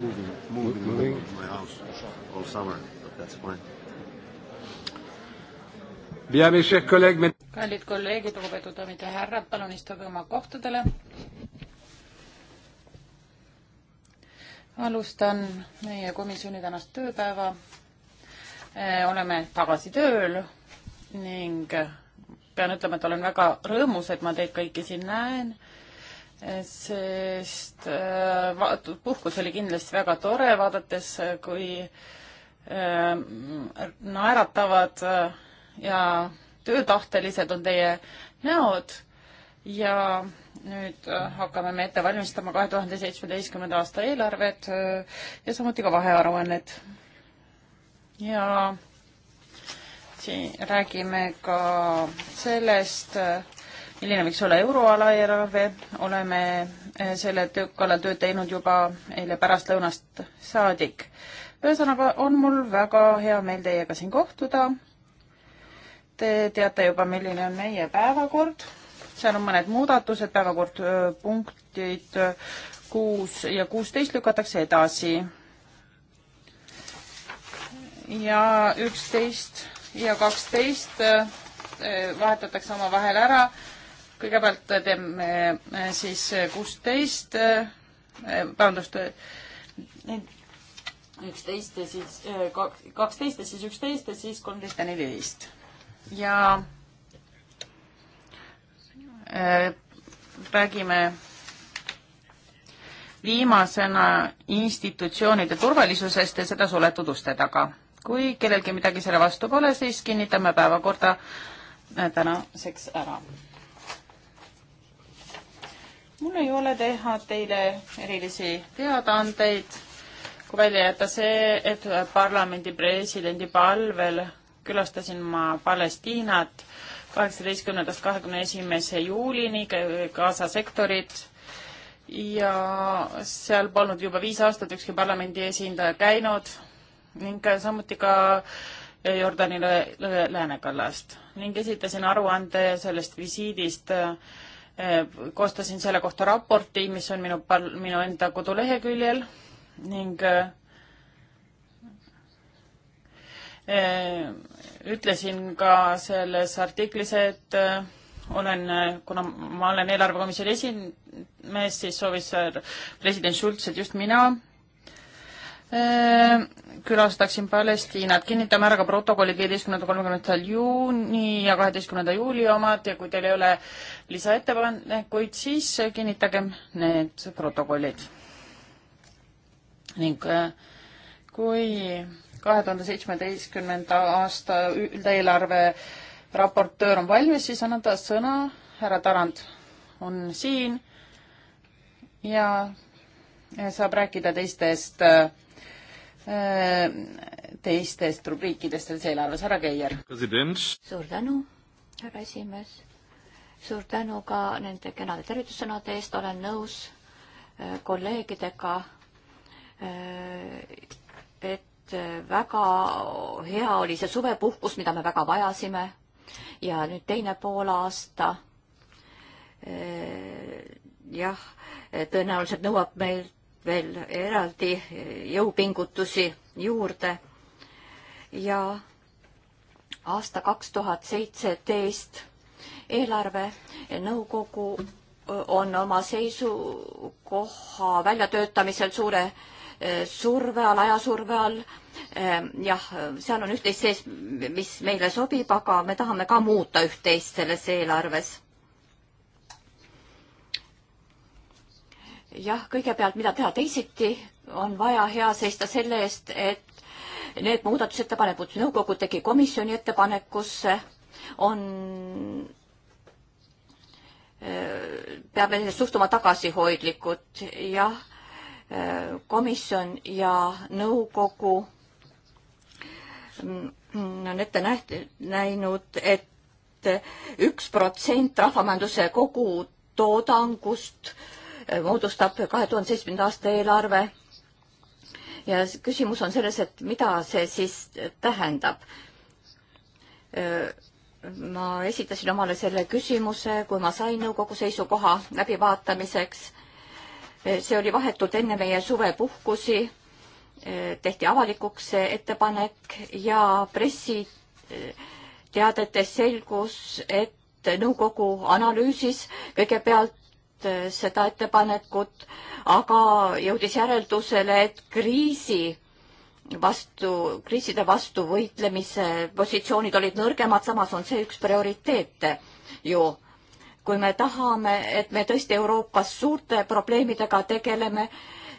moving, moving, moving my house all summer, but that's fine. Bien, mes chers collègues, mes... kallid kolleegid, lugupeetud daamid ja härrad, palun istuge oma kohtadele. alustan meie komisjoni tänast tööpäeva. Eh, oleme tagasi tööl ning pean ütlema, et olen väga rõõmus, et ma teid kõiki siin näen sest äh, puhkus oli kindlasti väga tore, vaadates, äh, kui äh, naeratavad ja töötahtelised on teie näod ja nüüd hakkame me ette valmistama kahe tuhande seitsmeteistkümnenda aasta eelarvet ja samuti ka vahearuannet. ja siin räägime ka sellest, milline võiks olla euroala eelarve, oleme eh, selle töö kallal tööd teinud juba eile pärastlõunast saadik. ühesõnaga, on mul väga hea meel teiega siin kohtuda. Te teate juba, milline on meie päevakord, seal on mõned muudatused, päevakord punktid kuus ja kuusteist lükatakse edasi. ja üksteist ja kaksteist vahetatakse omavahel ära kõigepealt teeme äh, siis äh, kuusteist, äh, vabandust, üksteist ja siis kaksteist ja siis üksteist ja siis kolmteist ja neliteist. ja räägime viimasena institutsioonide turvalisusest ja seda suletud uste taga. kui kellelgi midagi selle vastu pole, siis kinnitame päevakorda tänaseks ära mul ei ole teha teile erilisi teadaandeid, kui välja jätta see, et parlamendi presidendi palvel külastasin ma Palestiinat kaheksateistkümnendast kahekümne esimese juulini Gaza sektorit ja seal polnud juba viis aastat ükski parlamendi esindaja käinud ning samuti ka Jordani lä läänekallast ning esitasin aruande sellest visiidist äh, Äh, koostasin selle kohta raporti, mis on minu, minu enda koduleheküljel ning äh, äh, ütlesin ka selles artiklis, et olen, kuna ma olen eelarvekomisjoni esimees, siis soovis president Schulz, et just mina Ehm, külastaksin Palestiinat, kinnitame ära ka protokollid viieteistkümnenda, kolmekümnendal juuni ja kaheteistkümnenda juuli omad ja kui teil ei ole lisaettepanekuid, siis kinnitagem need protokollid. ning eh, kui kahe tuhande seitsmeteistkümnenda aasta üldeelarve raportöör on valmis, siis annan ta sõna, härra Tarand on siin ja saab rääkida teistest äh, Äh, teistest rubriikidest selles eelarves, härra Keier. suur tänu, härra esimees. suur tänu ka nende kenade tervitussõnade eest, olen nõus äh, kolleegidega, äh, et väga hea oli see suvepuhkus, mida me väga vajasime ja nüüd teine poolaasta jah, tõenäoliselt nõuab meilt veel eraldi jõupingutusi juurde ja aasta kaks tuhat seitseteist eelarvenõukogu on oma seisukoha väljatöötamisel suure surve all, ajasurve all. jah, seal on üht-teist sees, mis meile sobib, aga me tahame ka muuta üht-teist selles eelarves. jah, kõigepealt, mida teha teisiti, on vaja hea seista selle eest, et need muudatusettepanekud, nõukogu tegi komisjoni ettepanekusse, on, äh, peame suhtuma tagasihoidlikult, jah, äh, komisjon ja nõukogu mm, on ette näht-, näinud, et üks protsent rahvamajanduse kogutaudangust äh, moodustab kahe tuhande seitsmenda aasta eelarve. ja küsimus on selles, et mida see siis tähendab. ma esitasin omale selle küsimuse, kui ma sain nõukogu seisukoha läbivaatamiseks. see oli vahetult enne meie suvepuhkusi tehti avalikuks see ettepanek ja pressiteadetes selgus, et nõukogu analüüsis kõigepealt Äh, seda ettepanekut, aga jõudis järeldusele, et kriisi vastu, kriiside vastu võitlemise positsioonid olid nõrgemad, samas on see üks prioriteete ju. kui me tahame, et me tõesti Euroopas suurte probleemidega tegeleme,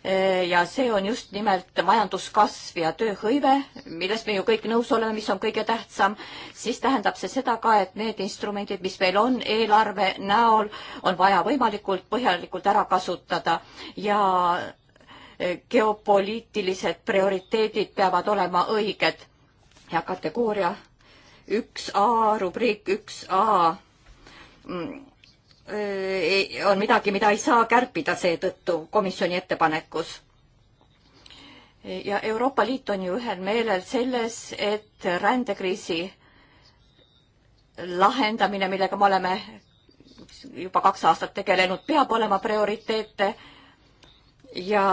Eh, ja see on just nimelt majanduskasv ja tööhõive, milles me ju kõik nõus oleme, mis on kõige tähtsam, siis tähendab see seda ka, et need instrumendid, mis meil on eelarve näol, on vaja võimalikult põhjalikult ära kasutada ja eh, geopoliitilised prioriteedid peavad olema õiged ja kategooria üks A, rubriik üks A mm, Äh, on midagi, mida ei saa kärpida seetõttu komisjoni ettepanekus. ja Euroopa Liit on ju ühel meelel selles, et rändekriisi lahendamine, millega me oleme juba kaks aastat tegelenud, peab olema prioriteete ja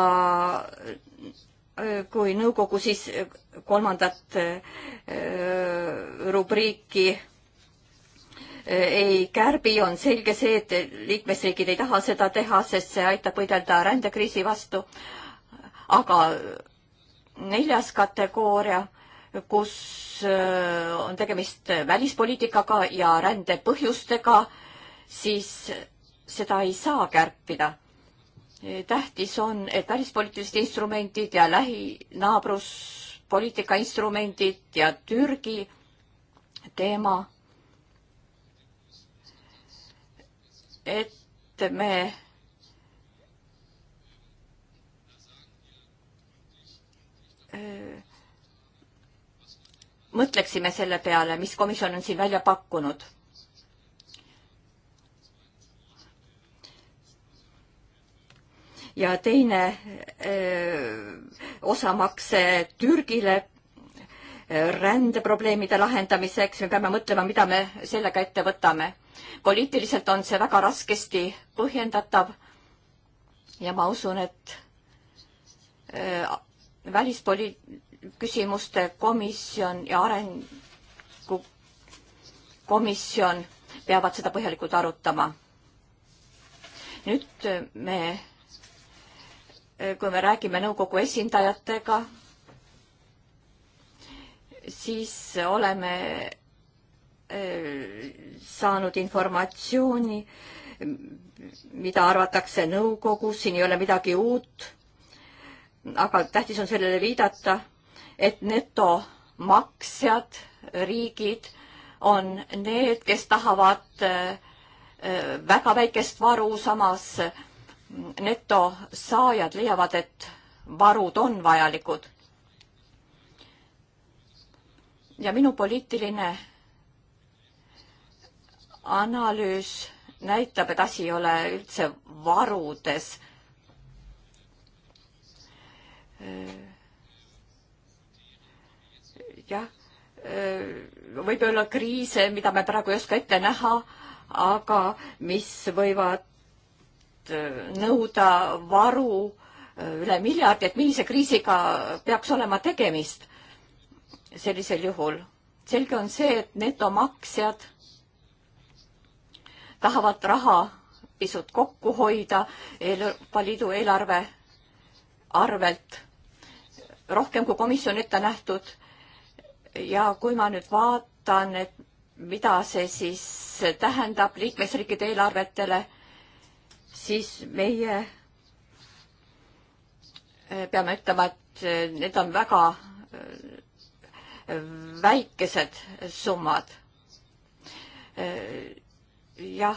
äh, kui nõukogu siis kolmandat äh, rubriiki Äh, ei kärbi, on selge see, et liikmesriigid ei taha seda teha, sest see aitab võidelda rändekriisi vastu. aga neljas kategooria, kus äh, on tegemist välispoliitikaga ja rände põhjustega, siis seda ei saa kärpida. tähtis on, et välispoliitilised instrumendid ja lähinaabruspoliitika instrumendid ja Türgi teema et me mõtleksime selle peale, mis komisjon on siin välja pakkunud. ja teine öö, osamakse Türgile rändeprobleemide lahendamiseks, me peame mõtlema, mida me sellega ette võtame poliitiliselt on see väga raskesti põhjendatav ja ma usun, et äh, välispoli-, küsimuste komisjon ja arengukomisjon peavad seda põhjalikult arutama. nüüd äh, me, äh, kui me räägime nõukogu esindajatega, siis oleme Äh, saanud informatsiooni, mida arvatakse nõukogus, siin ei ole midagi uut. aga tähtis on sellele viidata, et netomaksjad, riigid on need, kes tahavad äh, väga väikest varu, samas netosaajad leiavad, et varud on vajalikud. ja minu poliitiline analüüs näitab, et asi ei ole üldse varudes. jah, võib olla kriise, mida me praegu ei oska ette näha, aga mis võivad nõuda varu üle miljardi, et millise kriisiga peaks olema tegemist sellisel juhul. selge on see, et netomaksjad tahavad raha pisut kokku hoida Euroopa Liidu eelarve arvelt rohkem kui komisjon ette nähtud. ja kui ma nüüd vaatan, et mida see siis tähendab liikmesriikide eelarvetele, siis meie eh, peame ütlema, et eh, need on väga eh, väikesed summad jah.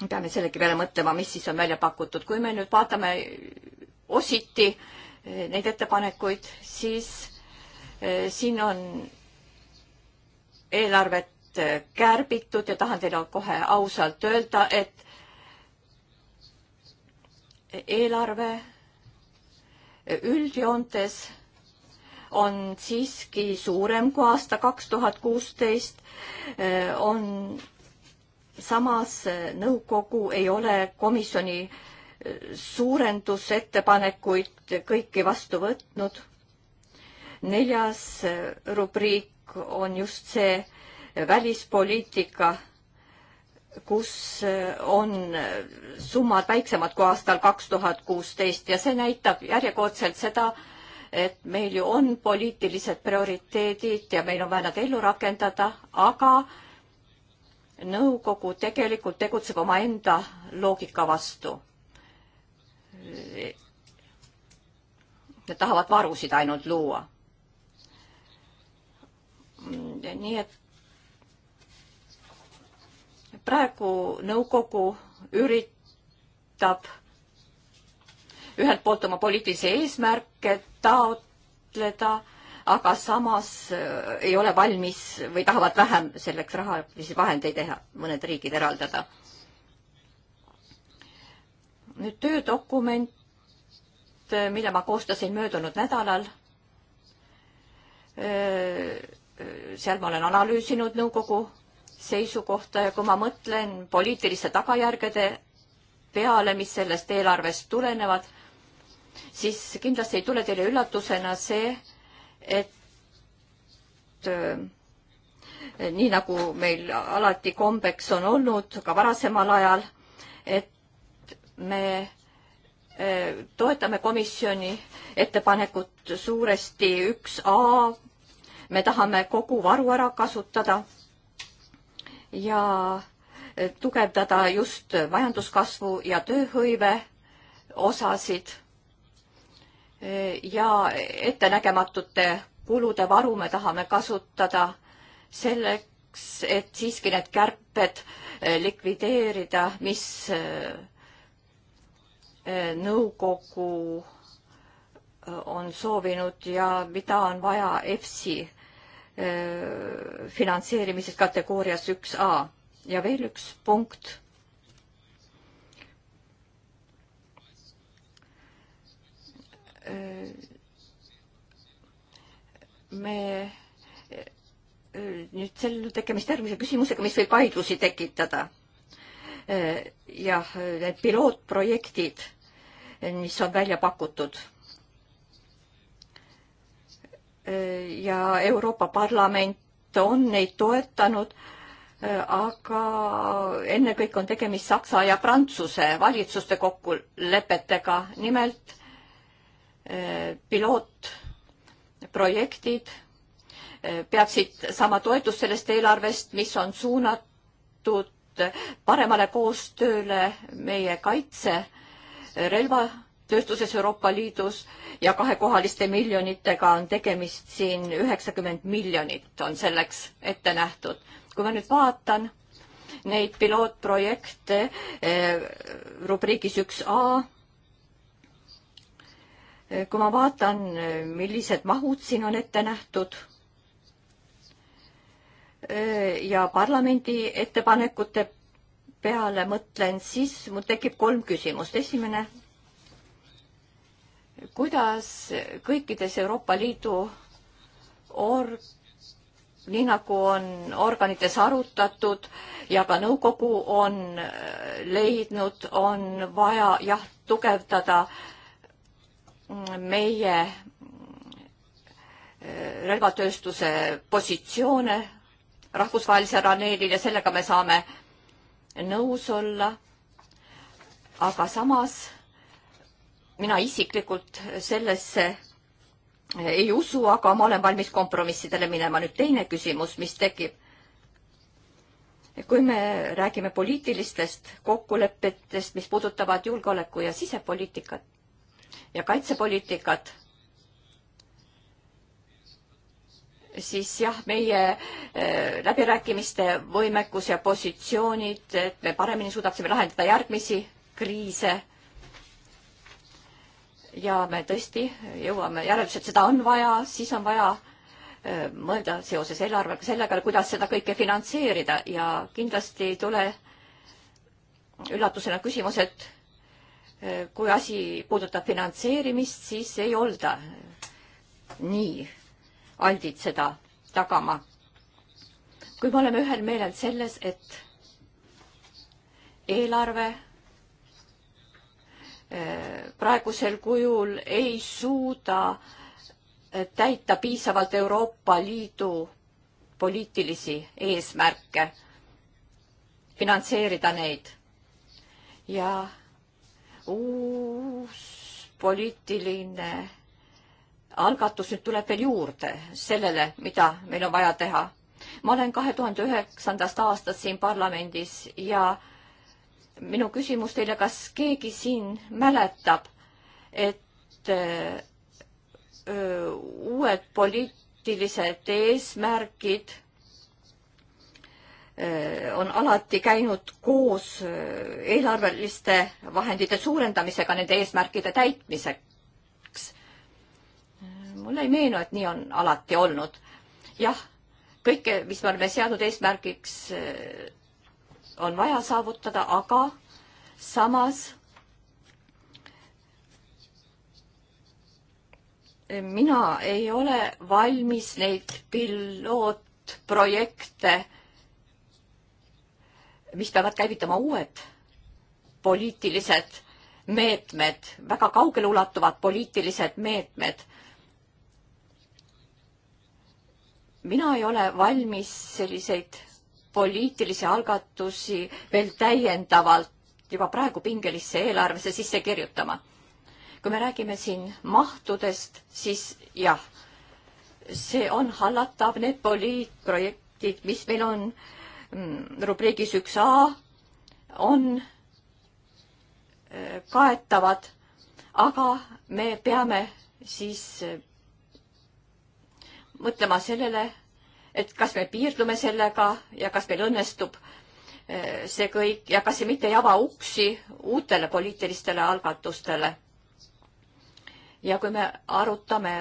me peame sellegi peale mõtlema, mis siis on välja pakutud. kui me nüüd vaatame ositi eh, neid ettepanekuid, siis eh, siin on eelarvet eh, kärbitud ja tahan teile kohe ausalt öelda, et eelarve üldjoontes on siiski suurem kui aasta kaks tuhat kuusteist, äh, on samas äh, nõukogu ei ole komisjoni äh, suurendusettepanekuid kõiki vastu võtnud. neljas rubriik on just see välispoliitika, kus on summad väiksemad kui aastal kaks tuhat kuusteist ja see näitab järjekordselt seda, et meil ju on poliitilised prioriteedid ja meil on vaja nad ellu rakendada, aga nõukogu tegelikult tegutseb omaenda loogika vastu. Nad tahavad varusid ainult luua. nii et praegu nõukogu üritab ühelt poolt oma poliitilisi eesmärke taotleda, aga samas äh, ei ole valmis või tahavad vähem selleks rahalisi vahendeid teha, mõned riigid eraldada. nüüd töödokument, äh, mille ma koostasin möödunud nädalal äh, seal ma olen analüüsinud nõukogu seisukohta ja kui ma mõtlen poliitiliste tagajärgede peale, mis sellest eelarvest tulenevad, siis kindlasti ei tule teile üllatusena see, et äh, nii nagu meil alati kombeks on olnud ka varasemal ajal, et me äh, toetame komisjoni ettepanekut suuresti üks A. me tahame kogu varu ära kasutada ja äh, tugevdada just majanduskasvu ja tööhõive osasid ja ettenägematute kulude varu me tahame kasutada selleks, et siiski need kärped eh, likvideerida, mis eh, eh, nõukogu on soovinud ja mida on vaja EFSI finantseerimises kategoorias üks A. ja veel üks punkt Äh, me äh, nüüd sel tegemist järgmise küsimusega, mis võib vaidlusi tekitada. Äh, jah, need pilootprojektid, mis on välja pakutud. ja Euroopa Parlament on neid toetanud, aga ennekõike on tegemist Saksa ja Prantsuse valitsuste kokkulepetega, nimelt pilootprojektid eh, peaksid saama toetust sellest eelarvest, mis on suunatud paremale koostööle meie kaitserelvatööstuses Euroopa Liidus ja kahekohaliste miljonitega on tegemist siin üheksakümmend miljonit on selleks ette nähtud. kui ma nüüd vaatan neid pilootprojekte eh, rubriigis üks A kui ma vaatan, millised mahud siin on ette nähtud ja parlamendi ettepanekute peale mõtlen, siis mul tekib kolm küsimust. esimene, kuidas kõikides Euroopa Liidu org-, nii nagu on organites arutatud ja ka nõukogu on leidnud, on vaja jah, tugevdada äh, meie äh, relvatööstuse positsioone rahvusvahelisel raneelil ja sellega me saame nõus olla. aga samas mina isiklikult sellesse ei usu, aga ma olen valmis kompromissidele minema. nüüd teine küsimus, mis tekib. kui me räägime poliitilistest kokkulepetest, mis puudutavad julgeoleku ja sisepoliitikat, ja kaitsepoliitikat, siis jah, meie eh, läbirääkimiste võimekus ja positsioonid, et me paremini suudaksime lahendada järgmisi kriise. ja me tõesti jõuame järeldusele, et seda on vaja, siis on vaja eh, mõelda seoses eelarvega sellega, kuidas seda kõike finantseerida ja kindlasti ei tule üllatusena küsimus, et kui asi puudutab finantseerimist, siis ei olda nii aldid seda tagama. kui me oleme ühel meelel selles, et eelarve eh, praegusel kujul ei suuda eh, täita piisavalt Euroopa Liidu poliitilisi eesmärke, finantseerida neid ja uus poliitiline algatus nüüd tuleb veel juurde sellele, mida meil on vaja teha. ma olen kahe tuhande üheksandast aastast siin parlamendis ja minu küsimus teile, kas keegi siin mäletab, et öö, uued poliitilised eesmärgid Äh, on alati käinud koos äh, eelarveliste vahendite suurendamisega nende eesmärkide täitmiseks. Äh, mulle ei meenu, et nii on alati olnud. jah, kõike, mis me oleme seadnud eesmärgiks, on vaja saavutada, aga samas mina ei ole valmis neid pilootprojekte mis peavad käivitama uued poliitilised meetmed, väga kaugele ulatuvad poliitilised meetmed. mina ei ole valmis selliseid poliitilisi algatusi veel täiendavalt juba praegu pingelisse eelarvesse sisse kirjutama. kui me räägime siin mahtudest, siis jah, see on hallatav, need poliitprojektid, mis meil on äh, Mm, rubriigis üks A on äh, kaetavad, aga me peame siis äh, mõtlema sellele, et kas me piirdume sellega ja kas meil õnnestub äh, see kõik ja kas see mitte ei ava uksi uutele poliitilistele algatustele. ja kui me arutame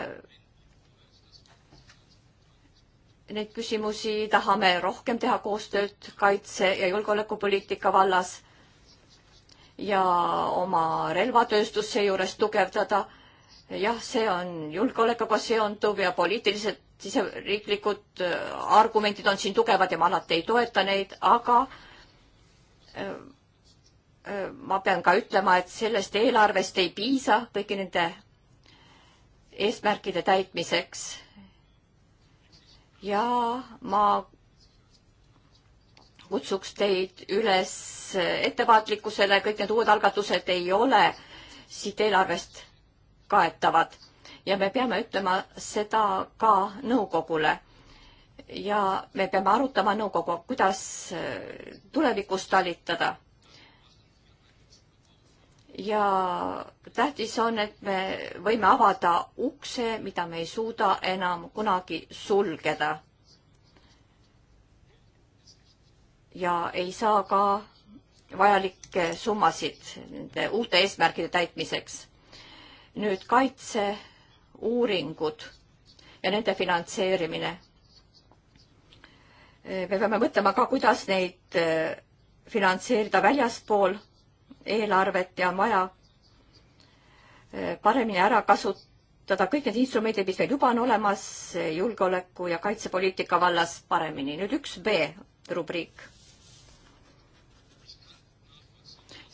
neid küsimusi, tahame rohkem teha koostööd kaitse- ja julgeolekupoliitika vallas ja oma relvatööstust seejuures tugevdada. jah, see on julgeolekuga seonduv ja poliitilised siseriiklikud äh, argumendid on siin tugevad ja ma alati ei toeta neid, aga äh, äh, ma pean ka ütlema, et sellest eelarvest ei piisa kõigi nende eesmärkide täitmiseks ja ma kutsuks teid üles ettevaatlikkusele, kõik need uued algatused ei ole siit eelarvest kaetavad ja me peame ütlema seda ka nõukogule. ja me peame arutama nõukogu, kuidas tulevikus talitada ja tähtis on, et me võime avada ukse, mida me ei suuda enam kunagi sulgeda. ja ei saa ka vajalikke summasid nende uute eesmärkide täitmiseks. nüüd kaitseuuringud ja nende finantseerimine. me peame mõtlema ka, kuidas neid eh, finantseerida väljaspool eelarvet ja on vaja eh, paremini ära kasutada kõik need instrumendid, mis meil juba on olemas eh, julgeoleku ja kaitsepoliitika vallas paremini. nüüd üks B rubriik.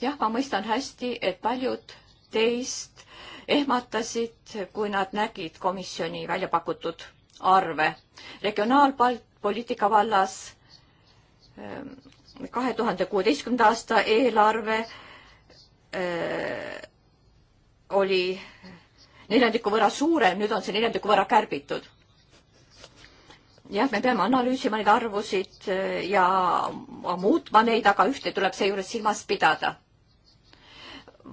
jah, ma mõistan hästi, et paljud teist ehmatasid, kui nad nägid komisjoni välja pakutud arve. regionaalpoliitika vallas eh, kahe tuhande kuueteistkümnenda aasta eelarve Äh, oli neljandiku võrra suurem, nüüd on see neljandiku võrra kärbitud. jah, me peame analüüsima neid arvusid äh, ja muutma neid, aga ühte tuleb seejuures silmas pidada.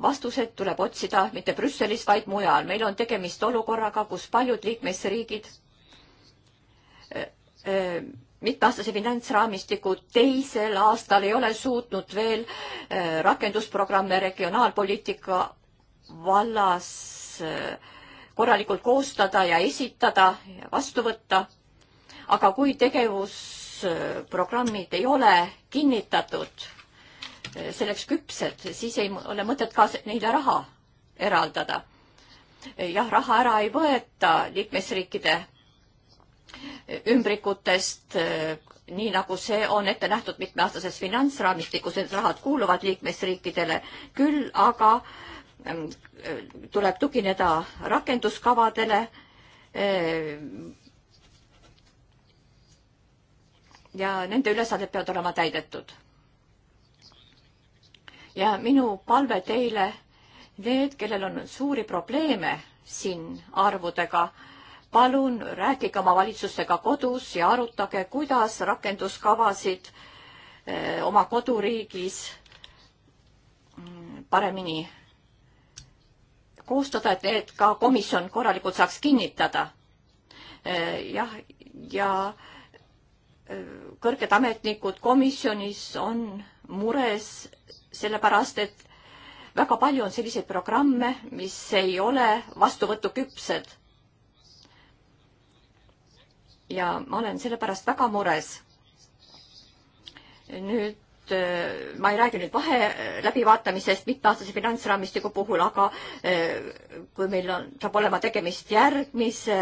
vastused tuleb otsida mitte Brüsselis, vaid mujal. meil on tegemist olukorraga, kus paljud liikmesriigid öö, äh, öö, mitmeaastase finantsraamistiku teisel aastal ei ole suutnud veel äh, rakendusprogramme regionaalpoliitika vallas äh, korralikult koostada ja esitada ja vastu võtta. aga kui tegevusprogrammid ei ole kinnitatud, äh, selleks küpsed, siis ei ole mõtet ka neile raha eraldada. jah, raha ära ei võeta liikmesriikide ümbrikutest, eh, nii nagu see on ette nähtud mitmeaastases finantsraamistikus, need rahad kuuluvad liikmesriikidele küll, aga mm, tuleb tugineda rakenduskavadele. Eh, ja nende ülesanded peavad olema täidetud. ja minu palve teile, need, kellel on suuri probleeme siin arvudega palun rääkige oma valitsustega kodus ja arutage, kuidas rakenduskavasid eh, oma koduriigis mm, paremini koostada, et need ka komisjon korralikult saaks kinnitada. Eh, jah, ja eh, kõrged ametnikud komisjonis on mures sellepärast, et väga palju on selliseid programme, mis ei ole vastuvõtuküpsed ja ma olen selle pärast väga mures. nüüd äh, ma ei räägi nüüd vahe äh, läbivaatamisest mitmeaastase finantsraamistiku puhul, aga äh, kui meil on, saab olema tegemist järgmise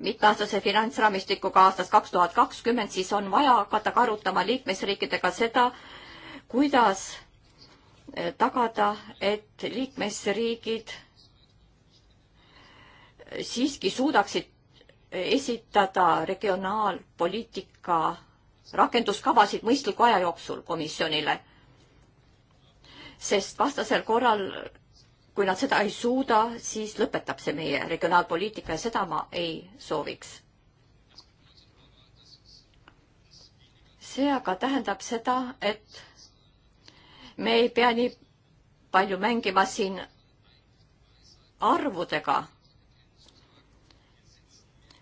mitmeaastase finantsraamistikuga aastast kaks tuhat kakskümmend, siis on vaja hakata ka arutama liikmesriikidega seda, kuidas tagada, et liikmesriigid siiski suudaksid esitada regionaalpoliitika rakenduskavasid mõistliku aja jooksul komisjonile. sest vastasel korral, kui nad seda ei suuda, siis lõpetab see meie regionaalpoliitika ja seda ma ei sooviks. see aga tähendab seda, et me ei pea nii palju mängima siin arvudega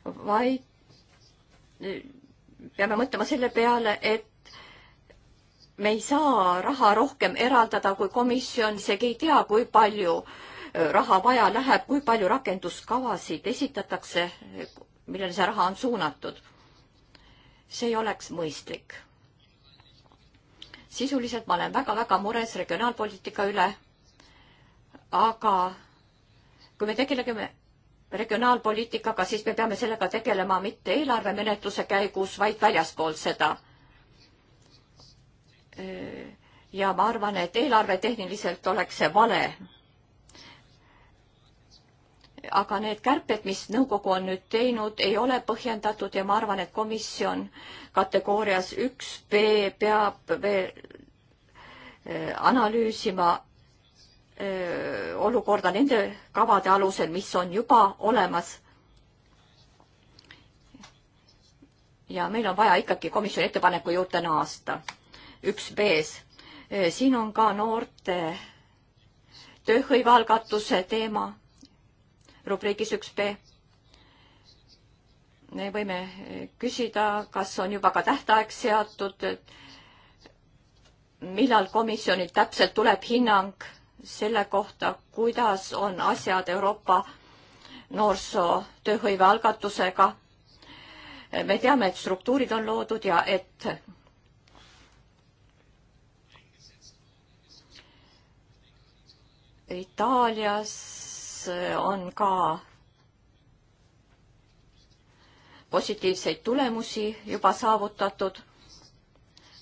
vaid peame mõtlema selle peale, et me ei saa raha rohkem eraldada, kui komisjon isegi ei tea, kui palju äh, raha vaja läheb, kui palju rakenduskavasid esitatakse, millele see raha on suunatud. see ei oleks mõistlik. sisuliselt ma olen väga-väga mures regionaalpoliitika üle. aga kui me tegeleme regionaalpoliitikaga, siis me peame sellega tegelema mitte eelarvemenetluse käigus, vaid väljaspool seda. ja ma arvan, et eelarvetehniliselt oleks see vale. aga need kärped, mis nõukogu on nüüd teinud, ei ole põhjendatud ja ma arvan, et komisjon kategoorias üks B peab veel eh, analüüsima olukorda nende kavade alusel, mis on juba olemas. ja meil on vaja ikkagi komisjoni ettepaneku juurde naasta. üks B-s. siin on ka noorte tööhõivealgatuse teema rubriigis üks B. me võime küsida, kas on juba ka tähtaeg seatud, et millal komisjonilt täpselt tuleb hinnang selle kohta, kuidas on asjad Euroopa noorsoo tööhõive algatusega. me teame, et struktuurid on loodud ja et Itaalias on ka positiivseid tulemusi juba saavutatud.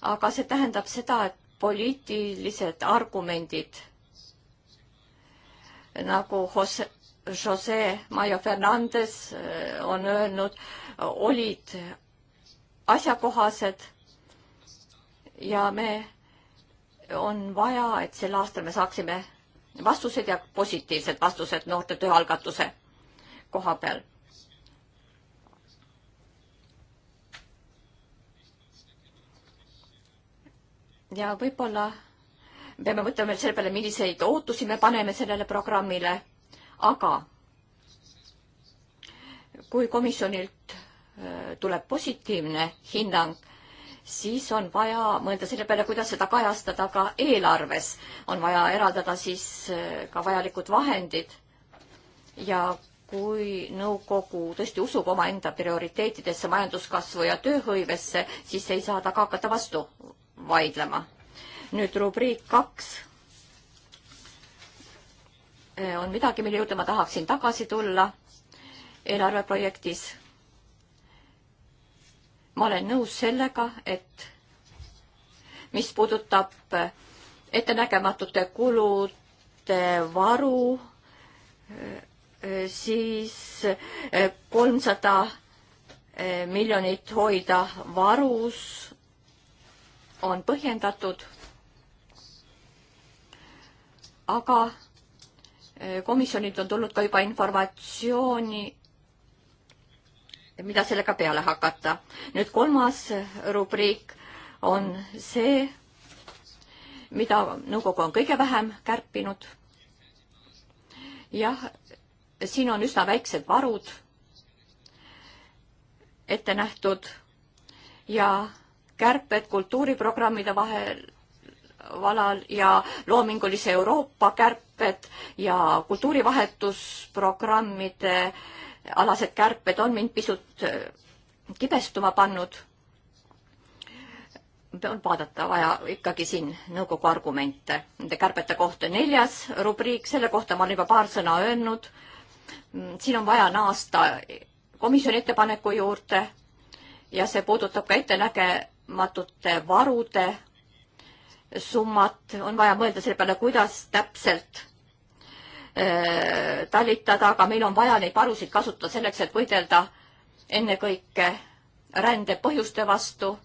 aga see tähendab seda, et poliitilised argumendid nagu Jose, Jose Mayo Fernandes äh, on öelnud, olid asjakohased ja me, on vaja, et sel aastal me saaksime vastused ja positiivsed vastused noorte tööalgatuse koha peal ja võib-olla peame mõtlema selle peale, milliseid ootusi me paneme sellele programmile, aga kui komisjonilt äh, tuleb positiivne hinnang, siis on vaja mõelda selle peale, kuidas seda kajastada ka eelarves. on vaja eraldada siis äh, ka vajalikud vahendid. ja kui nõukogu tõesti usub omaenda prioriteetidesse, majanduskasvu ja tööhõivesse, siis ei saa ta ka hakata vastu vaidlema nüüd rubriik kaks äh, on midagi, mille juurde ma tahaksin tagasi tulla eelarveprojektis. ma olen nõus sellega, et mis puudutab äh, ettenägematute kulude varu, äh, siis kolmsada miljonit hoida varus on põhjendatud aga eh, komisjonilt on tulnud ka juba informatsiooni, mida sellega peale hakata. nüüd kolmas rubriik on see, mida nõukogu on kõige vähem kärpinud. jah, siin on üsna väiksed varud ette nähtud ja kärped kultuuriprogrammide vahel valal ja loomingulise Euroopa kärped ja kultuurivahetusprogrammide alased kärped on mind pisut äh, kibestuma pannud. on vaadata vaja ikkagi siin nõukogu argumente nende kärbete kohta. neljas rubriik, selle kohta ma olen juba paar sõna öelnud. Mm, siin on vaja naasta komisjoni ettepaneku juurde ja see puudutab ka ettenägematute varude summat, on vaja mõelda selle peale, kuidas täpselt äh, talitada, aga meil on vaja neid varusid kasutada selleks, et võidelda ennekõike rände põhjuste vastu.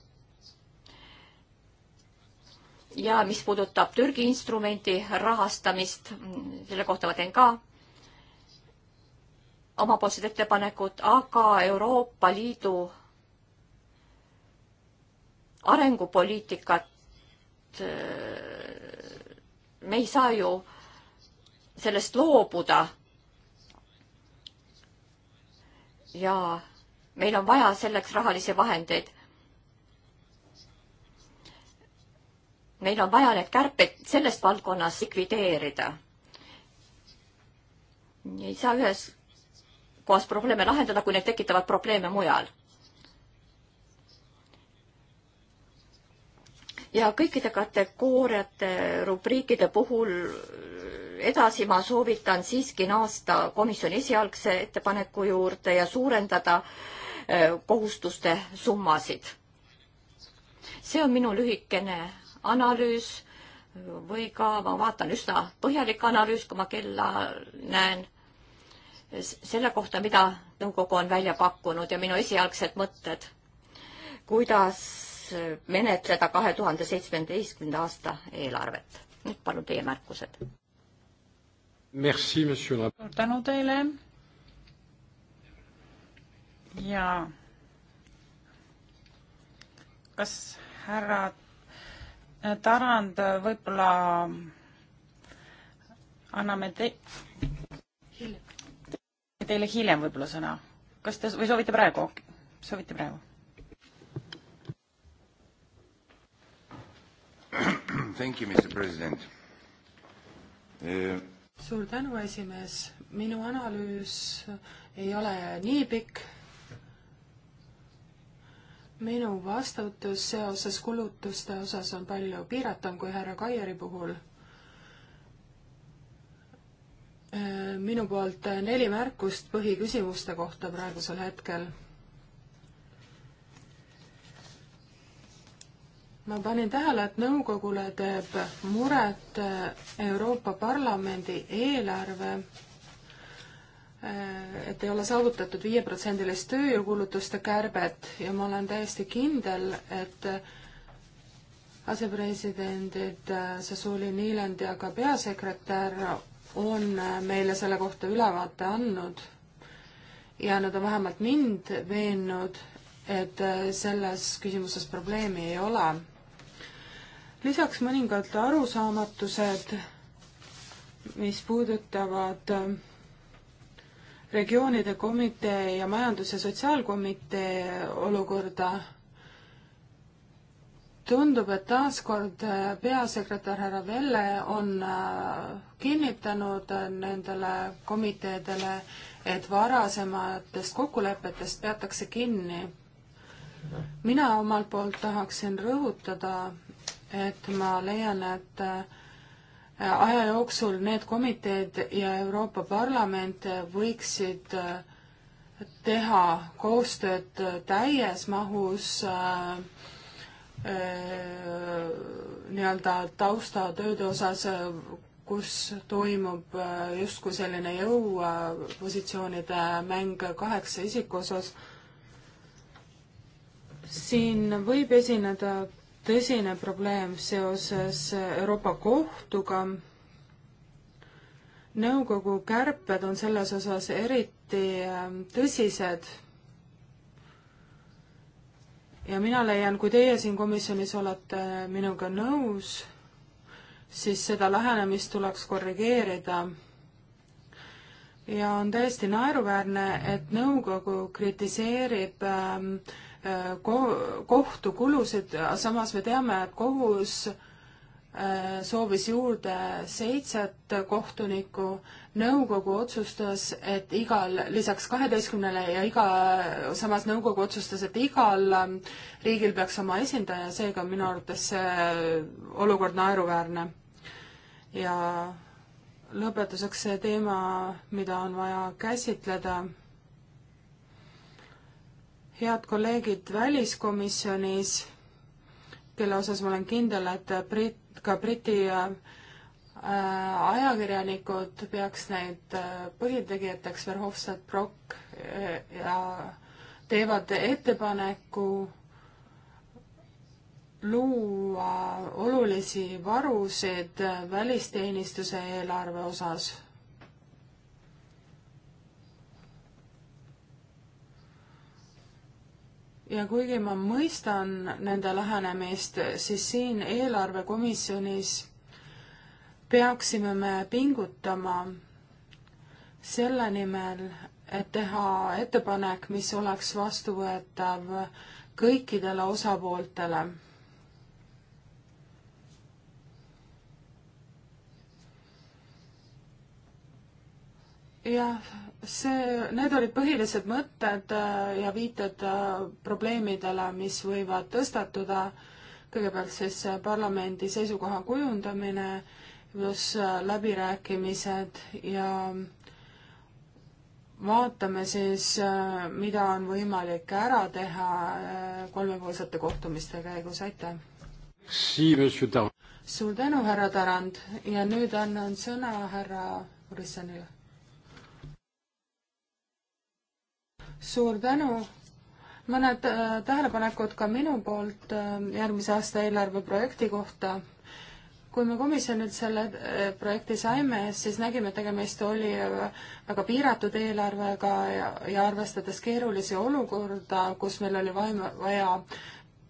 ja mis puudutab Türgi instrumendi rahastamist, selle kohta ma teen ka omapoolsed ettepanekud, aga Euroopa Liidu arengupoliitikat Äh, me ei saa ju sellest loobuda. ja meil on vaja selleks rahalisi vahendeid. meil on vaja need kärped selles valdkonnas likvideerida. ei saa ühes kohas probleeme lahendada, kui need tekitavad probleeme mujal ja kõikide kategooriate, rubriikide puhul edasi ma soovitan siiski naasta komisjoni esialgse ettepaneku juurde ja suurendada äh, kohustuste summasid. see on minu lühikene analüüs või ka ma vaatan üsna põhjalik analüüs, kui ma kella näen, selle kohta, mida nõukogu on välja pakkunud ja minu esialgsed mõtted, kuidas menetleda kahe tuhande seitsmeteistkümnenda aasta eelarvet. nüüd palun teie märkused. suur tänu teile. ja kas härra Tarand võib-olla anname te- teile hiljem võib-olla sõna, kas te või soovite praegu? soovite praegu? Thank you, Mr President uh.... suur tänu, esimees. minu analüüs ei ole nii pikk. minu vastutus seoses kulutuste osas on palju piiratum kui härra Kaieri puhul. minu poolt neli märkust põhiküsimuste kohta praegusel hetkel ma panin tähele, et nõukogule teeb muret eh, Euroopa Parlamendi eelarve, eh, et ei ole saavutatud viieprotsendilist tööjõukulutuste kärbet ja ma olen täiesti kindel, et eh, asepresidendid Sasuli Niiland ja ka peasekretär on meile selle kohta ülevaate andnud ja nad on vähemalt mind veennud, et selles küsimuses probleemi ei ole lisaks mõningad arusaamatused, mis puudutavad ähm, regioonide komitee ja majandus- ja sotsiaalkomitee olukorda. tundub, et taaskord äh, peasekretär härra Velle on äh, kinnitanud äh, nendele komiteedele, et varasematest kokkulepetest peatakse kinni. mina omalt poolt tahaksin rõhutada et ma leian, et äh, aja jooksul need komiteed ja Euroopa Parlament võiksid äh, teha koostööd täies mahus äh, äh, nii-öelda taustatööde osas, kus toimub äh, justkui selline jõupositsioonide mäng kaheksa isiku osas. siin võib esineda tõsine probleem seoses Euroopa Kohtuga. nõukogu kärped on selles osas eriti ähm, tõsised. ja mina leian, kui teie siin komisjonis olete minuga nõus, siis seda lähenemist tuleks korrigeerida ja on täiesti naeruväärne, et nõukogu kritiseerib ähm, ko-, kohtukulusid, samas me teame, et kohus äh, soovis juurde seitset kohtunikku, nõukogu otsustas, et igal, lisaks kaheteistkümnele ja iga, samas nõukogu otsustas, et igal ähm, riigil peaks oma esindaja, seega on minu arvates see olukord naeruväärne. ja lõpetuseks see teema, mida on vaja käsitleda head kolleegid väliskomisjonis, kelle osas ma olen kindel, et Brit, ka Briti äh, ajakirjanikud peaks neid äh, põhitegijateks, Verhofstadt, Brock äh, ja teevad ettepaneku luua olulisi varusid välisteenistuse eelarve osas ja kuigi ma mõistan nende lähenemist, siis siin eelarvekomisjonis peaksime me pingutama selle nimel, et teha ettepanek, mis oleks vastuvõetav kõikidele osapooltele. jah see, need olid põhilised mõtted äh, ja viited äh, probleemidele, mis võivad tõstatuda. kõigepealt siis äh, parlamendi seisukoha kujundamine pluss läbirääkimised ja vaatame siis, mida on võimalik ära teha kolmepoolsete kohtumiste käigus, aitäh! suur tänu, härra Tarand ja nüüd annan sõna härra Borissanile suur tänu. mõned äh, tähelepanekud ka minu poolt äh, järgmise aasta eelarve projekti kohta. kui me komisjonilt selle äh, projekti saime, siis nägime, et tegemist oli väga piiratud eelarvega ja, ja arvestades keerulisi olukorda, kus meil oli vaja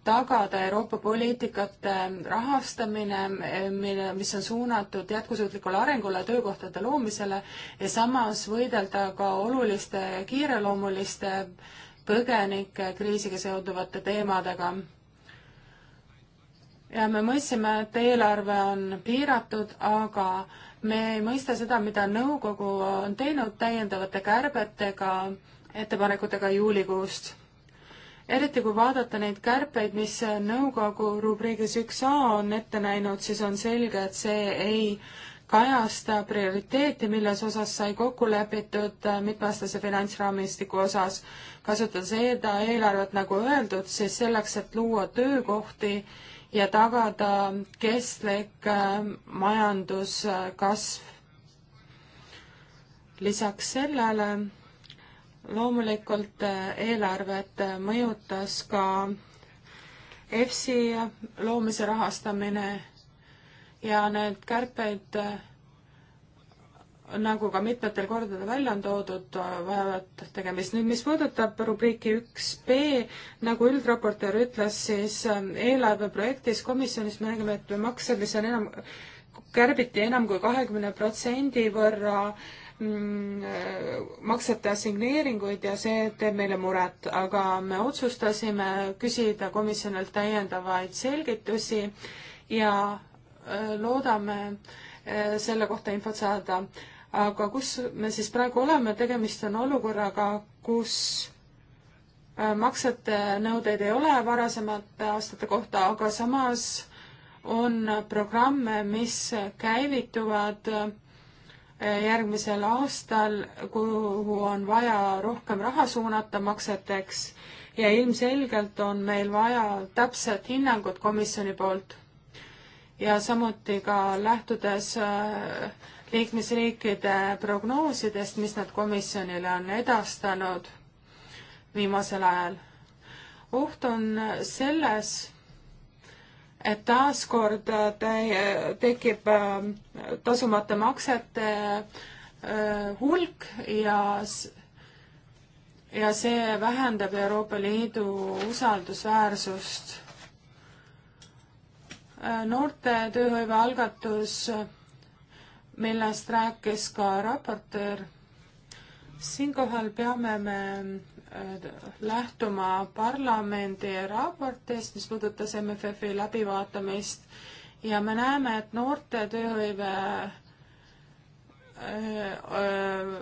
tagada Euroopa poliitikate rahastamine, mille, mis on suunatud jätkusuutlikule arengule, töökohtade loomisele ja samas võidelda ka oluliste kiireloomuliste põgenike kriisiga seonduvate teemadega. ja me mõistsime, et eelarve on piiratud, aga me ei mõista seda, mida nõukogu on teinud täiendavate kärbetega, ettepanekutega juulikuust eriti kui vaadata neid kärpeid, mis nõukogu rubriigis üks A on ette näinud, siis on selge, et see ei kajasta prioriteeti, milles osas sai kokku lepitud äh, mitmeaastase finantsraamistiku osas. kasutades EDA eelarvet, nagu öeldud, siis selleks, et luua töökohti ja tagada kestlik äh, majanduskasv. lisaks sellele loomulikult äh, eelarvet äh, mõjutas ka EFSI loomise rahastamine ja need kärpeid, äh, nagu ka mitmetel kordadel välja on toodud, vajavad tegemist. nüüd, mis puudutab rubriiki üks B, nagu üldraportöör ütles, siis eelarveprojektis komisjonis me nägime, et makse, mis on enam, kärbiti enam kui kahekümne protsendi võrra äh, Mm, äh, maksete assigneeringuid ja see teeb meile muret, aga me otsustasime küsida komisjonilt täiendavaid selgitusi ja äh, loodame äh, selle kohta infot saada. aga kus me siis praegu oleme, tegemist on olukorraga, kus maksete nõudeid ei ole varasemate aastate kohta, aga samas on programme, mis käivituvad äh, järgmisel aastal, kuhu on vaja rohkem raha suunata makseteks ja ilmselgelt on meil vaja täpset hinnangut komisjoni poolt. ja samuti ka lähtudes äh, liikmesriikide prognoosidest, mis nad komisjonile on edastanud viimasel ajal. oht on selles, et taaskord äh, tekib äh, tasumata maksete äh, hulk ja, ja see vähendab Euroopa Liidu usaldusväärsust. noorte tööhõive algatus, millest rääkis ka raportöör, siinkohal peame me lähtuma parlamendi raportist, mis puudutas MFF-i läbivaatamist ja me näeme, et noorte tööhõive äh, äh,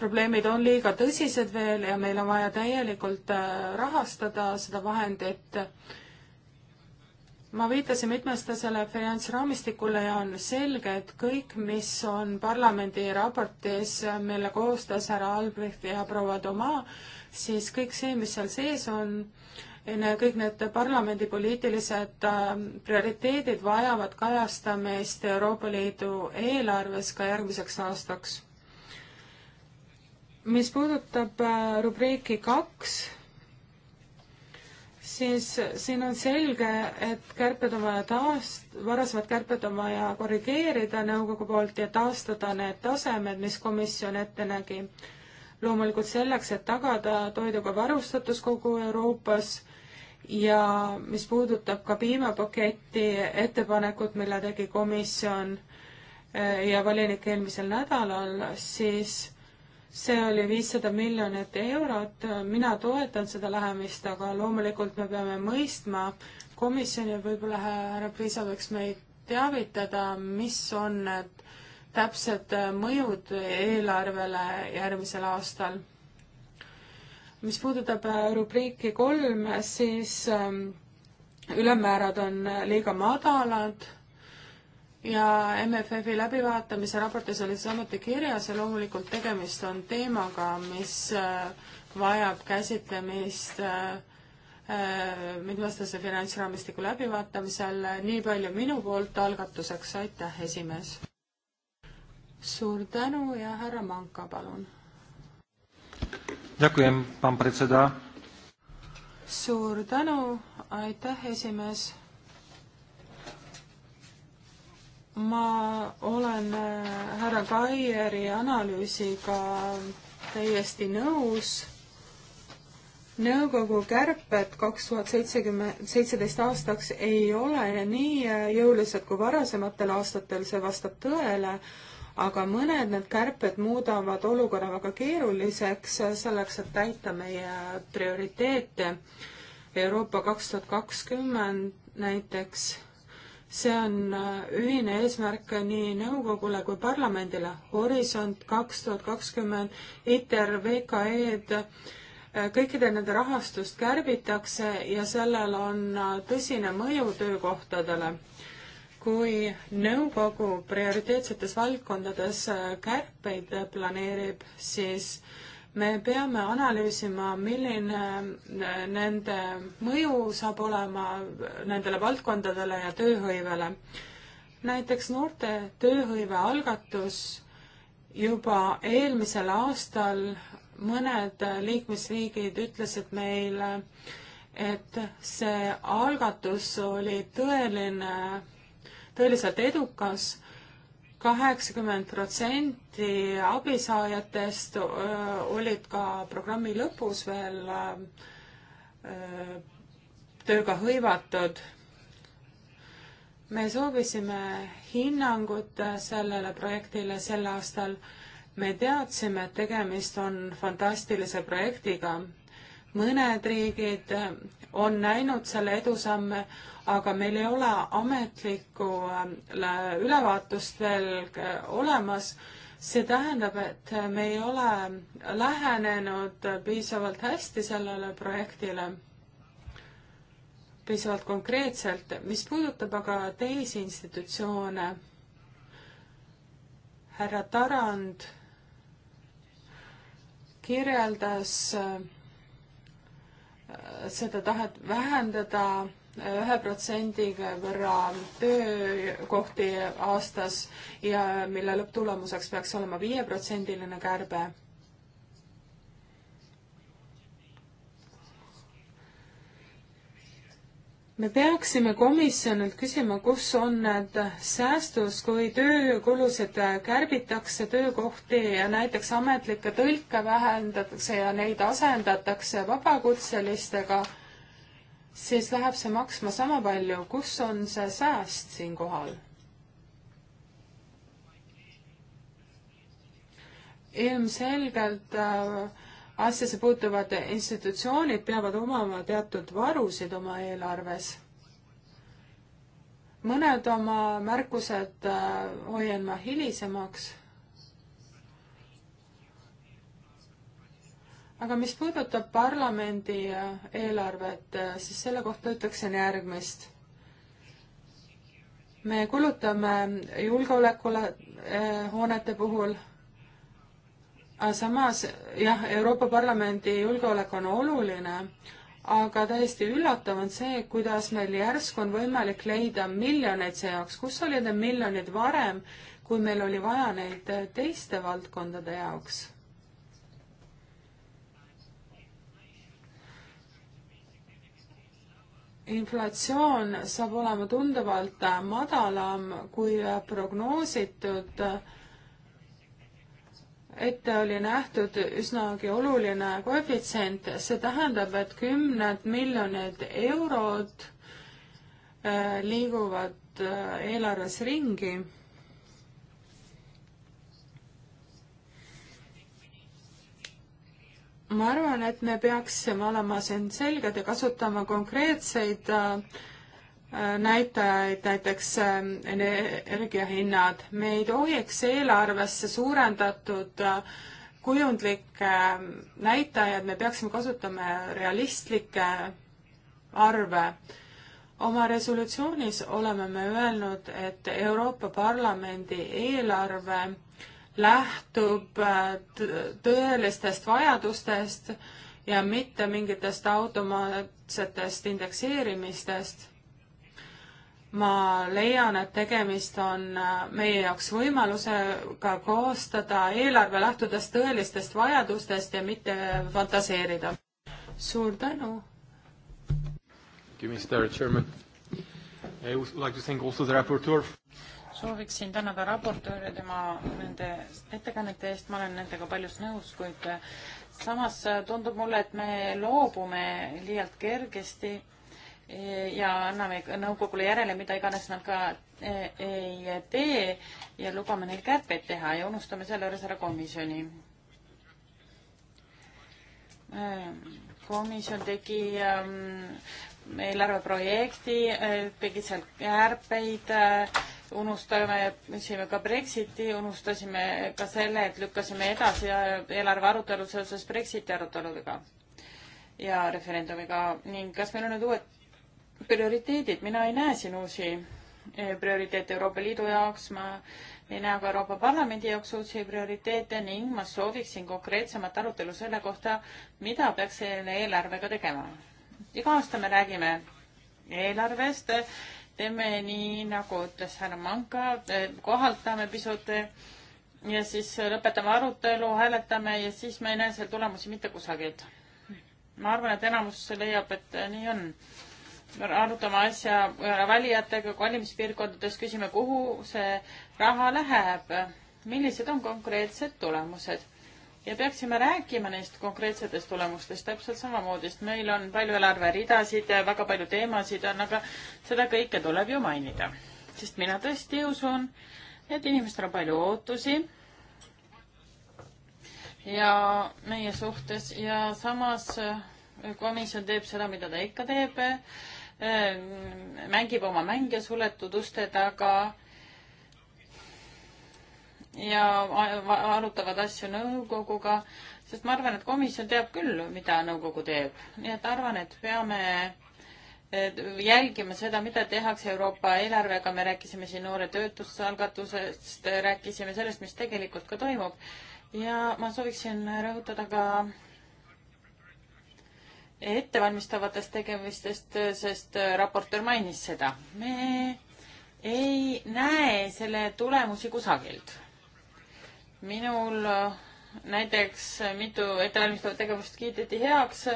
probleemid on liiga tõsised veel ja meil on vaja täielikult äh, rahastada seda vahendit ma viitasin mitmestasele finantsraamistikule ja on selge, et kõik, mis on parlamendi raportis, mille koostas härra Albrecht ja proua Toma, siis kõik see, mis seal sees on, kõik need parlamendi poliitilised ähm, prioriteedid vajavad kajastamist Euroopa Liidu eelarves ka järgmiseks aastaks. mis puudutab äh, rubriiki kaks, siis siin on selge, et kärped on vaja taast-, varasemad kärped on vaja korrigeerida nõukogu poolt ja taastada need tasemed, mis komisjon ette nägi. loomulikult selleks, et tagada toiduga varustatus kogu Euroopas ja mis puudutab ka piimapaketi ettepanekut, mille tegi komisjon eh, ja volinik eelmisel nädalal, siis see oli viissada miljonit eurot, mina toetan seda lähemist, aga loomulikult me peame mõistma, komisjon ja võib-olla härra Priisa võiks meid teavitada, mis on need täpsed mõjud eelarvele järgmisel aastal. mis puudutab äh, rubriiki kolm, siis ähm, ülemmäärad on liiga madalad ja MFF-i läbivaatamise raportis oli samuti kirjas ja loomulikult tegemist on teemaga, mis äh, vajab käsitlemist äh, äh, mitmestase finantsraamistiku läbivaatamisel. nii palju minu poolt algatuseks, aitäh, esimees! suur tänu ja härra Manka, palun! suur tänu, aitäh, esimees! ma olen äh, härra Kaieri analüüsiga täiesti nõus nõukogu kärped kaks tuhat seitsekümmend, seitseteist aastaks ei ole nii äh, jõulised kui varasematel aastatel, see vastab tõele, aga mõned need kärped muudavad olukorra väga keeruliseks, äh, selleks et täita meie prioriteete. Euroopa kaks tuhat kakskümmend näiteks see on äh, ühine eesmärk nii nõukogule kui parlamendile. Horisont kaks tuhat kakskümmend, ITER, VKE-d, äh, kõikide nende rahastust kärbitakse ja sellel on äh, tõsine mõju töökohtadele. kui nõukogu prioriteetsetes valdkondades kärpeid planeerib, siis äh, me peame analüüsima, milline äh, nende mõju saab olema nendele valdkondadele ja tööhõivele. näiteks noorte tööhõive algatus juba eelmisel aastal mõned liikmesriigid ütlesid meile, et see algatus oli tõeline, tõeliselt edukas kaheksakümmend protsenti abisaajatest olid ka programmi lõpus veel tööga hõivatud. me soovisime hinnangut sellele projektile sel aastal. me teadsime, et tegemist on fantastilise projektiga. mõned riigid on näinud selle edusamme, aga meil ei ole ametlikku ülevaatust veel olemas. see tähendab, et me ei ole lähenenud piisavalt hästi sellele projektile, piisavalt konkreetselt. mis puudutab aga teisi institutsioone, härra Tarand kirjeldas äh, seda tahet vähendada ühe protsendi võrra töökohti aastas ja mille lõpptulemuseks peaks olema viieprotsendiline kärbe. me peaksime komisjonilt küsima, kus on need säästus, kui töökulusid kärbitakse, töökohti ja näiteks ametlikke tõlke vähendatakse ja neid asendatakse vabakutselistega siis läheb see maksma sama palju, kus on see sääst siinkohal? ilmselgelt äh, asjasse puutuvad institutsioonid peavad omama teatud varusid oma eelarves. mõned oma märkused äh, hoian ma hilisemaks aga mis puudutab parlamendi äh, eelarvet, äh, siis selle kohta ütleksin järgmist. me kulutame julgeolekule äh, hoonete puhul, aga samas jah, Euroopa Parlamendi julgeolek on oluline, aga täiesti üllatav on see, kuidas meil järsku on võimalik leida miljoneid see jaoks, kus olid need miljonid varem, kui meil oli vaja neid teiste valdkondade jaoks inflatsioon saab olema tunduvalt madalam kui prognoositud. ette oli nähtud üsnagi oluline koefitsient, see tähendab, et kümned miljonid eurod eh, liiguvad eh, eelarves ringi ma arvan, et me peaksime olema siin selged ja kasutama konkreetseid äh, näitajaid, näiteks äh, energiahinnad. me ei tohiks eelarvesse suurendatud äh, kujundlikke näitajaid, me peaksime kasutama realistlikke arve. oma resolutsioonis oleme me öelnud, et Euroopa Parlamendi eelarve äh, lähtub äh, tõelistest vajadustest ja mitte mingitest automaatsetest indekseerimistest. ma leian, et tegemist on äh, meie jaoks võimalusega koostada eelarve lähtudes tõelistest vajadustest ja mitte fantaseerida. suur tänu! Give me a start, Chairman. I would like to thank also the rapporteur sooviksin tänada raportööre tema nende ettekannete eest, ma olen nendega paljus nõus, kuid samas tundub mulle, et me loobume liialt kergesti ja anname nõukogule järele, mida iganes nad ka e, ei tee ja lubame neil kärpeid teha ja unustame selle juures ära komisjoni. komisjon tegi ähm, eelarveprojekti, äh, tegi seal kärpeid äh, unustame, ütlesime ka Brexiti, unustasime ka selle, et lükkasime edasi äh, eelarve arutelud seoses Brexiti aruteludega ja referendumiga ning kas meil on nüüd uued prioriteedid, mina ei näe siin uusi äh, prioriteete Euroopa Liidu jaoks, ma ei näe ka Euroopa Parlamendi jaoks uusi prioriteete ning ma sooviksin konkreetsemat arutelu selle kohta, mida peaks selle eelarvega tegema. iga aasta me räägime eelarvest teeme nii, nagu ütles härra Manka, kohaldame pisut ja siis lõpetame arutelu, hääletame ja siis me ei näe seal tulemusi mitte kusagilt. ma arvan, et enamus leiab, et nii on. arutame asja valijatega valimispiirkondades, küsime, kuhu see raha läheb, millised on konkreetsed tulemused ja peaksime rääkima neist konkreetsetest tulemustest täpselt samamoodi, sest meil on palju eelarveridasid, väga palju teemasid on, aga seda kõike tuleb ju mainida. sest mina tõesti usun, et inimestel on palju ootusi ja meie suhtes ja samas komisjon teeb seda, mida ta ikka teeb, mängib oma mänge suletud uste taga ja arutavad asju nõukoguga, sest ma arvan, et komisjon teab küll, mida nõukogu teeb, nii et arvan, et peame jälgima seda, mida tehakse Euroopa eelarvega, me rääkisime siin noore töötusalgatusest, rääkisime sellest, mis tegelikult ka toimub ja ma sooviksin rõhutada ka ettevalmistavatest tegemistest, sest raportöör mainis seda. me ei näe selle tulemusi kusagilt minul äh, näiteks äh, mitu ettevalmistavat tegevust kiideti heaks,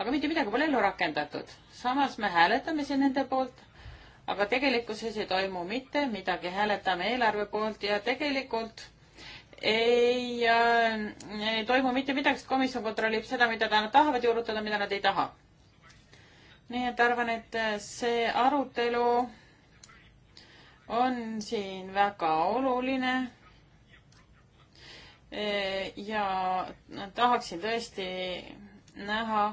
aga mitte midagi pole ellu rakendatud. samas me hääletame siin nende poolt, aga tegelikkuses ei toimu mitte midagi, hääletame eelarve poolt ja tegelikult ei, äh, ei toimu mitte midagi, sest komisjon kontrollib seda, mida ta, nad tahavad juurutada, mida nad ei taha. nii et arvan, et äh, see arutelu on siin väga oluline ja tahaksin tõesti näha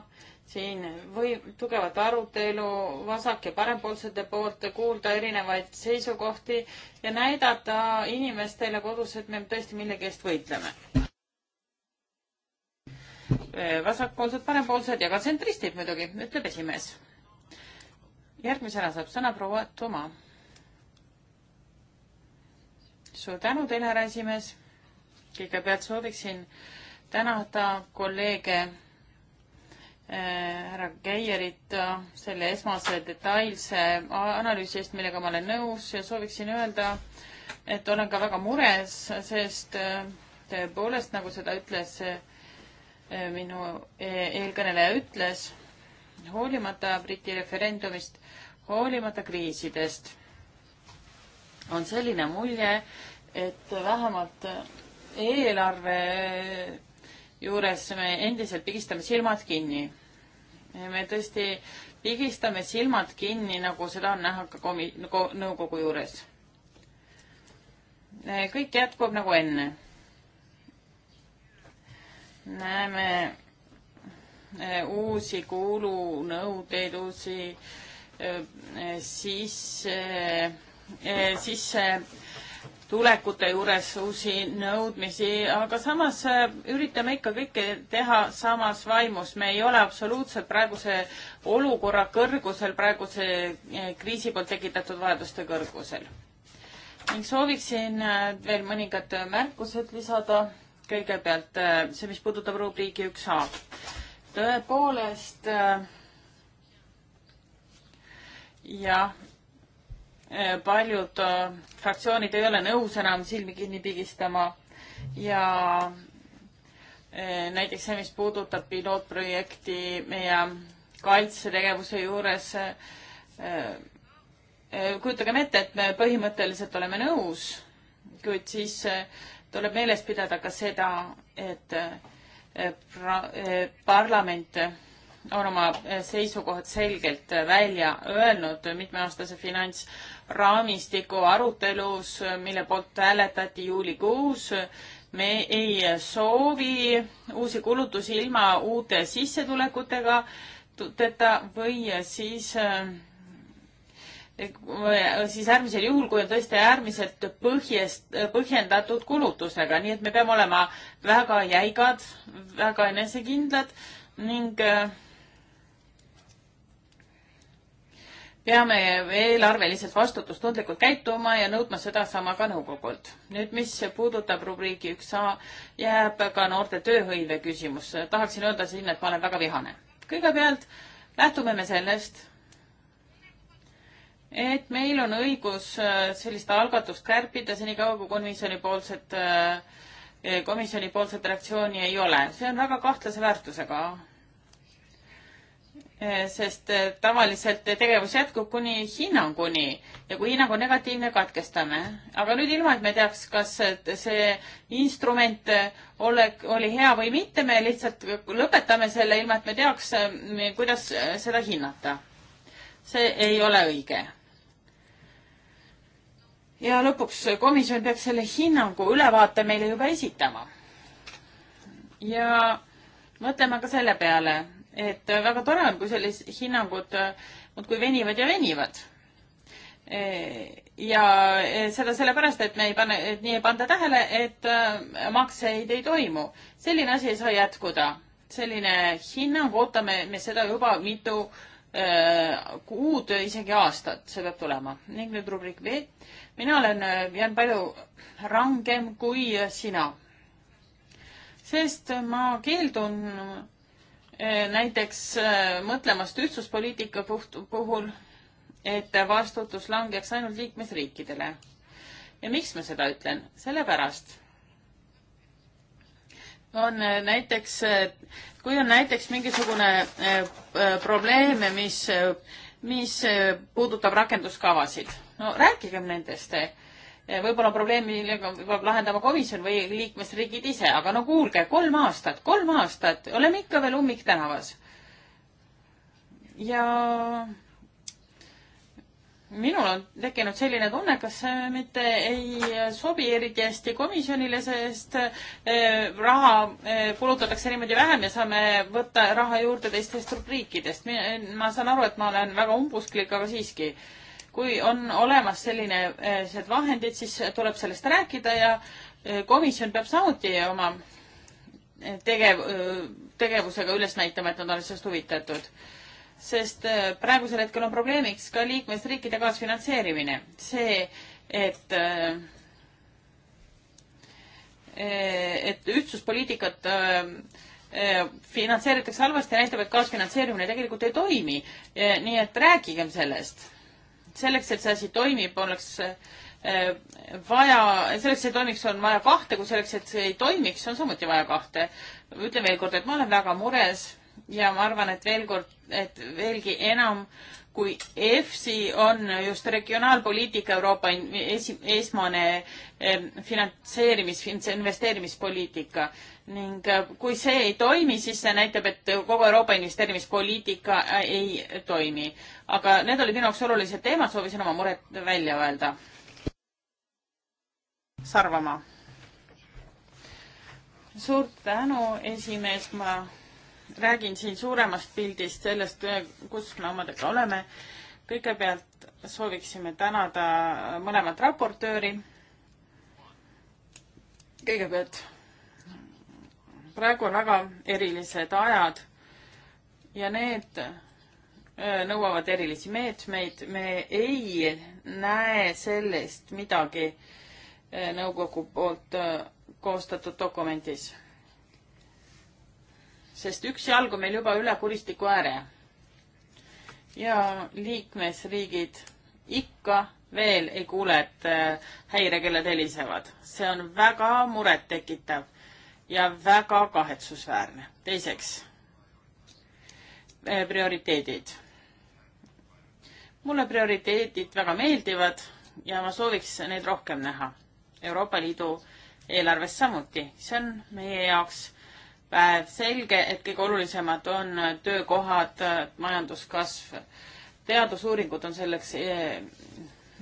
siin või tugevat arutelu vasak- ja parempoolsete poolt, kuulda erinevaid seisukohti ja näidata inimestele kodus, et me tõesti millegi eest võitleme. vasakpoolsed, parempoolsed ja ka tsentristid muidugi, ütleb esimees. järgmisena saab sõna proua Toma. suur tänu teile, härra esimees kõigepealt sooviksin tänada kolleege eh, härra Geierit eh, selle esmase detailse analüüsi eest, millega ma olen nõus ja sooviksin öelda, et olen ka väga mures, sest eh, tõepoolest, nagu seda ütles minu eelkõneleja ütles, hoolimata Briti referendumist, hoolimata kriisidest, on selline mulje, et vähemalt eelarve juures me endiselt pigistame silmad kinni. me tõesti pigistame silmad kinni, nagu seda on näha ka komi-, nagu nõukogu juures. kõik jätkub nagu enne. näeme eh, uusi kuulunõudeid, uusi siis, eh, sisse eh, tulekute juures uusi nõudmisi, aga samas äh, üritame ikka kõike teha samas vaimus. me ei ole absoluutselt praeguse olukorra kõrgusel, praeguse äh, kriisi poolt tekitatud vajaduste kõrgusel. ning sooviksin äh, veel mõningad märkused lisada. kõigepealt see, mis puudutab rubriigi üks A. tõepoolest jah Eh, paljud eh, fraktsioonid ei ole nõus enam silmi kinni pigistama ja eh, näiteks see, mis puudutab pilootprojekti meie kaitsetegevuse juures. kujutagem ette, et me põhimõtteliselt oleme nõus, kuid siis tuleb meeles pidada ka seda, et parlament on oma seisukohad selgelt välja öelnud mitmeaastase finants raamistiku arutelus, mille poolt hääletati juulikuus. me ei soovi uusi kulutusi ilma uute sissetulekutega teda või siis siis äärmisel juhul, kui on tõesti äärmiselt põhjest, põhjendatud kulutusega, nii et me peame olema väga jäigad, väga enesekindlad ning äh, peame eelarveliselt vastutustundlikult käituma ja nõudma sedasama ka nõukogult. nüüd, mis puudutab rubriigi üks A, jääb ka noorte tööhõive küsimus. tahaksin öelda sinna, et ma olen väga vihane. kõigepealt lähtume me sellest, et meil on õigus äh, sellist algatust kärpida senikaua, kui komisjonipoolset, äh, komisjonipoolset reaktsiooni ei ole. see on väga kahtlase väärtusega Eh, sest eh, tavaliselt eh, tegevus jätkub kuni hinnanguni ja kui hinnang on negatiivne, katkestame. aga nüüd ilma, et me teaks, kas see instrument ole, oli hea või mitte, me lihtsalt lõpetame selle ilma, et me teaks, kuidas seda hinnata. see ei ole õige. ja lõpuks komisjon peaks selle hinnangu ülevaate meile juba esitama. ja mõtleme ka selle peale et väga tore on, kui sellised hinnangud äh, muudkui venivad ja venivad. E, ja e, seda sellepärast, et me ei pane, et nii ei panda tähele, et äh, makseid ei toimu. selline asi ei saa jätkuda. selline hinnang, ootame me seda juba mitu e, kuud, isegi aastat, see peab tulema. ning nüüd rubriik B. mina olen, äh, jään palju rangem kui sina. sest ma keeldun Eh, näiteks eh, mõtlemast ühtsuspoliitika puhul, et vastutus langeks ainult liikmesriikidele. ja miks ma seda ütlen? sellepärast on eh, näiteks, kui on näiteks mingisugune probleem, mis, mis puudutab rakenduskavasid, no rääkigem nendest võib-olla probleemi peab lahendama komisjon või liikmesriigid ise, aga no kuulge, kolm aastat, kolm aastat, oleme ikka veel ummiktänavas. ja minul on tekkinud selline tunne, kas see mitte ei sobi eriti hästi komisjonile, sest e, raha e, kulutatakse niimoodi vähem ja saame võtta raha juurde teistest rubriikidest. ma saan aru, et ma olen väga umbusklik, aga siiski kui on olemas selline, eh, sellised vahendid, siis tuleb sellest rääkida ja eh, komisjon peab samuti oma eh, tegev, tegevusega üles näitama, et nad on sellest huvitatud. sest praegusel hetkel on probleemiks ka liikmesriikide kaasfinantseerimine. see, et, et ühtsuspoliitikat finantseeritakse halvasti, näitab, et kaasfinantseerimine tegelikult ei toimi. nii et rääkigem sellest selleks, et see asi toimib, oleks eh, vaja, selleks see toimiks, on vaja kahte, kui selleks, et see ei toimiks, on samuti vaja kahte. ütlen veel kord, et ma olen väga mures ja ma arvan, et veel kord, et veelgi enam kui EFSI on just regionaalpoliitika Euroopa esi, esmane eh, finantseerimis, investeerimispoliitika ning äh, kui see ei toimi, siis see näitab, et kogu Euroopa investeerimispoliitika äh, ei toimi. aga need olid minu jaoks olulised teemad, soovisin oma mured välja öelda. Sarvamaa. suur tänu, esimees, ma räägin siin suuremast pildist, sellest, äh, kus me omadega oleme. kõigepealt sooviksime tänada mõlemat raportööri. kõigepealt praegu on väga erilised ajad ja need äh, nõuavad erilisi meetmeid. me ei näe sellest midagi äh, nõukogu poolt äh, koostatud dokumendis. sest üksjalgu meil juba üle kuristiku ääre. ja liikmesriigid ikka veel ei kuule, et häirekellad helisevad. see on väga murettekitav ja väga kahetsusväärne. teiseks, eh, prioriteedid. mulle prioriteedid väga meeldivad ja ma sooviks neid rohkem näha. Euroopa Liidu eelarves samuti, see on meie jaoks päevselge, et kõige olulisemad on töökohad, majanduskasv. teadusuuringud on selleks eh,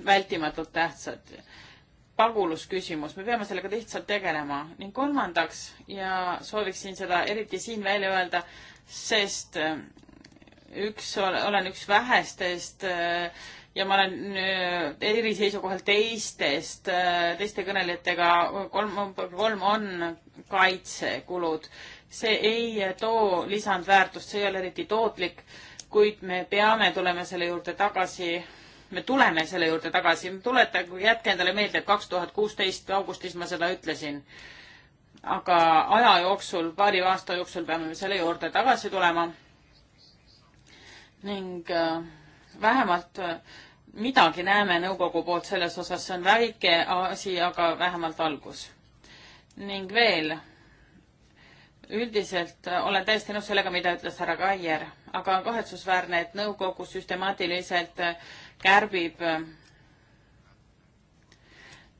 vältimatult tähtsad pagulusküsimus, me peame sellega lihtsalt tegelema ning kolmandaks ja sooviksin seda eriti siin välja öelda, sest äh, üks, olen üks vähestest äh, ja ma olen äh, eriseisukohal teistest, teiste kõnelejatega, kolm, kolm on kaitsekulud. see ei too lisandväärtust, see ei ole eriti tootlik, kuid me peame tulema selle juurde tagasi me tuleme selle juurde tagasi, tuletage, jätke endale meelde, et kaks tuhat kuusteist augustis ma seda ütlesin. aga aja jooksul, paari aasta jooksul peame me selle juurde tagasi tulema. ning äh, vähemalt äh, midagi näeme nõukogu poolt selles osas, see on väike asi, aga vähemalt algus. ning veel üldiselt äh, olen täiesti nõus sellega, mida ütles härra Kaier, aga kahetsusväärne, et nõukogu süstemaatiliselt kärbib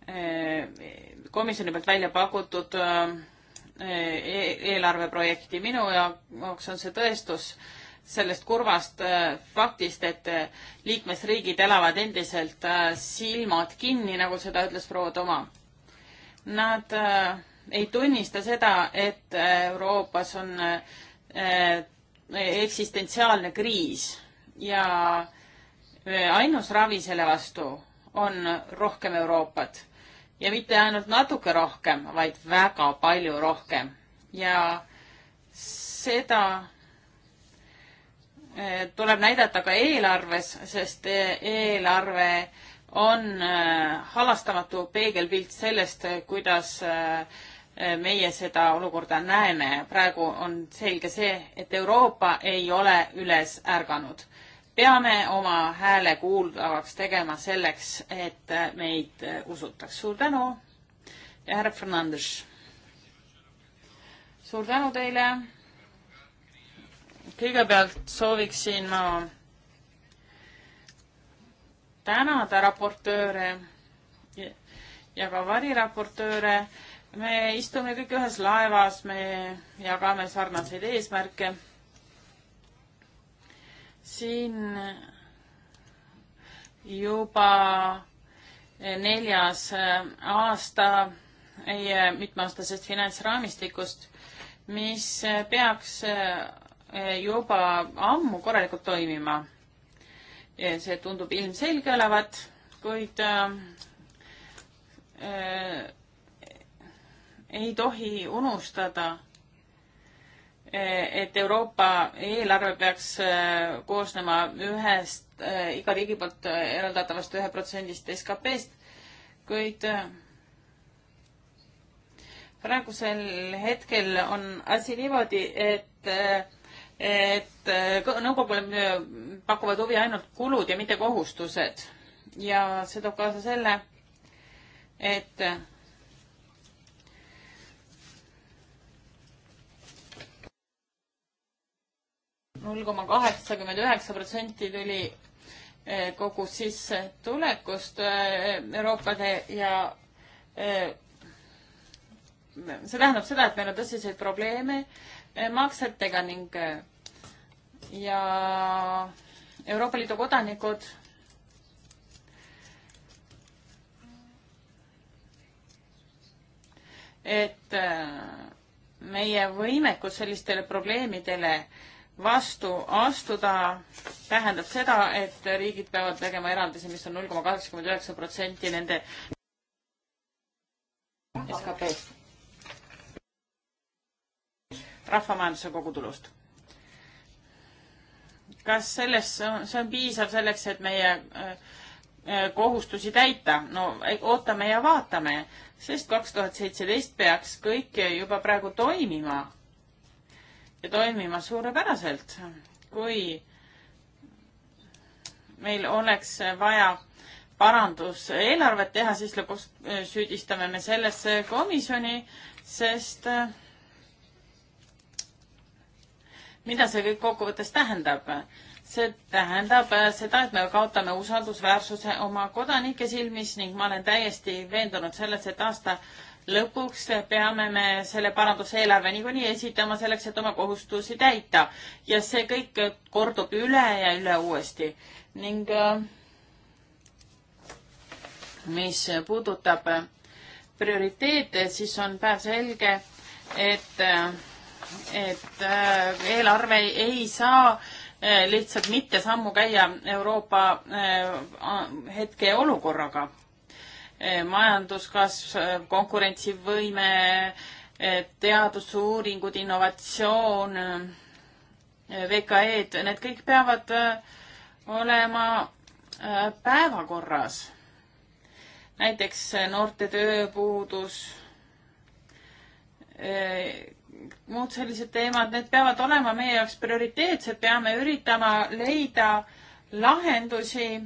eh, komisjoni poolt välja pakutud eh, e-, eelarveprojekti. minu jaoks on see tõestus sellest kurvast eh, faktist, et liikmesriigid elavad endiselt silmad kinni, nagu seda ütles proua Toma. Nad ei tunnista seda, et Euroopas on eksistentsiaalne kriis ja äh, Äh, ainus ravi selle vastu on rohkem Euroopat ja mitte ainult natuke rohkem, vaid väga palju rohkem ja seda äh, tuleb näidata ka eelarves, sest äh, eelarve on halastamatu peegelpilt sellest, kuidas meie seda olukorda näeme. praegu on selge see, et Euroopa ei ole üles ärganud peame oma hääle kuuldavaks tegema selleks, et meid usutaks. suur tänu ja härra Fernandes. suur tänu teile. kõigepealt sooviksin ma tänada raportööre ja ka variraportööre. me istume kõik ühes laevas, me jagame sarnaseid eesmärke siin juba neljas aasta meie mitmeaastasest finantsraamistikust, mis peaks juba ammu korralikult toimima. see tundub ilmselge olevat, kuid äh, ei tohi unustada, et Euroopa eelarve peaks äh, koosnema ühest, äh, iga riigi poolt eraldatavast ühe protsendist SKP-st, kuid äh, praegusel hetkel on asi niimoodi, et, et nõukogule pakuvad huvi ainult kulud ja mitte kohustused ja see toob kaasa selle, et null koma kaheksakümmend üheksa protsenti tuli eh, kogu sissetulekust eh, Euroopade ja eh, see tähendab seda, et meil on tõsiseid probleeme maksetega ning ja Euroopa Liidu kodanikud et meie võimekus sellistele probleemidele äh, vastu astuda, tähendab seda, et riigid peavad tegema eraldisi, mis on null koma kaheksakümmend üheksa protsenti nende SKP-st, rahvamajanduse kogutulust. kas selles, see on piisav selleks, et meie äh, kohustusi täita, no ootame ja vaatame, sest kaks tuhat seitseteist peaks kõik juba praegu toimima toimima suurepäraselt, kui meil oleks vaja paranduseelarvet teha, siis lõpuks äh, süüdistame me selles komisjoni, sest äh, mida see kõik kokkuvõttes tähendab? see tähendab äh, seda, et me kaotame usaldusväärsuse oma kodanike silmis ning ma olen täiesti veendunud selles, et aasta lõpuks peame me selle paranduseelarve niikuinii esitama selleks, et oma kohustusi täita ja see kõik kordub üle ja üle uuesti ning äh, mis puudutab prioriteete, siis on päevselge, et, äh, et äh, eelarve ei saa lihtsalt mitte sammu käia Euroopa hetkeolukorraga Eh, majanduskasv, eh, konkurentsivõime, eh, teadusuuringud, innovatsioon, VKE-d, need kõik peavad olema päevakorras. näiteks noorte tööpuudus, muud sellised teemad, need peavad olema meie jaoks prioriteetsed, peame üritama leida lahendusi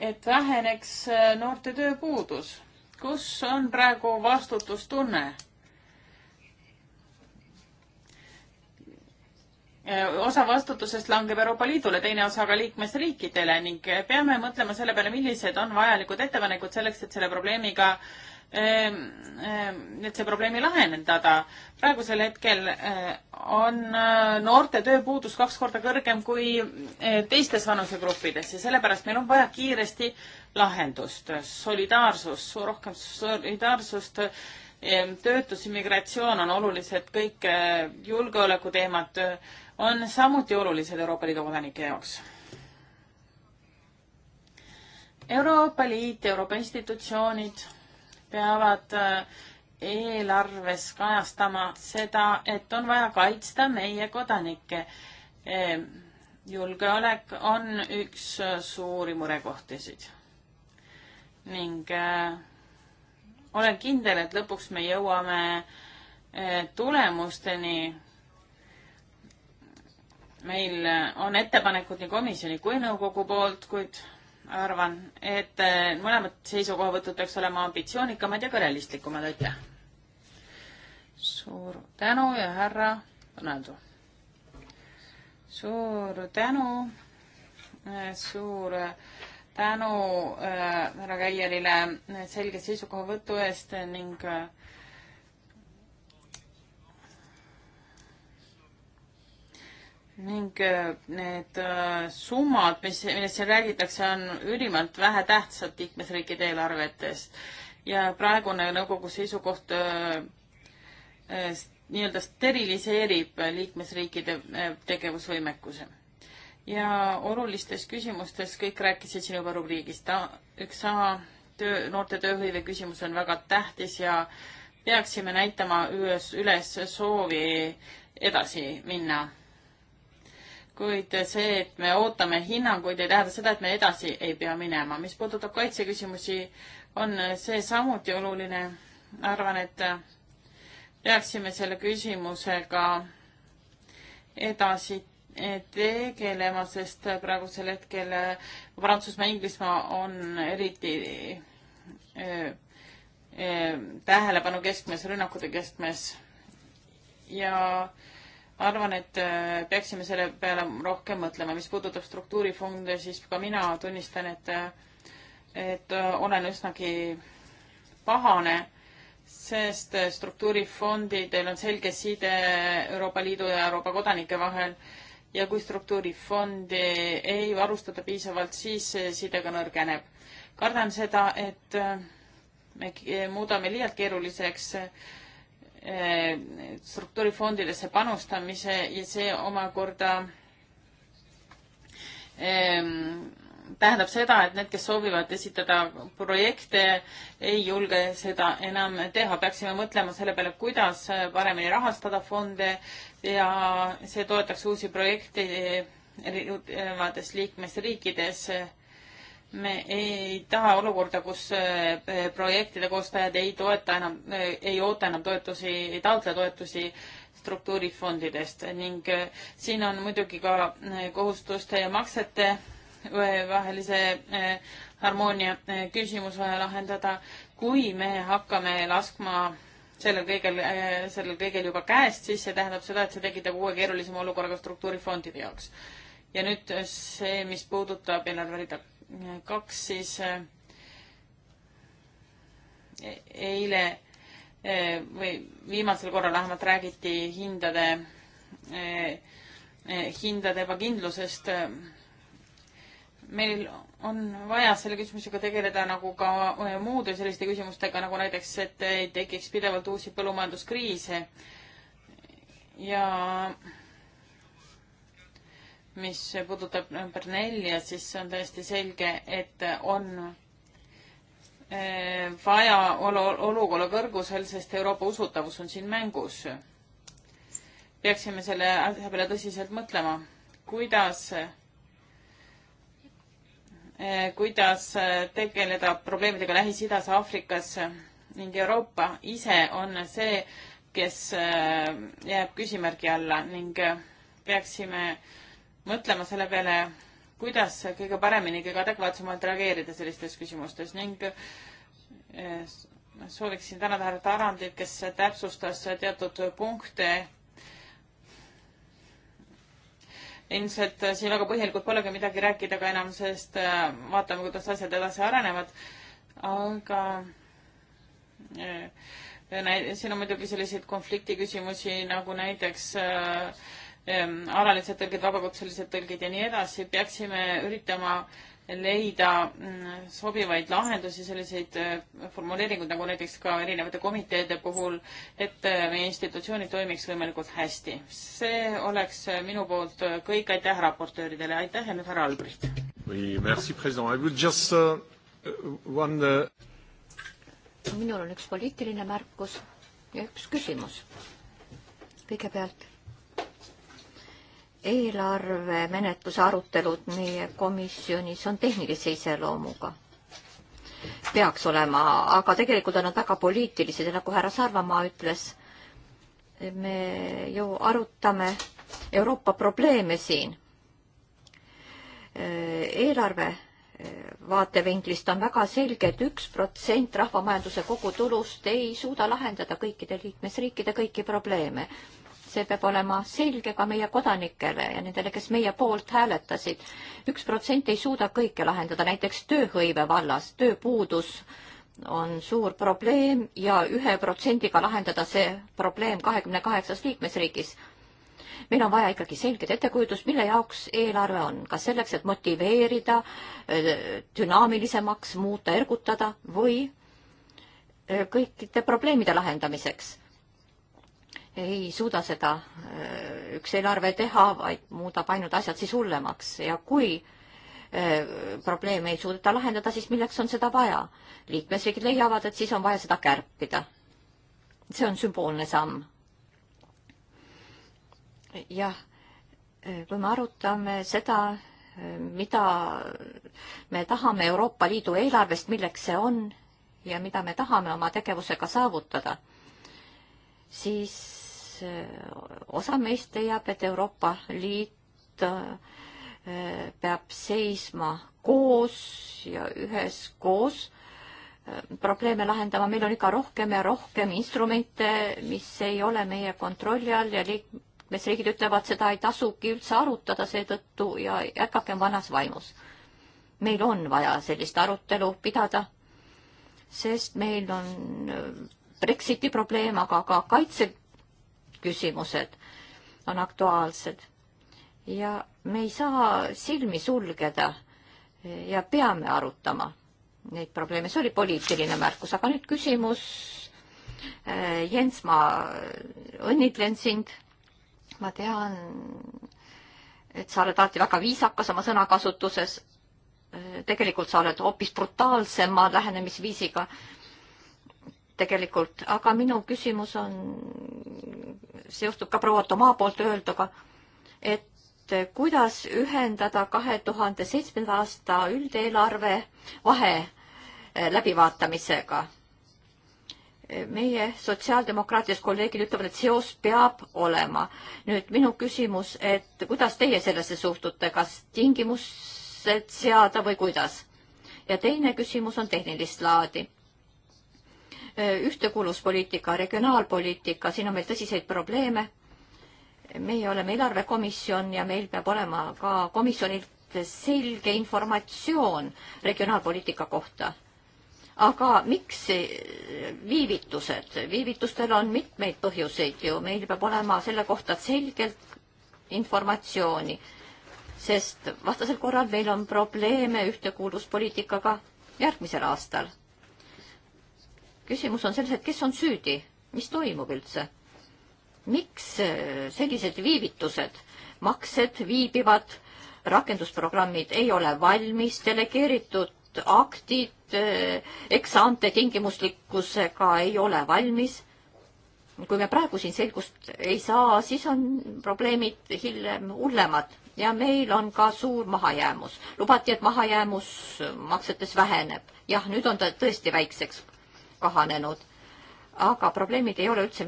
et väheneks äh, noorte tööpuudus. kus on praegu vastutustunne? Äh, osa vastutusest langeb Euroopa Liidule, teine osa aga liikmesriikidele ning peame mõtlema selle peale, millised on vajalikud ettepanekud selleks, et selle probleemiga äh, Ehm, ehm, et see probleemi lahendada. praegusel hetkel eh, on eh, noorte tööpuudus kaks korda kõrgem kui eh, teistes vanusegruppides ja sellepärast meil on vaja kiiresti lahendust, solidaarsus, rohkem solidaarsust, ehm, töötus, immigratsioon on olulised, kõik julgeolekuteemad on samuti olulised Euroopa Liidu kodanike jaoks Euroopa Liit, Euroopa institutsioonid peavad äh, eelarves kajastama seda, et on vaja kaitsta meie kodanikke. Ehm, julgeolek on üks äh, suuri murekohtisid. ning äh, olen kindel, et lõpuks me jõuame tulemusteni. meil on ettepanekud nii komisjoni kui nõukogu poolt, kuid arvan, et äh, mõlemad seisukohavõtud peaks olema ambitsioonikamad ja ka realistlikumad, aitäh. suur tänu ja härra Ronaldo. suur tänu, äh, suur tänu äh, härra äh, Käierile selge seisukohavõtu eest ning äh, ning äh, need äh, summad, mis, millest siin räägitakse, on ülimalt vähetähtsad liikmesriikide eelarvetes ja praegune nõukogu seisukoht äh, nii-öelda steriliseerib liikmesriikide tegevusvõimekuse. ja olulistes küsimustes kõik rääkisid siin juba rubriigist, üks A töö, noorte tööhõive küsimus on väga tähtis ja peaksime näitama üles, üles soovi edasi minna kuid see, et me ootame hinnanguid, ei tähenda seda, et me edasi ei pea minema. mis puudutab kaitseküsimusi, on see samuti oluline. arvan, et peaksime selle küsimusega edasi tegelema, sest praegusel hetkel Prantsusmaa, Inglismaa on eriti eh, eh, tähelepanu keskmes, rünnakute keskmes ja äh, arvan, et äh, peaksime selle peale rohkem mõtlema. mis puudutab struktuurifonde, siis ka mina tunnistan, et, äh, et äh, olen üsnagi pahane, sest struktuurifondidel on selge side Euroopa Liidu ja Euroopa kodanike vahel ja kui struktuurifondi ei varustada piisavalt, siis side ka nõrgeneb. kardan seda, et me muudame liialt keeruliseks äh, Eh, struktuurifondidesse panustamise ja see omakorda ehm, tähendab seda, et need, kes soovivad esitada projekte, ei julge seda enam teha. peaksime mõtlema selle peale, kuidas paremini rahastada fonde ja see toetaks uusi projekte erinevates liikmesriikides me ei taha olukorda, kus eh, projektide koostajad ei toeta enam, eh, ei oota enam toetusi, ei taotle toetusi struktuurifondidest ning eh, siin on muidugi ka kohustuste ja maksete vahelise harmoonia küsimus vaja lahendada. kui me hakkame laskma sellel kõigel, sellel kõigel juba käest, siis see tähendab seda, et see tekitab uue keerulisema olukorraga struktuurifondide jaoks. ja nüüd see, mis puudutab eelarveridade kaks, siis eh, eile eh, või viimasel korral vähemalt räägiti hindade, eh, hindade ebakindlusest. meil on vaja selle küsimusega tegeleda nagu ka muude selliste küsimustega, nagu näiteks, et ei tekiks pidevalt uusi põllumajanduskriise ja mis puudutab number nelja, siis on täiesti selge, et on eh, vaja olu, olukorra kõrgusel, sest Euroopa usutavus on siin mängus. peaksime selle asja peale tõsiselt mõtlema, kuidas, eh, kuidas tegeleda probleemidega Lähis-Idas, Aafrikas ning Euroopa ise on see, kes eh, jääb küsimärgi alla ning peaksime äh, mõtlema selle peale, kuidas kõige paremini, kõige adekvaatsemalt reageerida sellistes küsimustes ning ma eh, sooviksin tänada härra Tarandit, kes täpsustas teatud punkte. ilmselt siin väga põhjalikult polegi midagi rääkida ka enam, sest eh, vaatame, kuidas asjad edasi arenevad. aga eh, siin on muidugi selliseid konfliktiküsimusi nagu näiteks äh, alalised tõlgid, vabakutselised tõlgid ja nii edasi, peaksime üritama leida mm, sobivaid lahendusi, selliseid eh, formuleeringuid nagu näiteks ka erinevate komiteede puhul, et eh, meie institutsioonid toimiks võimalikult hästi. see oleks eh, minu poolt kõik, aitäh raportööridele, aitäh ja nüüd härra Albrecht. minul on üks poliitiline märkus ja üks küsimus. kõigepealt eelarvemenetluse arutelud meie komisjonis on tehnilise iseloomuga. peaks olema, aga tegelikult on nad väga poliitilised ja nagu härra Sarvamaa ütles, me ju arutame Euroopa probleeme siin. eelarve vaatevinklist on väga selge et, et üks protsent rahvamajanduse kogutulust ei suuda lahendada kõikide liikmesriikide kõiki probleeme see peab olema selge ka meie kodanikele ja nendele, kes meie poolt hääletasid. üks protsent ei suuda kõike lahendada, näiteks tööhõive vallas tööpuudus on suur probleem ja ühe protsendiga lahendada see probleem kahekümne kaheksas liikmesriigis. meil on vaja ikkagi selget ettekujutust, mille jaoks eelarve on, kas selleks, et motiveerida, äh, dünaamilisemaks muuta, ergutada või äh, kõikide probleemide lahendamiseks ei suuda seda äh, üks eelarve teha, vaid muudab ainult asjad siis hullemaks ja kui äh, probleeme ei suudeta lahendada, siis milleks on seda vaja? liikmesriigid leiavad, et siis on vaja seda kärpida. see on sümboolne samm. jah, äh, kui me arutame seda, mida me tahame Euroopa Liidu eelarvest, milleks see on ja mida me tahame oma tegevusega saavutada, siis osa meist leiab, et Euroopa Liit äh, peab seisma koos ja üheskoos äh, probleeme lahendama, meil on ikka rohkem ja rohkem instrumente, mis ei ole meie kontrolli all ja liikmesriigid ütlevad, seda ei tasugi üldse arutada seetõttu ja jätkakem vanas vaimus. meil on vaja sellist arutelu pidada, sest meil on äh, Brexiti probleem, aga ka kaitse küsimused on aktuaalsed. ja me ei saa silmi sulgeda ja peame arutama neid probleeme, see oli poliitiline märkus, aga nüüd küsimus. Äh, Jens, ma õnnitlen sind. ma tean, et sa oled alati väga viisakas oma sõnakasutuses. Äh, tegelikult sa oled hoopis brutaalsema lähenemisviisiga äh, tegelikult, aga minu küsimus on, seostub ka proua Tomaa poolt öelduga, et kuidas ühendada kahe tuhande seitsmenda aasta üldeelarve vahe eh, läbivaatamisega. meie sotsiaaldemokraatidest kolleegid ütlevad, et seos peab olema. nüüd minu küsimus, et kuidas teie sellesse suhtute, kas tingimused seada või kuidas? ja teine küsimus on tehnilist laadi ühtekuuluvuspoliitika, regionaalpoliitika, siin on meil tõsiseid probleeme. meie oleme eelarvekomisjon ja meil peab olema ka komisjonilt selge informatsioon regionaalpoliitika kohta. aga miks viivitused? viivitustel on mitmeid põhjuseid ju, meil peab olema selle kohta selgelt informatsiooni, sest vastasel korral meil on probleeme ühtekuuluvuspoliitikaga järgmisel aastal küsimus on selles, et kes on süüdi, mis toimub üldse? miks äh, sellised viivitused, maksed viibivad, rakendusprogrammid ei ole valmis, delegeeritud aktid äh, eksante tingimuslikkusega ei ole valmis. kui me praegu siin selgust ei saa, siis on probleemid hiljem hullemad ja meil on ka suur mahajäämus. lubati, et mahajäämus maksetes väheneb. jah, nüüd on ta tõesti väikseks kahanenud. aga probleemid ei ole üldse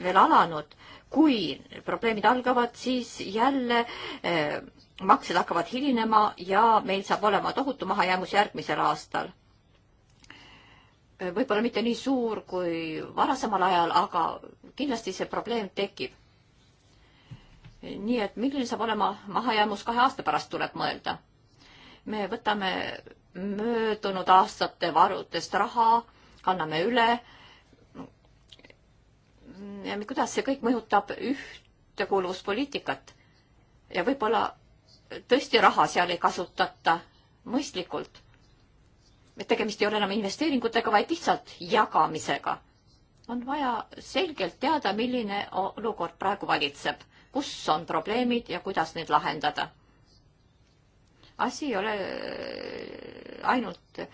veel alanud. kui probleemid algavad, siis jälle eh, maksed hakkavad hilinema ja meil saab olema tohutu mahajäämus järgmisel aastal. Eh, võib-olla mitte nii suur kui varasemal ajal, aga kindlasti see probleem tekib eh, nii et milline saab olema mahajäämus kahe aasta pärast, tuleb mõelda. me võtame möödunud aastate varudest raha anname üle. ja kuidas see kõik mõjutab ühtekuuluvuspoliitikat ja võib-olla tõesti raha seal ei kasutata mõistlikult. et tegemist ei ole enam investeeringutega, vaid lihtsalt jagamisega. on vaja selgelt teada, milline olukord praegu valitseb, kus on probleemid ja kuidas neid lahendada asi ei ole äh, ainult äh,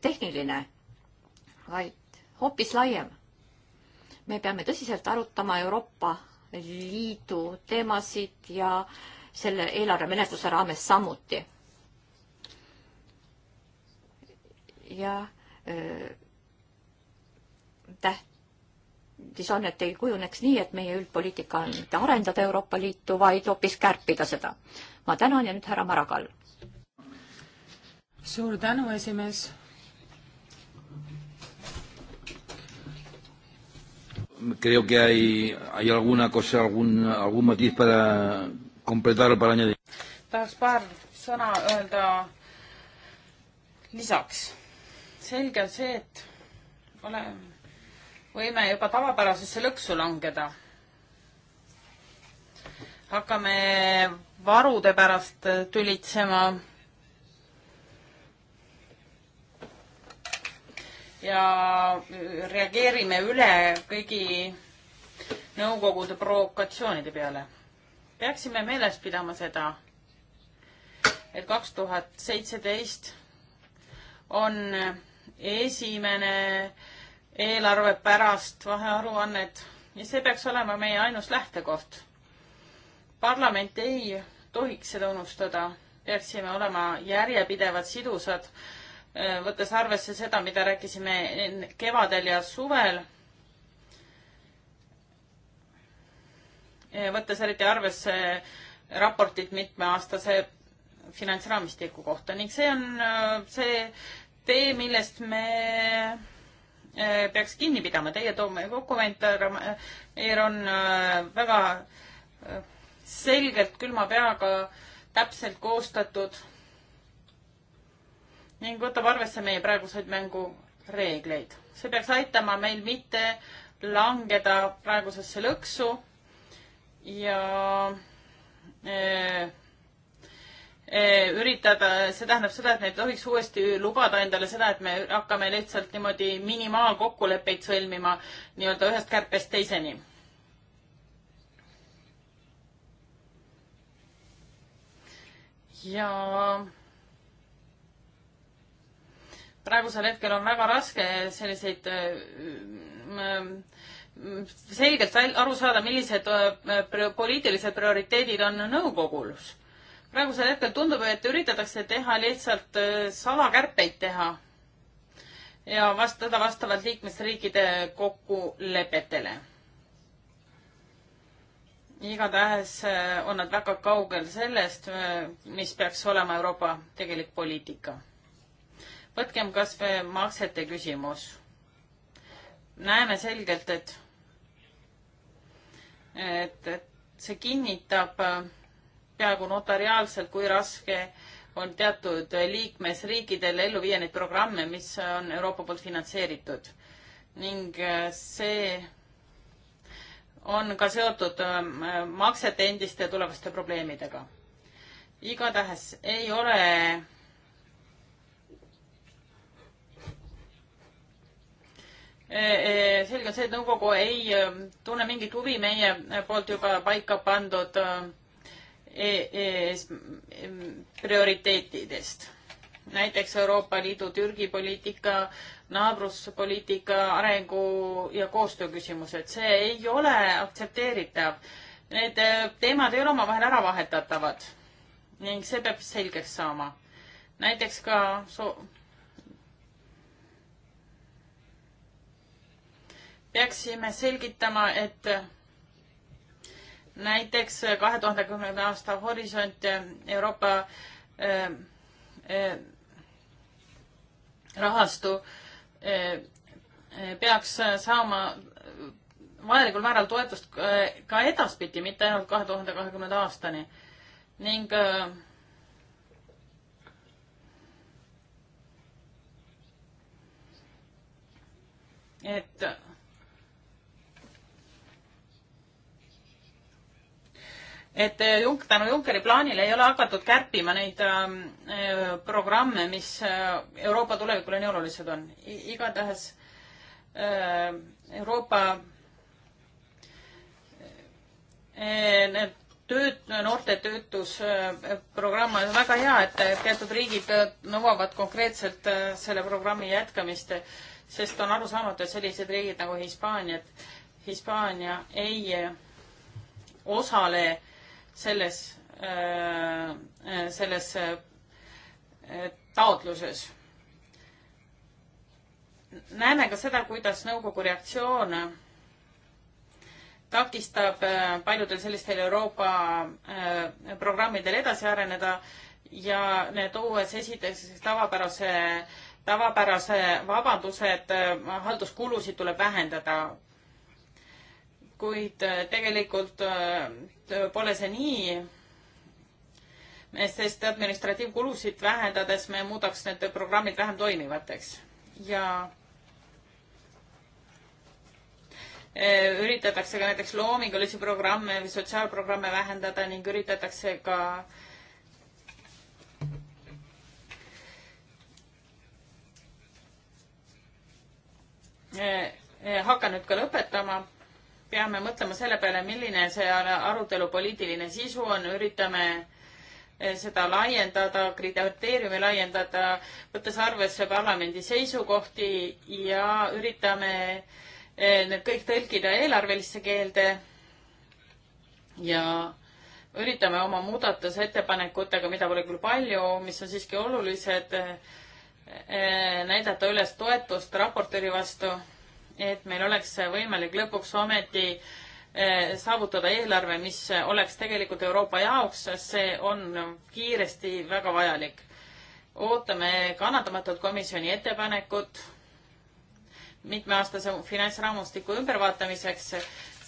tehniline vaid hoopis laiem. me peame tõsiselt arutama Euroopa Liidu teemasid ja selle eelarvemenetluse raames samuti. ja öö, tähtis on, et ei kujuneks nii, et meie üldpoliitika on mitte arendada Euroopa Liitu, vaid hoopis kärpida seda. ma tänan ja nüüd härra Maragall. suur tänu, esimees creo que hay, hay alguna cosa, algún, algún matiz para completar, para añadir. tahaks paar sõna öelda lisaks. selge on see, et ole, võime juba tavapärasesse lõksu langeda. hakkame varude pärast tülitsema ja reageerime üle kõigi nõukogude provokatsioonide peale. peaksime meeles pidama seda, et kaks tuhat seitseteist on esimene eelarve pärast vahearuannet ja see peaks olema meie ainus lähtekoht. parlament ei tohiks seda unustada, peaksime olema järjepidevad, sidusad Äh, võttes arvesse seda, mida rääkisime kevadel ja suvel, äh, võttes eriti arvesse raportit mitmeaastase finantsraamistiku kohta ning see on äh, see tee, millest me peaks kinni pidama. Teie toome kommentaar on väga selgelt külma peaga täpselt koostatud ning võtab arvesse meie praeguseid mängureegleid. see peaks aitama meil mitte langeda praegusesse lõksu ja e, e, üritada, see tähendab seda, et me ei tohiks uuesti lubada endale seda, et me hakkame lihtsalt niimoodi minimaalkokkuleppeid sõlmima nii-öelda ühest kärpest teiseni. ja praegusel hetkel on väga raske selliseid äh, selgelt aru saada, millised äh, poliitilised prioriteedid on nõukogus. praegusel hetkel tundub, et üritatakse teha lihtsalt äh, salakärpeid teha ja vastada vastavalt liikmesriikide kokkulepetele. igatahes on nad väga kaugel sellest, mis peaks olema Euroopa tegelik poliitika võtkem kas või maksete küsimus. näeme selgelt, et, et, et see kinnitab äh, peaaegu notariaalselt, kui raske on teatud liikmesriikidel ellu viia neid programme, mis on Euroopa poolt finantseeritud. ning äh, see on ka seotud äh, maksete endiste tulevaste probleemidega. igatahes ei ole selge on see, et nõukogu ei ähm, tunne mingit huvi meie poolt juba paika pandud äh, prioriteetidest. näiteks Euroopa Liidu Türgi poliitika, naabruspoliitika, arengu ja koostöö küsimused, see ei ole aktsepteeritav. Need äh, teemad ei ole omavahel ära vahetatavad ning see peab selgeks saama. näiteks ka so-, peaksime selgitama, et näiteks kahe tuhande kümnenda aasta horisont Euroopa äh, äh, rahastu äh, äh peaks saama vajalikul määral toetust ka edaspidi, mitte ainult kahe tuhande kahekümnenda aastani ning äh, et et äh, Junk-, tänu Junckeri plaanile ei ole hakatud kärpima neid ähm, äh, programme, mis äh, Euroopa tulevikule nii olulised on. igatahes äh, Euroopa äh, need tööt-, noorte töötusprogramm äh, on väga hea, et teatud riigid nõuavad konkreetselt selle programmi jätkamist, sest on arusaamatu, et sellised riigid nagu Hispaaniad, Hispaania ei osale selles, äh, äh, selles äh, taotluses. näeme ka seda, kuidas nõukogu reaktsioon takistab paljudel sellistel Euroopa programmidel edasi areneda ja need uues esiteks tavapärase, tavapärase vabandused, halduskulusid tuleb vähendada kuid äh, tegelikult äh, pole see nii, sest administratiivkulusid vähendades me muudaks need programmid vähem toimivateks ja äh, üritatakse ka näiteks loomingulisi programme või sotsiaalprogramme vähendada ning üritatakse ka hakkan nüüd ka lõpetama peame mõtlema selle peale, milline see arutelu poliitiline sisu on, üritame eh, seda laiendada, kriteeriumi laiendada, võttes arvesse parlamendi seisukohti ja üritame eh, need kõik tõlkida eelarvelisse keelde ja üritame oma muudatusettepanekutega, mida pole küll palju, mis on siiski olulised, eh, näidata üles toetust raportööri vastu et meil oleks võimalik lõpuks ometi eh, saavutada eelarve, mis oleks tegelikult Euroopa jaoks, see on kiiresti väga vajalik. ootame kannatamatut komisjoni ettepanekut mitmeaastase finantsraamustiku ümbervaatamiseks,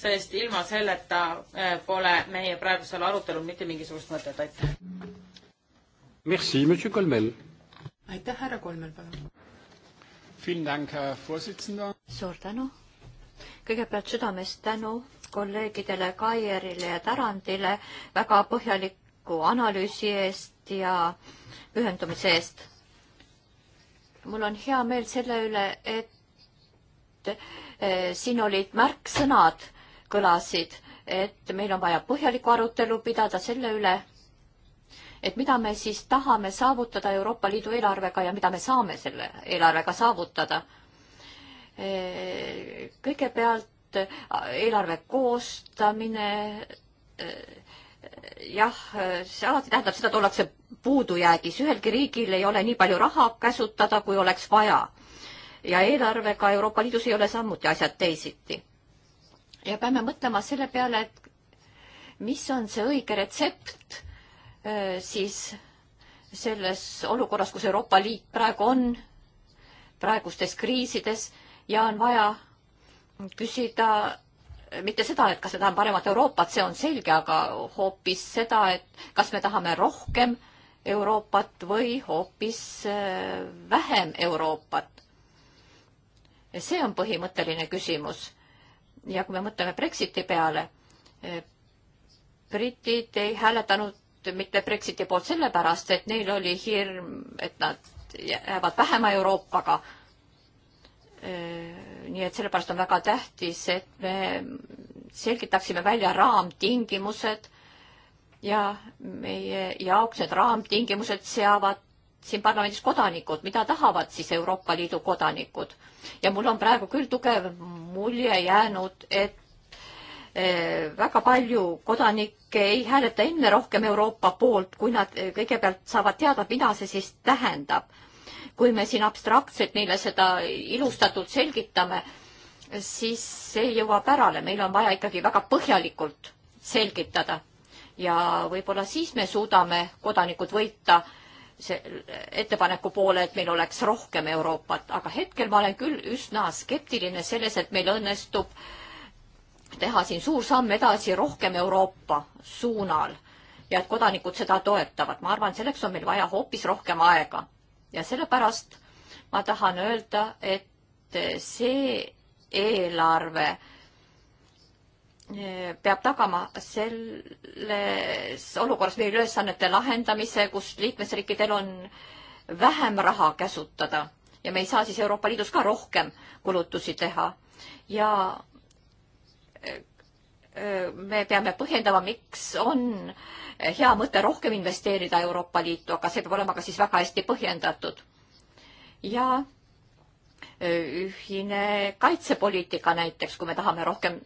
sest ilma selleta eh, pole meie praegusel arutelul mitte mingisugust mõtet, aitäh. Merci, monsieur Colmel. aitäh, härra Colmel, palun suur tänu. kõigepealt südamest tänu kolleegidele Kaierile ja Tarandile väga põhjaliku analüüsi eest ja pühendumise eest. mul on hea meel selle üle, et eh, siin olid märksõnad, kõlasid, et meil on vaja põhjalikku arutelu pidada selle üle et mida me siis tahame saavutada Euroopa Liidu eelarvega ja mida me saame selle eelarvega saavutada. kõigepealt eelarve koostamine, e, jah, see alati tähendab seda, et ollakse puudujäägis, ühelgi riigil ei ole nii palju raha käsutada, kui oleks vaja. ja eelarvega Euroopa Liidus ei ole samuti asjad teisiti. ja peame mõtlema selle peale, et mis on see õige retsept Äh, siis selles olukorras, kus Euroopa Liit praegu on, praegustes kriisides ja on vaja küsida mitte seda, et kas me tahame paremat Euroopat, see on selge, aga hoopis seda, et kas me tahame rohkem Euroopat või hoopis äh, vähem Euroopat. see on põhimõtteline küsimus. ja kui me mõtleme Brexiti peale, äh, britid ei hääletanud mitte Brexiti poolt sellepärast, et neil oli hirm, et nad jäävad vähema Euroopaga. Äh, nii et sellepärast on väga tähtis, et me selgitaksime välja raamtingimused ja meie jaoks need raamtingimused seavad siin parlamendis kodanikud, mida tahavad siis Euroopa Liidu kodanikud. ja mul on praegu küll tugev mulje jäänud, et Eh, väga palju kodanikke ei hääleta enne rohkem Euroopa poolt, kui nad eh, kõigepealt saavad teada, mida see siis tähendab. kui me siin abstraktselt neile seda ilustatult selgitame, siis see jõuab ärale, meil on vaja ikkagi väga põhjalikult selgitada. ja võib-olla siis me suudame kodanikud võita see eh, ettepaneku poole, et meil oleks rohkem Euroopat, aga hetkel ma olen küll üsna skeptiline selles, et meil õnnestub äh, teha siin suur samm edasi rohkem Euroopa suunal ja et kodanikud seda toetavad. ma arvan, selleks on meil vaja hoopis rohkem aega. ja sellepärast ma tahan öelda, et see eelarve eh, peab tagama selles olukorras meie ülesannete lahendamise, kus liikmesriikidel on vähem raha käsutada ja me ei saa siis Euroopa Liidus ka rohkem kulutusi teha. ja me peame põhjendama, miks on hea mõte rohkem investeerida Euroopa Liitu, aga see peab olema ka siis väga hästi põhjendatud. ja e, ühine kaitsepoliitika näiteks, kui me tahame rohkem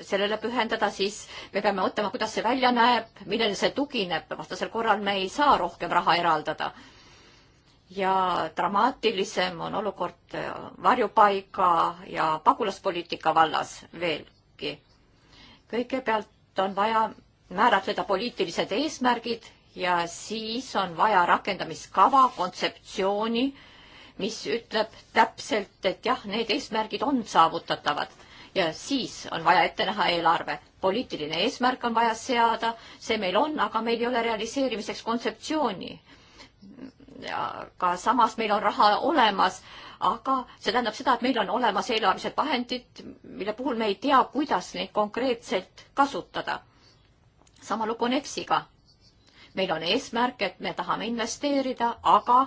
sellele pühendada, siis me peame mõtlema, kuidas see välja näeb, millele see tugineb, vastasel korral me ei saa rohkem raha eraldada. ja dramaatilisem on olukord varjupaiga ja pagulaspoliitika vallas veel eesmärki. kõigepealt on vaja määratleda poliitilised eesmärgid ja siis on vaja rakendamiskava kontseptsiooni, mis ütleb täpselt, et jah, need eesmärgid on saavutatavad ja siis on vaja ette näha eelarve. poliitiline eesmärk on vaja seada, see meil on, aga meil ei ole realiseerimiseks kontseptsiooni aga samas meil on raha olemas, aga see tähendab seda, et meil on olemas eelarvelised vahendid, mille puhul me ei tea, kuidas neid konkreetselt kasutada. sama lugu on EFSiga. meil on eesmärk, et me tahame investeerida, aga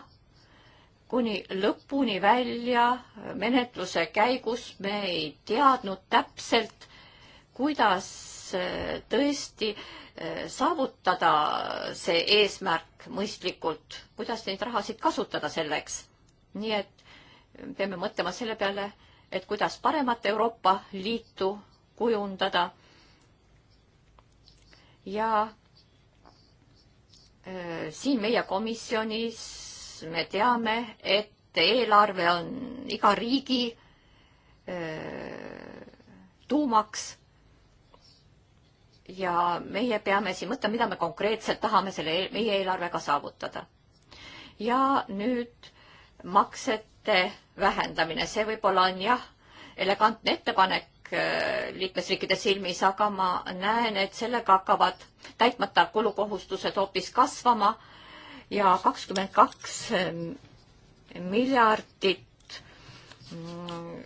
kuni lõpuni välja menetluse käigus me ei teadnud täpselt, kuidas äh, tõesti äh, saavutada see eesmärk mõistlikult, kuidas neid rahasid kasutada selleks. nii et peame mõtlema selle peale, et kuidas paremat Euroopa Liitu kujundada ja äh, siin meie komisjonis me teame, et eelarve on iga riigi äh, tuumaks ja meie peame siin mõtlema, mida me konkreetselt tahame selle meie eelarvega saavutada. ja nüüd maksete vähendamine, see võib-olla on jah, elegantne ettepanek äh, liikmesriikide silmis, aga ma näen, et sellega hakkavad täitmata kulukohustused hoopis kasvama ja kakskümmend kaks äh, miljardit mm,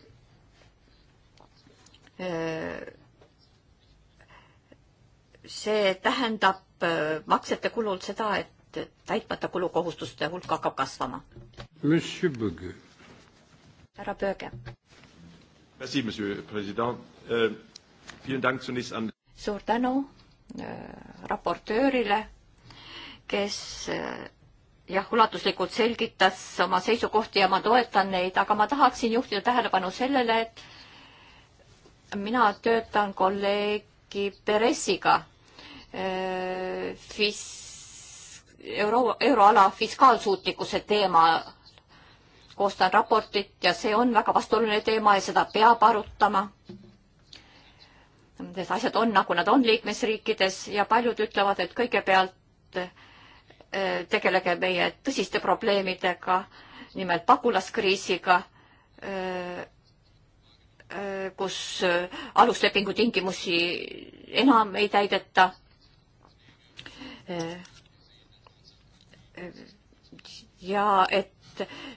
äh, see tähendab äh, maksete kulul seda, et täitmata kulukohustuste hulk hakkab kasvama. härra Pööge. Euh, suur tänu äh, raportöörile, kes äh, jah, ulatuslikult selgitas oma seisukohti ja ma toetan neid, aga ma tahaksin juhtida tähelepanu sellele, et mina töötan kolleegi Peressiga Äh, fis-, euro, euroala fiskaalsuutlikkuse teema koostan raportit ja see on väga vastuoluline teema ja seda peab arutama. Need asjad on, nagu nad on liikmesriikides ja paljud ütlevad, et kõigepealt äh, tegelege meie tõsiste probleemidega, nimelt pagulaskriisiga, äh, kus aluslepingu tingimusi enam ei täideta Äh, äh, ja et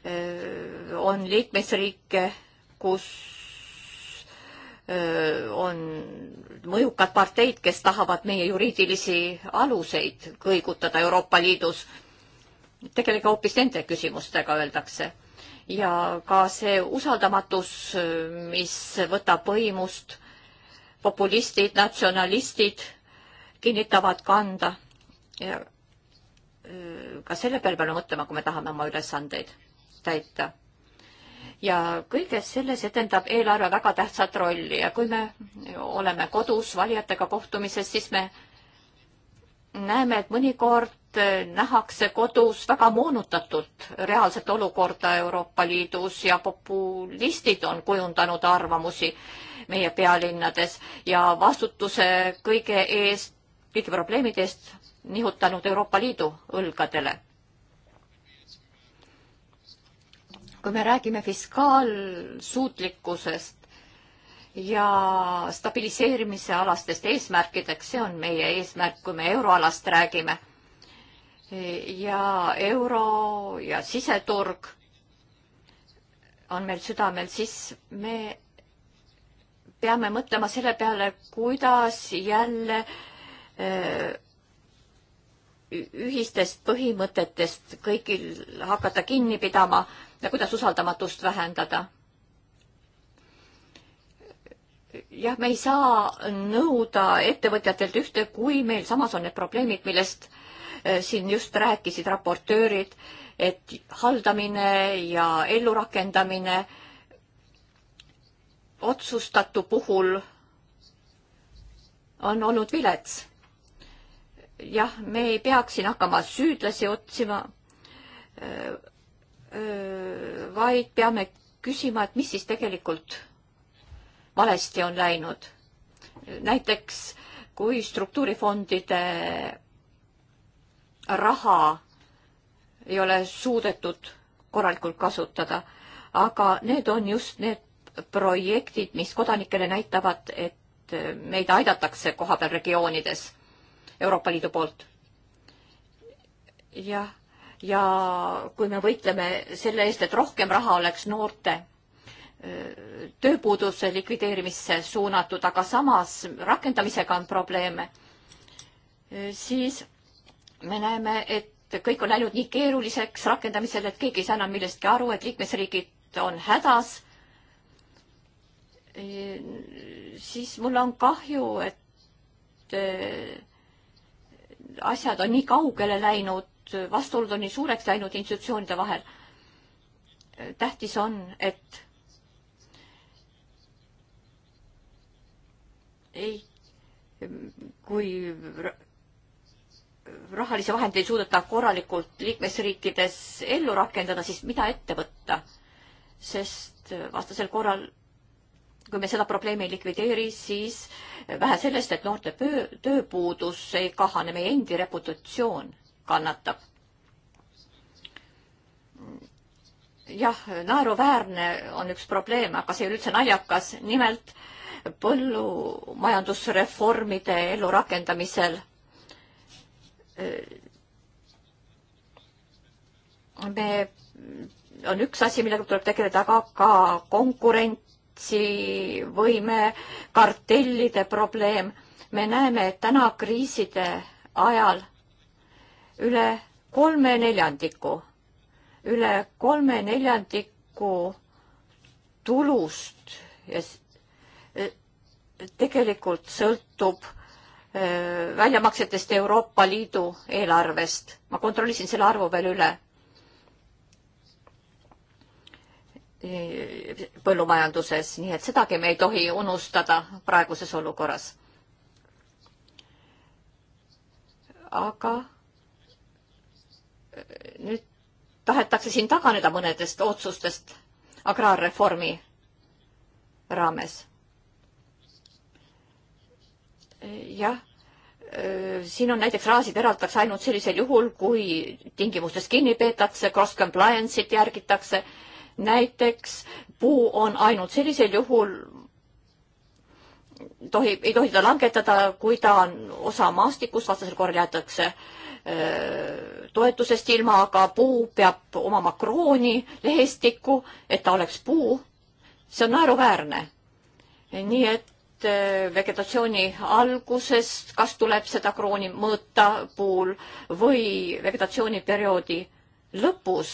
äh, on liikmesriike, kus on mõjukad parteid, kes tahavad meie juriidilisi aluseid kõigutada Euroopa Liidus. tegelege hoopis nende küsimustega, öeldakse. ja ka see usaldamatus, mis võtab võimust, populistid, natsionalistid kinnitavad kanda ja ka selle peale peame mõtlema, kui me tahame oma ülesandeid täita. ja kõiges selles etendab eelarve väga tähtsat rolli ja kui me oleme kodus valijatega kohtumises, siis me näeme, et mõnikord nähakse kodus väga moonutatult reaalset olukorda Euroopa Liidus ja populistid on kujundanud arvamusi meie pealinnades ja vastutuse kõige eest, kõigi probleemide eest nihutanud Euroopa Liidu õlgadele. kui me räägime fiskaalsuutlikkusest ja stabiliseerimise alastest eesmärkideks, see on meie eesmärk, kui me euroalast räägime, ja euro ja siseturg on meil südamel, siis me peame mõtlema selle peale, kuidas jälle öö, eh, ühistest põhimõtetest kõigil hakata kinni pidama ja kuidas usaldamatust vähendada. jah, me ei saa nõuda ettevõtjatelt ühte, kui meil samas on need probleemid, millest äh, siin just rääkisid raportöörid, et haldamine ja ellurakendamine otsustatu puhul on olnud vilets jah, me ei peaks siin hakkama süüdlasi otsima, vaid peame küsima, et mis siis tegelikult valesti on läinud. näiteks kui struktuurifondide raha ei ole suudetud korralikult kasutada, aga need on just need projektid, mis kodanikele näitavad, et meid aidatakse kohapeal regioonides Euroopa Liidu poolt. jah, ja kui me võitleme selle eest, et rohkem raha oleks noorte tööpuuduse likvideerimisse suunatud, aga samas rakendamisega on probleeme, siis me näeme, et kõik on läinud nii keeruliseks rakendamisel, et keegi ei saa enam millestki aru, et liikmesriigid on hädas. siis mul on kahju, et asjad on nii kaugele läinud, vastuolud on nii suureks läinud institutsioonide vahel. tähtis on, et ei, kui rahalisi vahendeid ei suudeta korralikult liikmesriikides ellu rakendada, siis mida ette võtta? sest vastasel korral kui me seda probleemi ei likvideeri, siis vähe sellest, et noorte pöö, tööpuudus ei kahane, meie endi reputatsioon kannatab. jah, naeruväärne on üks probleem, aga see ei ole üldse naljakas, nimelt põllumajandusreformide ellurakendamisel äh, me, on üks asi, millega tuleb tegeleda, aga ka konkurent konkurentsivõime, kartellide probleem. me näeme, et täna kriiside ajal üle kolme neljandiku, üle kolme neljandiku tulust ja e, tegelikult sõltub e, väljamaksetest Euroopa Liidu eelarvest. ma kontrollisin selle arvu veel üle Eh, põllumajanduses, nii et sedagi me ei tohi unustada praeguses olukorras. aga eh, nüüd tahetakse siin taganeda mõnedest otsustest agraarreformi raames. Eh, jah, siin on näiteks raasid eraldatakse ainult sellisel juhul, kui tingimustest kinni peetakse, cross compliance'it järgitakse näiteks puu on ainult sellisel juhul tohib, ei tohi ta langetada, kui ta on osa maastikust, vastasel korral jäetakse toetusest ilma, aga puu peab omama krooni, lehestikku, et ta oleks puu. see on naeruväärne. nii et vegetatsiooni algusest, kas tuleb seda krooni mõõta puul või vegetatsiooniperioodi lõpus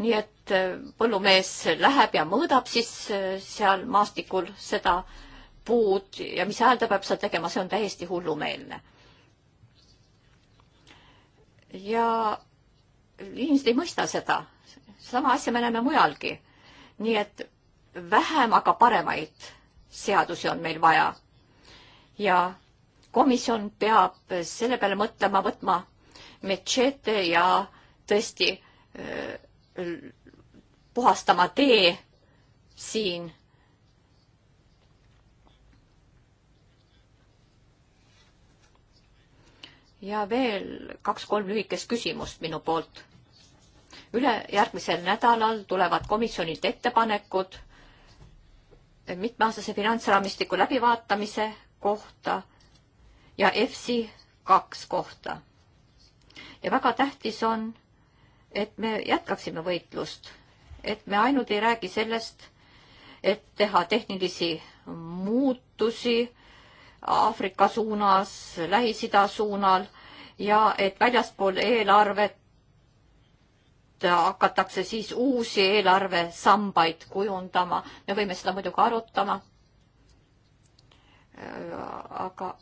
nii et äh, põllumees läheb ja mõõdab siis äh, seal maastikul seda puud ja mis hääl ta peab seal tegema, see on täiesti hullumeelne. ja inimesed ei mõista seda. sama asja me näeme mujalgi. nii et vähem, aga paremaid seadusi on meil vaja. ja komisjon peab selle peale mõtlema, võtma mečete ja tõesti öö, äh, puhastama tee siin. ja veel kaks-kolm lühikest küsimust minu poolt. ülejärgmisel nädalal tulevad komisjonilt ettepanekud mitmeaastase finantsraamistiku läbivaatamise kohta ja EFSI kaks kohta. ja väga tähtis on et me jätkaksime võitlust, et me ainult ei räägi sellest, et teha tehnilisi muutusi Aafrika suunas, Lähis-Ida suunal ja et väljaspool eelarvet hakatakse siis uusi eelarvesambaid kujundama. me võime seda muidugi arutama. aga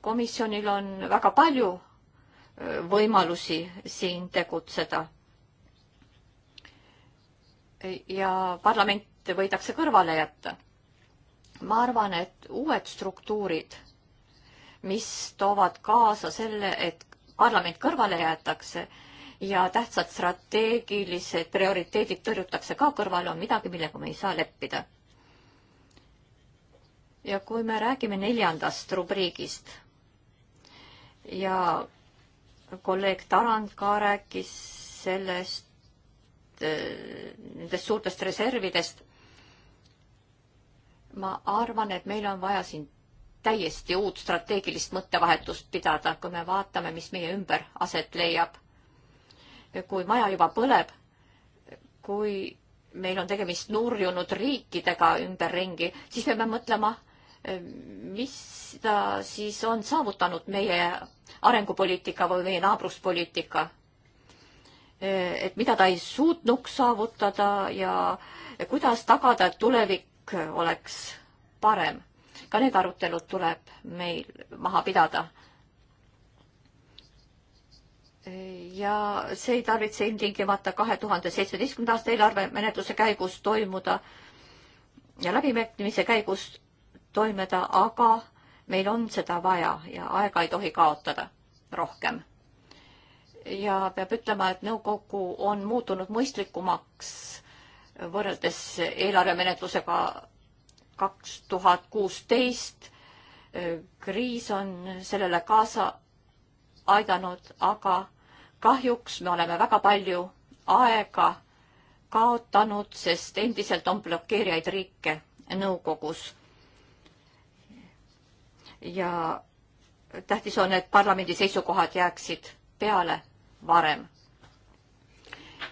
komisjonil on väga palju võimalusi siin tegutseda. ja parlament võidakse kõrvale jätta. ma arvan, et uued struktuurid, mis toovad kaasa selle, et parlament kõrvale jäetakse ja tähtsad strateegilised prioriteedid tõrjutakse ka kõrvale, on midagi, millega me ei saa leppida. ja kui me räägime neljandast rubriigist ja kolleeg Tarand ka rääkis sellest, eh, nendest suurtest reservidest. ma arvan, et meil on vaja siin täiesti uut strateegilist mõttevahetust pidada, kui me vaatame, mis meie ümber aset leiab. kui maja juba põleb, kui meil on tegemist nurjunud riikidega ümberringi, siis me peame mõtlema mis ta siis on saavutanud meie arengupoliitika või meie naabruspoliitika? et mida ta ei suutnuks saavutada ja kuidas tagada, et tulevik oleks parem. ka need arutelud tuleb meil maha pidada. ja see ei tarvitse ilmtingimata kahe tuhande seitsmeteistkümnenda aasta eelarvemenetluse käigus toimuda ja läbimärkimise käigus toimeda, aga meil on seda vaja ja aega ei tohi kaotada rohkem. ja peab ütlema, et nõukogu on muutunud mõistlikumaks võrreldes eelarvemenetlusega kaks tuhat kuusteist. kriis on sellele kaasa aidanud, aga kahjuks me oleme väga palju aega kaotanud, sest endiselt on blokeerijaid riike nõukogus ja tähtis on, et parlamendi seisukohad jääksid peale varem.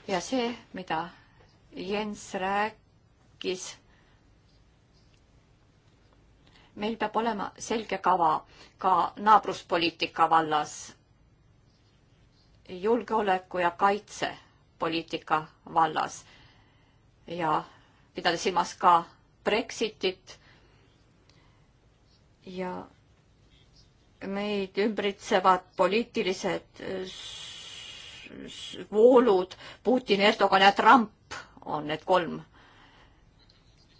ja see, mida Jens rääkis, meil peab olema selge kava ka naabruspoliitika vallas, julgeoleku ja kaitsepoliitika vallas ja pidades silmas ka Brexitit ja meid ümbritsevad poliitilised voolud, Putin, Erdogan ja Trump on need kolm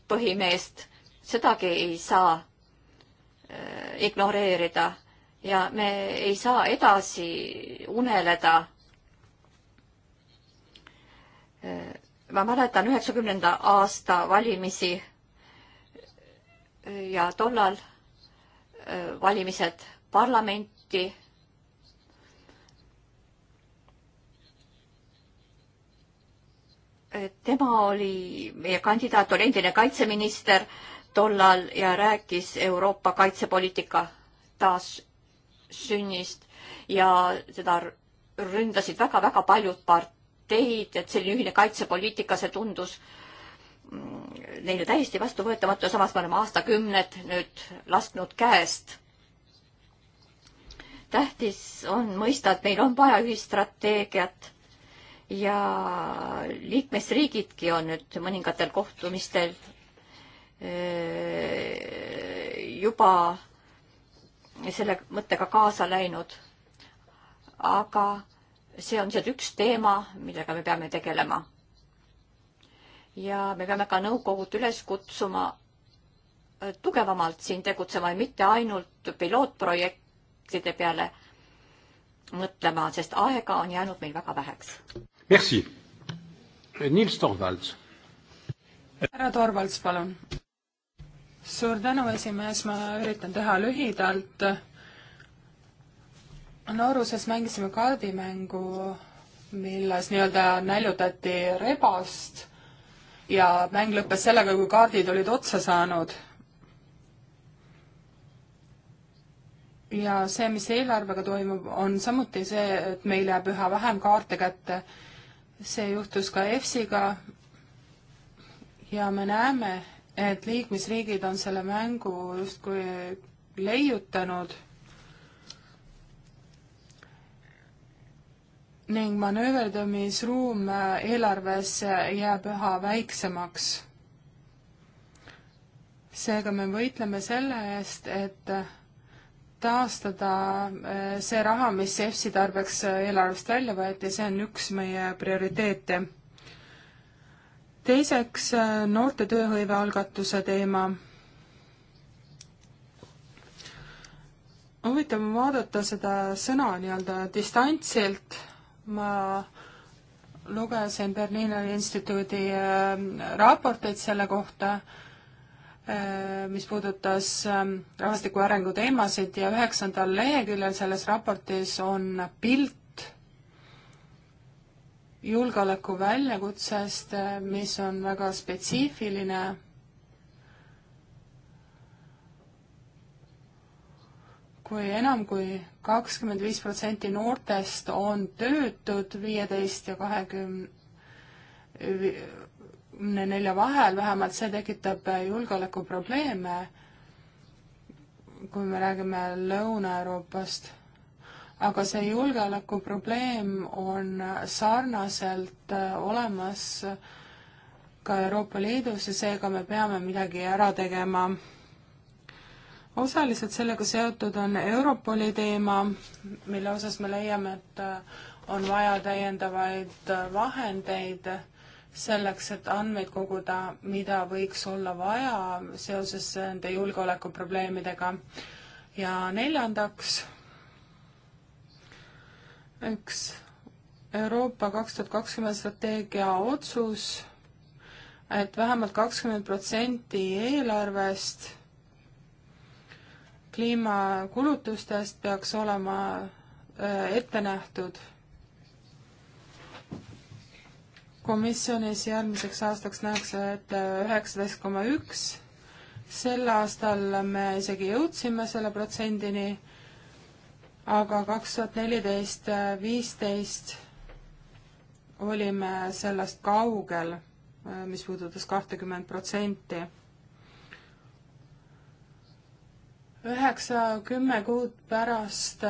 põhimeest, sedagi ei saa äh, ignoreerida ja me ei saa edasi uneleda. Äh, ma mäletan üheksakümnenda aasta valimisi äh, ja tollal valimised parlamenti tema oli, meie kandidaat oli endine kaitseminister tollal ja rääkis Euroopa kaitsepoliitika taassünnist ja seda ründasid väga-väga paljud parteid, et selline ühine kaitsepoliitika, see tundus mm, neile täiesti vastuvõetamatu ja samas me oleme aastakümned nüüd lasknud käest tähtis on mõista, et meil on vaja ühistrateegiat ja liikmesriigidki on nüüd mõningatel kohtumistel eh, juba selle mõttega kaasa läinud. aga see on lihtsalt üks teema, millega me peame tegelema. ja me peame ka nõukogud üles kutsuma eh, tugevamalt siin tegutsema ja mitte ainult pilootprojekt, aspektide peale mõtlema, sest aega on jäänud meil väga väheks. Merci. Nils Torvalds. härra Torvalds, palun. suur tänu, esimees, ma üritan teha lühidalt. nooruses mängisime kaardimängu, milles nii-öelda näljutati rebast ja mäng lõppes sellega, kui kaardid olid otsa saanud ja see, mis eelarvega toimub, on samuti see, et meil jääb üha vähem kaarte kätte. see juhtus ka EFSiga ja me näeme, et liikmesriigid on selle mängu justkui leiutanud ning manööverdamisruum eelarves jääb üha väiksemaks. seega me võitleme selle eest, et taastada äh, see raha, mis EFSi tarbeks äh, eelarvest välja võeti, see on üks meie prioriteete. teiseks äh, noorte tööhõive algatuse teema. huvitav on vaadata seda sõna nii-öelda distantsilt, ma lugesin Berliini Instituudi raporteid selle kohta Äh, mis puudutas ähm, rahvastiku arengu teemasid ja üheksandal leheküljel selles raportis on pilt julgeoleku väljakutsest, äh, mis on väga spetsiifiline. kui enam kui kakskümmend viis protsenti noortest on töötud viieteist ja kahekümne nelja vahel, vähemalt see tekitab julgeolekuprobleeme, kui me räägime Lõuna-Euroopast. aga see julgeolekuprobleem on sarnaselt äh, olemas ka Euroopa Liidus ja seega me peame midagi ära tegema. osaliselt sellega seotud on Europoli teema, mille osas me leiame, et äh, on vaja täiendavaid äh, vahendeid selleks, et andmeid koguda, mida võiks olla vaja seoses nende julgeolekuprobleemidega. ja neljandaks, üks Euroopa kaks tuhat kakskümmend strateegia otsus, et vähemalt kakskümmend protsenti eelarvest kliimakulutustest peaks olema äh, ette nähtud komisjonis järgmiseks aastaks nähakse ette üheksateist koma üks, sel aastal me isegi jõudsime selle protsendini, aga kaks tuhat neliteist, viisteist olime sellest kaugel, mis puudutas kahtekümmet protsenti. üheksa, kümme kuud pärast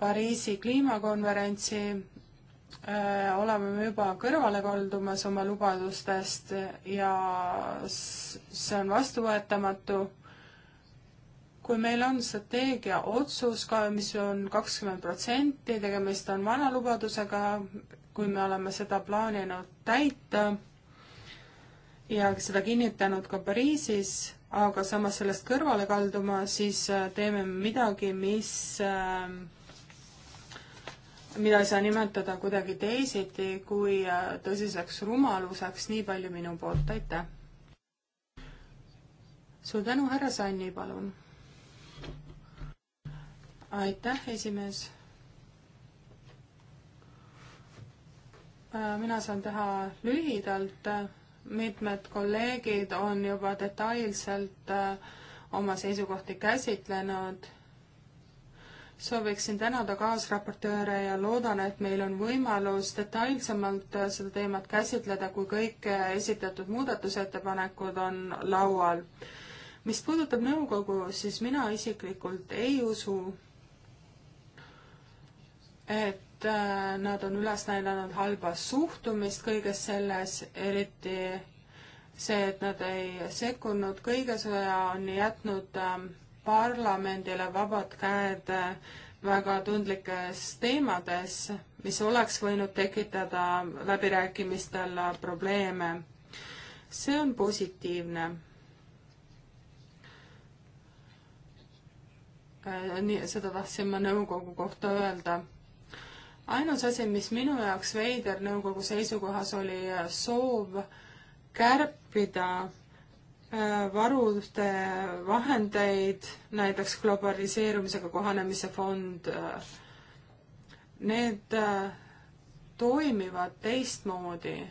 Pariisi kliimakonverentsi Äh, oleme juba kõrvale kaldumas oma lubadustest ja see on vastuvõetamatu. kui meil on strateegia otsus ka, mis on kakskümmend protsenti, tegemist on vana lubadusega, kui me oleme seda plaaninud täita ja seda kinnitanud ka Pariisis, aga samas sellest kõrvale kalduma, siis äh, teeme midagi, mis äh, mida ei saa nimetada kuidagi teisiti kui äh, tõsiseks rumaluseks, nii palju minu poolt, aitäh! suur tänu, härra Sanni, palun! aitäh, esimees! Äh, mina saan teha lühidalt, mitmed kolleegid on juba detailselt äh, oma seisukohti käsitlenud sooviksin tänada kaasraportööre ja loodan, et meil on võimalus detailsemalt äh, seda teemat käsitleda, kui kõik äh, esitatud muudatusettepanekud on laual. mis puudutab nõukogu, siis mina isiklikult ei usu, et äh, nad on üles näidanud halba suhtumist kõiges selles, eriti see, et nad ei sekkunud kõiges ja on jätnud äh, parlamendile vabad käed väga tundlikes teemades, mis oleks võinud tekitada läbirääkimistel probleeme. see on positiivne. Äh, nii, seda tahtsin ma nõukogu kohta öelda ainus asi, mis minu jaoks veider nõukogu seisukohas oli soov kärpida Äh, varude vahendeid, näiteks globaliseerumisega kohanemise fond, äh, need äh, toimivad teistmoodi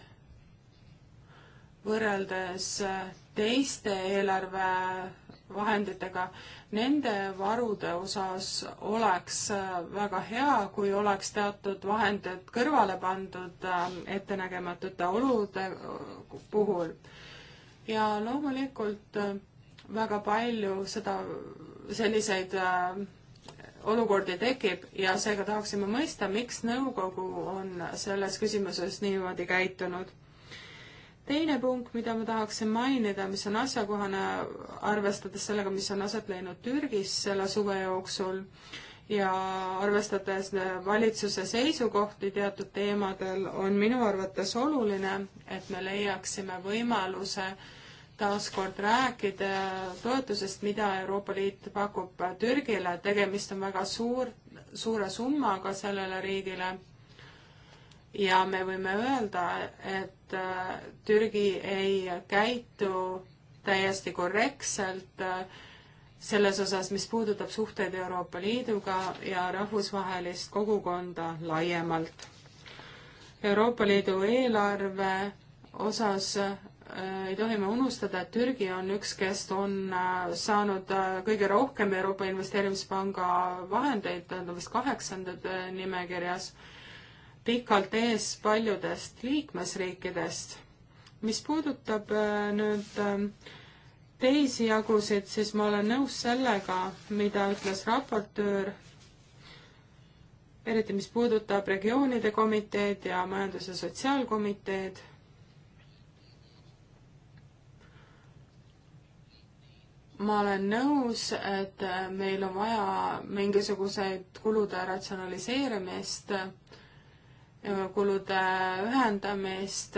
võrreldes teiste eelarvevahenditega. Nende varude osas oleks väga hea, kui oleks teatud vahendid kõrvale pandud ettenägematute olude puhul ja loomulikult äh, väga palju seda, selliseid äh, olukordi tekib ja seega tahaksime mõista, miks nõukogu on selles küsimuses niimoodi käitunud. teine punkt, mida ma tahaksin mainida, mis on asjakohane, arvestades sellega, mis on aset leidnud Türgis selle suve jooksul ja arvestades äh, valitsuse seisukohti teatud teemadel, on minu arvates oluline, et me leiaksime võimaluse äh, taaskord rääkida toetusest, mida Euroopa Liit pakub Türgile, tegemist on väga suur, suure summaga sellele riigile. ja me võime öelda, et äh, Türgi ei käitu täiesti korrektselt äh, selles osas, mis puudutab suhteid Euroopa Liiduga ja rahvusvahelist kogukonda laiemalt. Euroopa Liidu eelarve osas Äh, ei tohi me unustada, et Türgi on üks, kes on äh, saanud äh, kõige rohkem Euroopa Investeerimispanga vahendeid, ta on vist kaheksandad nimekirjas, pikalt ees paljudest liikmesriikidest. mis puudutab nüüd ähm, teisi jagusid, siis ma olen nõus sellega, mida ütles raportöör, eriti mis puudutab regioonide komiteed ja majandus- ja sotsiaalkomiteed ma olen nõus, et meil on vaja mingisuguseid kulude ratsionaliseerimist, kulude ühendamist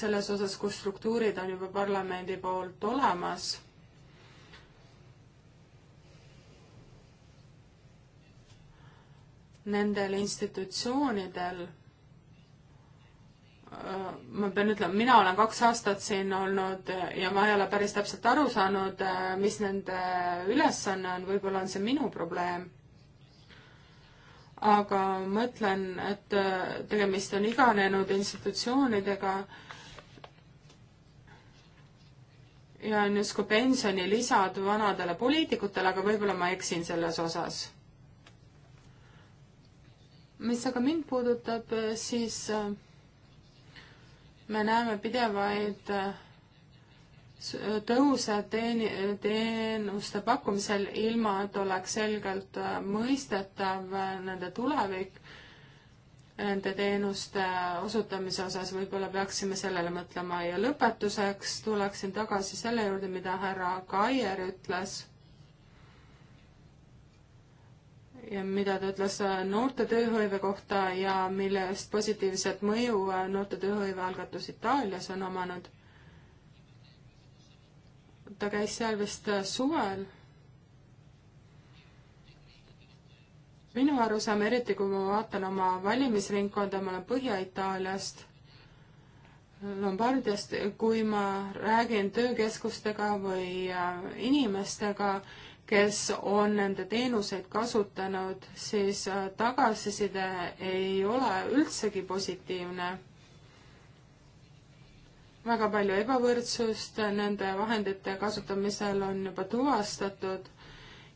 selles osas, kus struktuurid on juba parlamendi poolt olemas nendel institutsioonidel Äh, ma pean ütlema, mina olen kaks aastat siin olnud äh, ja ma ei ole päris täpselt aru saanud, äh, mis nende ülesanne on, võib-olla on see minu probleem. aga ma ütlen, et tegemist on iganenud institutsioonidega ja on justkui pensionilisad vanadele poliitikutele, aga võib-olla ma eksin selles osas. mis aga mind puudutab, siis äh, me näeme pidevaid äh, tõuse teeni, teenuste pakkumisel, ilma et oleks selgelt äh, mõistetav äh, nende tulevik, nende teenuste osutamise osas võib-olla peaksime sellele mõtlema ja lõpetuseks tuleksin tagasi selle juurde, mida härra Kaier ütles ja mida ta ütles äh, noorte tööhõive kohta ja millest positiivset mõju äh, noorte tööhõive algatus Itaalias on omanud. ta käis seal vist äh, suvel. minu arusaam, eriti kui ma vaatan oma valimisringkonda, ma olen Põhja-Itaaliast, Lombardiast, kui ma räägin töökeskustega või inimestega, kes on nende teenuseid kasutanud, siis äh, tagasiside ei ole üldsegi positiivne. väga palju ebavõrdsust nende vahendite kasutamisel on juba tuvastatud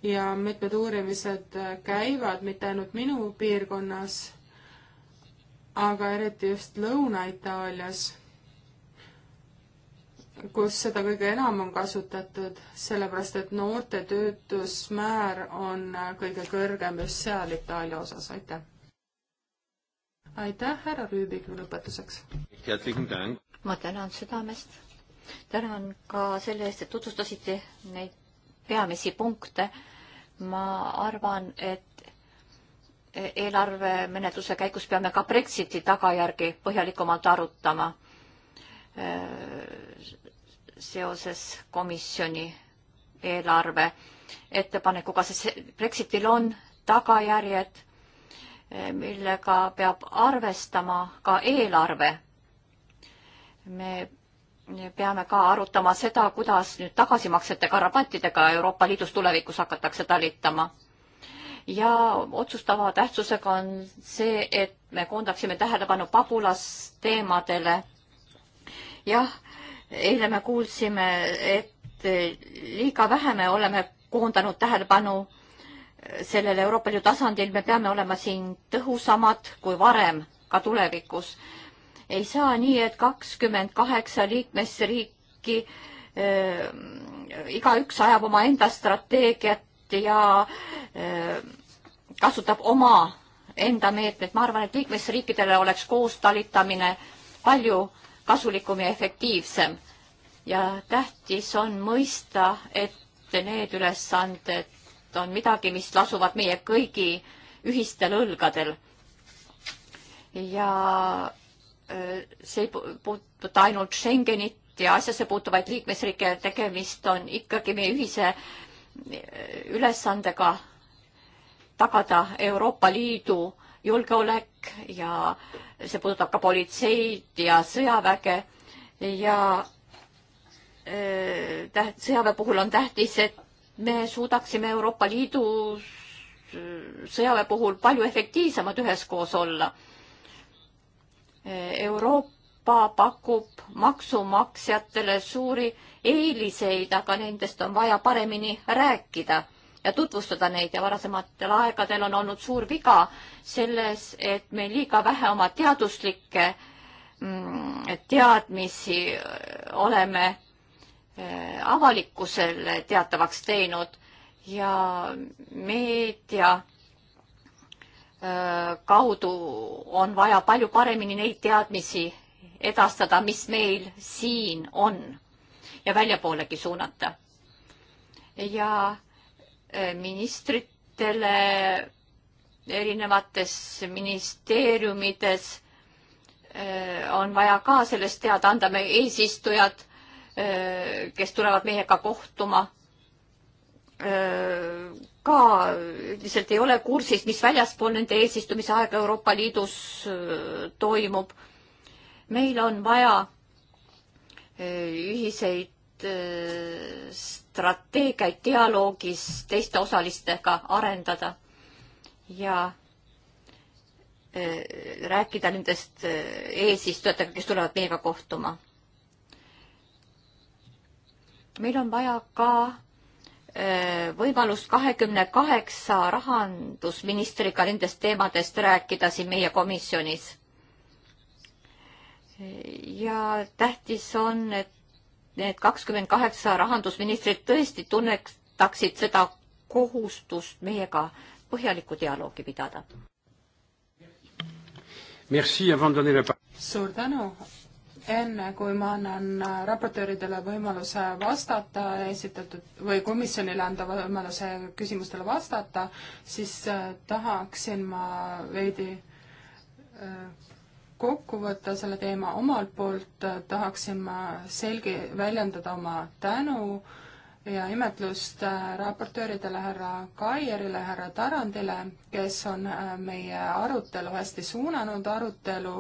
ja mitmed uurimised äh, käivad mitte ainult minu piirkonnas, aga eriti just Lõuna-Itaalias kus seda kõige enam on kasutatud, sellepärast et noorte töötusmäär on kõige kõrgem just seal Itaalia osas, aitäh. aitäh, härra Rüübik, lõpetuseks. ma tänan südamest. tänan ka selle eest, et tutvustasite neid peamisi punkte. ma arvan, et eelarvemenetluse käigus peame ka Brexiti tagajärgi põhjalikumalt arutama äh, seoses komisjoni eelarve ettepanekuga, sest Brexitil on tagajärjed, eh, millega peab arvestama ka eelarve. me peame ka arutama seda, kuidas nüüd tagasimaksetega, rabattidega Euroopa Liidus tulevikus hakatakse talitama. ja otsustava tähtsusega on see, et me koondaksime tähelepanu pagulasteemadele. jah eile me kuulsime, et liiga vähe me oleme koondanud tähelepanu sellele Euroopa Liidu tasandil, me peame olema siin tõhusamad kui varem, ka tulevikus. ei saa nii, et kakskümmend kaheksa liikmesriiki äh,, igaüks ajab omaenda strateegiat ja äh, kasutab omaenda meetmed, ma arvan, et liikmesriikidele oleks koostalitamine palju äh, kasulikum ja efektiivsem. ja tähtis on mõista, et need ülesanded on midagi, mis lasuvad meie kõigi ühistel õlgadel. ja äh, see ei puuduta ainult Schengenit ja asjasse puutuvaid liikmesriike, tegemist on ikkagi meie ühise äh, ülesandega tagada Euroopa Liidu äh, julgeolek ja see puudutab ka politseid ja sõjaväge ja äh, täht-, sõjaväe puhul on tähtis, et me suudaksime Euroopa Liidu sõjaväe puhul palju efektiivsemad üheskoos olla. Äh, Euroopa pakub maksumaksjatele suuri eeliseid, aga nendest on vaja paremini rääkida ja tutvustada neid ja varasematel aegadel on olnud suur viga selles, et meil liiga vähe oma teaduslikke mm, teadmisi oleme äh, avalikkusele teatavaks teinud ja meedia äh, kaudu on vaja palju paremini neid teadmisi edastada, mis meil siin on ja väljapoolegi suunata. ja Äh, ministritele erinevates ministeeriumides äh, on vaja ka sellest teada anda, me eesistujad, äh, kes tulevad meiega kohtuma, ka lihtsalt ei ole kursis, mis väljaspool nende eesistumise aega Euroopa Liidus toimub. meil on vaja ühiseid strateegiaid dialoogis teiste osalistega arendada ja äh, rääkida nendest äh, eesistujatega, kes tulevad meiega kohtuma. meil on vaja ka äh, võimalust kahekümne kaheksa rahandusministriga nendest teemadest rääkida siin meie komisjonis. ja tähtis on, et need kakskümmend kaheksa rahandusministrit tõesti tunnetaksid seda kohustust meiega põhjalikku dialoogi pidada. suur tänu enne kui ma annan raportööridele võimaluse vastata esitatud või komisjonile anda võimaluse küsimustele vastata, siis äh, tahaksin ma veidi äh, kokku võtta selle teema omalt poolt, äh, tahaksin ma selgi-, väljendada oma tänu ja imetlust äh, raportööridele härra Kaierile, härra Tarandile, kes on äh, meie arutelu hästi suunanud, arutelu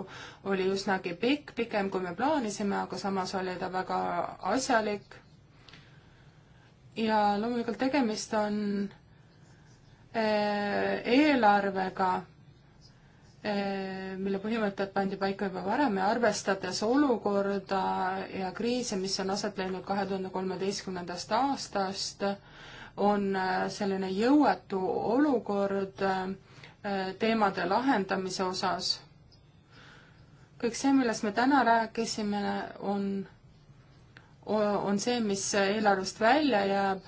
oli üsnagi pikk, pikem kui me plaanisime, aga samas oli ta väga asjalik. ja loomulikult tegemist on eelarvega Äh, mille põhimõtted pandi paika juba varem ja arvestades olukorda ja kriise, mis on aset leidnud kahe tuhande kolmeteistkümnendast aastast, on äh, selline jõuetu olukord äh, teemade lahendamise osas. kõik see, millest me täna rääkisime, on, on see, mis eelarvest välja jääb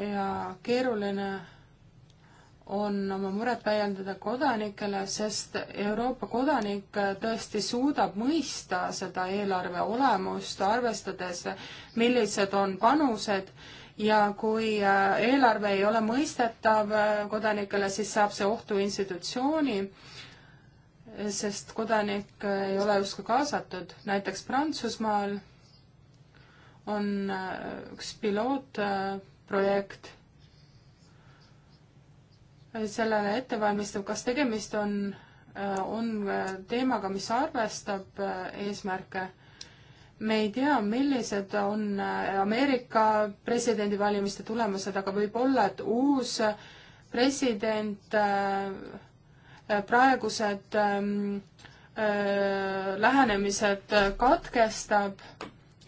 ja keeruline on oma muret väljendada kodanikele, sest Euroopa kodanik tõesti suudab mõista seda eelarve olemust, arvestades, millised on panused ja kui äh, eelarve ei ole mõistetav äh, kodanikele, siis saab see ohtu institutsiooni, sest kodanik äh, ei ole justkui kaasatud. näiteks Prantsusmaal on üks pilootprojekt sellele ettevalmistab, kas tegemist on, äh, on äh, teemaga, mis arvestab äh, eesmärke? me ei tea, millised on Ameerika presidendivalimiste tulemused, aga võib-olla, et uus president, praegused ähm, lähenemised katkestab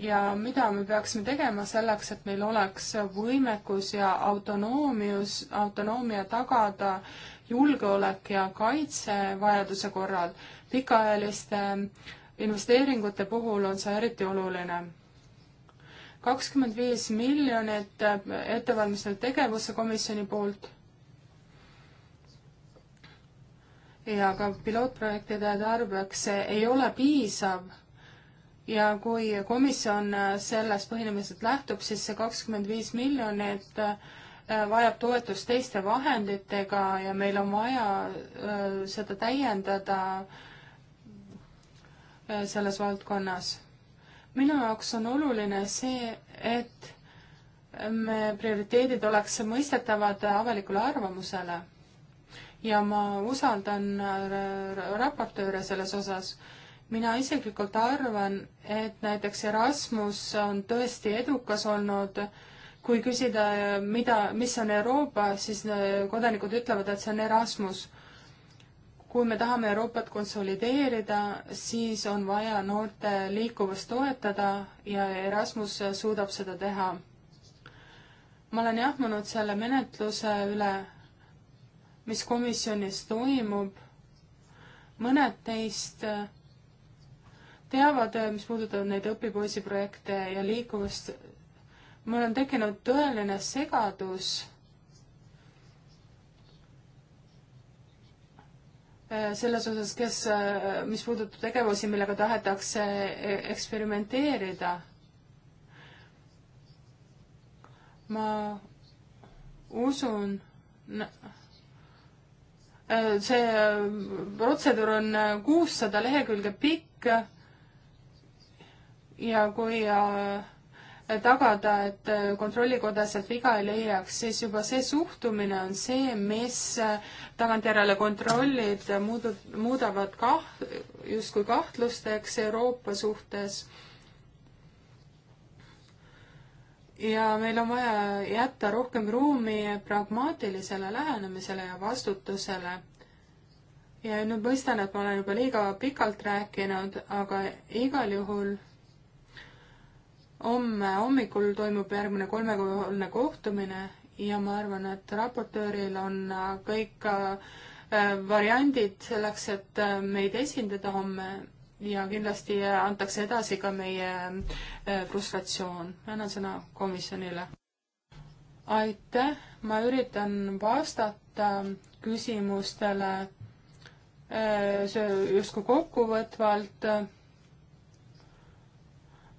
ja mida me peaksime tegema selleks, et meil oleks võimekus ja autonoomius, autonoomia tagada julgeolek ja kaitse vajaduse korral. pikaajaliste eh, investeeringute puhul on see eriti oluline. kakskümmend viis miljonit eh, ettevalmistatud tegevuse komisjoni poolt ja ka pilootprojektide tarbeks ei ole piisav ja kui komisjon äh, sellest põhimõtteliselt lähtub, siis see kakskümmend viis miljonit äh, vajab toetust teiste vahenditega ja meil on vaja äh, seda täiendada selles valdkonnas. minu jaoks on oluline see, et me prioriteedid oleks mõistetavad avalikule arvamusele. ja ma usaldan raportööre selles osas mina isiklikult arvan, et näiteks Erasmus on tõesti edukas olnud, kui küsida, mida, mis on Euroopa, siis äh, kodanikud ütlevad, et see on Erasmus. kui me tahame Euroopat konsolideerida, siis on vaja noorte liikuvust toetada ja Erasmus suudab seda teha. ma olen jahmunud selle menetluse üle, mis komisjonis toimub, mõned teist teavad, äh, mis puudutab neid õpipoisiprojekte ja liikuvust. mul on tekkinud tõeline segadus äh, selles osas, kes, äh, mis puudutab tegevusi, millega tahetakse eksperimenteerida. ma usun, see protseduur on kuussada lehekülge pikk ja kui äh, tagada, et äh, kontrollikoda sealt viga ei leiaks, siis juba see suhtumine on see, mis äh, tagantjärele kontrollid muudu-, muudavad kah-, justkui kahtlusteks Euroopa suhtes. ja meil on vaja jätta rohkem ruumi pragmaatilisele lähenemisele ja vastutusele ja nüüd mõistan, et ma olen juba liiga pikalt rääkinud, aga igal juhul homme hommikul toimub järgmine kolmekohaline kohtumine ja ma arvan, et raportööril on äh, kõik äh, äh, variandid selleks, et meid esindada homme ja kindlasti antakse edasi ka meie frustratsioon. annan sõna komisjonile. aitäh, ma üritan vastata küsimustele justkui kokkuvõtvalt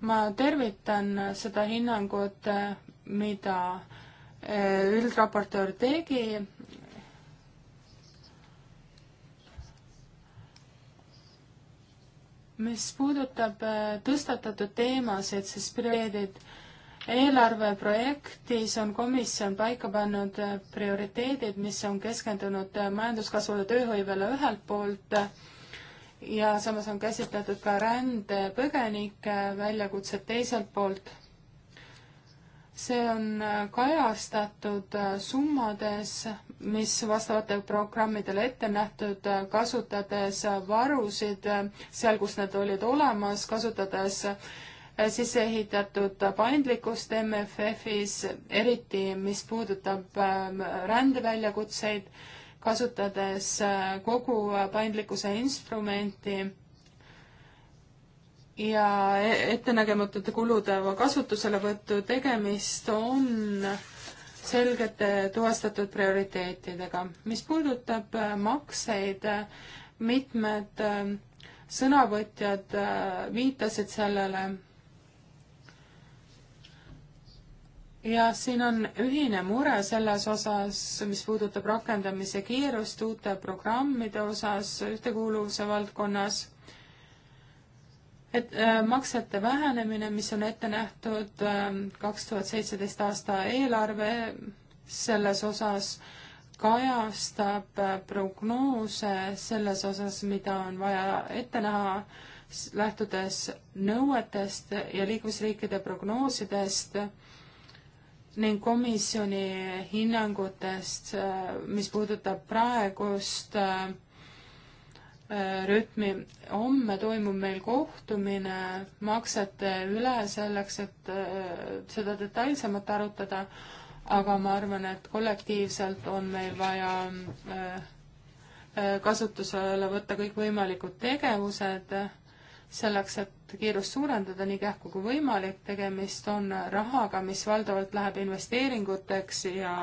ma tervitan seda hinnangut, mida eh, üldraportöör tegi. mis puudutab eh, tõstatatud teemasid, siis prioriteedid eelarveprojektis on komisjon paika pannud eh, prioriteedid, mis on keskendunud majanduskasvule, tööhõivele ühelt poolt ja samas on käsitletud ka rändepõgenike väljakutsed teiselt poolt. see on äh, kajastatud äh, summades, mis vastavate programmidele ette nähtud, äh, kasutades varusid seal, kus need olid olemas, kasutades sisse ehitatud paindlikkust MFF-is, eriti mis puudutab rändeväljakutseid kasutades äh, kogu äh, paindlikkuse instrumenti ja e-, ettenägematute kulude kasutuselevõttu, tegemist on selgete tuvastatud prioriteetidega. mis puudutab äh, makseid, mitmed sõnavõtjad viitasid sellele ja siin on ühine mure selles osas, mis puudutab rakendamise kiirust uute programmide osas ühtekuuluvuse valdkonnas, et äh, maksete vähenemine, mis on ette nähtud ähm, kaks tuhat seitseteist aasta eelarve selles osas, kajastab äh, prognoose selles osas, mida on vaja ette näha, lähtudes nõuetest ja liikmesriikide prognoosidest äh, ning komisjoni hinnangutest, äh, mis puudutab praegust äh, äh, rütmi. homme toimub meil kohtumine maksete üle selleks, et seda detailsemalt arutada, aga ma arvan, et kollektiivselt on meil vaja kasutusele võtta kõikvõimalikud tegevused selleks, et kiirust suurendada nii kähku kui võimalik, tegemist on rahaga, mis valdavalt läheb investeeringuteks ja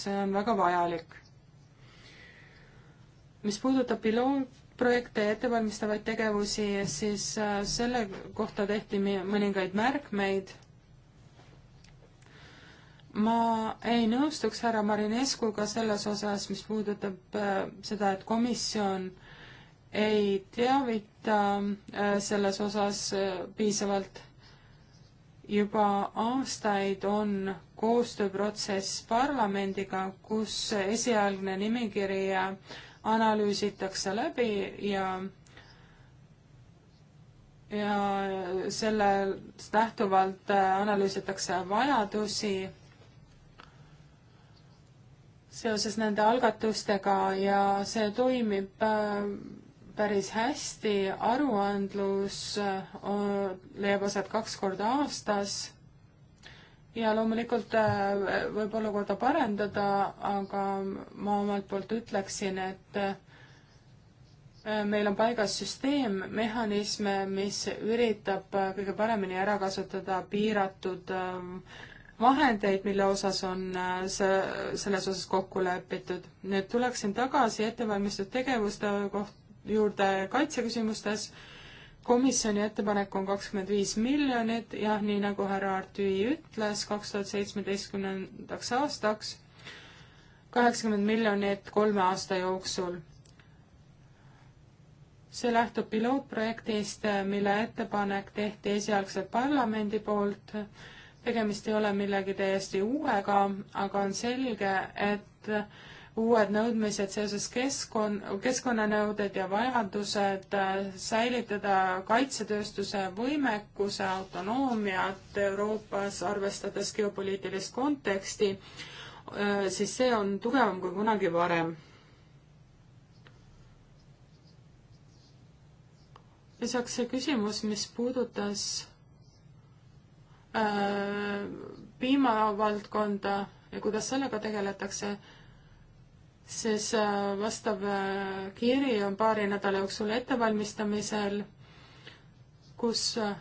see on väga vajalik. mis puudutab pilootprojekte ja ettevalmistavaid tegevusi, siis äh, selle kohta tehti mõningaid märkmeid. ma ei nõustuks härra Marinescuga selles osas, mis puudutab äh, seda, et komisjon äh, ei teavita äh, selles osas äh, piisavalt. juba aastaid on koostööprotsess parlamendiga, kus esialgne nimekiri äh, analüüsitakse läbi ja ja sellest lähtuvalt analüüsitakse vajadusi seoses nende algatustega ja see toimib päris hästi, aruandlus äh, leiab aset kaks korda aastas ja loomulikult äh, võib olukorda parendada, aga ma omalt poolt ütleksin, et äh, meil on paigas süsteem, mehhanisme, mis üritab kõige paremini ära kasutada piiratud vahendeid, mille osas on see, selles osas kokku lepitud. nüüd tuleksin tagasi ettevalmistatud tegevuste koht-, juurde kaitseküsimustes. komisjoni ettepanek on kakskümmend viis miljonit, jah, nii nagu härra Artüi ütles, kaks tuhat seitsmeteistkümnendaks aastaks kaheksakümmend miljonit kolme aasta jooksul. see lähtub pilootprojektist, mille ettepanek tehti esialgselt parlamendi poolt tegemist ei ole millegi täiesti uuega, aga on selge, et uued nõudmised seoses keskkon-, keskkonnanõuded ja vajadused äh, säilitada kaitsetööstuse võimekuse autonoomiat Euroopas, arvestades geopoliitilist konteksti, äh, siis see on tugevam kui kunagi varem lisaks see küsimus, mis puudutas äh, piimavaldkonda ja kuidas sellega tegeletakse, siis äh, vastav äh, kiri on paari nädala jooksul ettevalmistamisel, kus äh,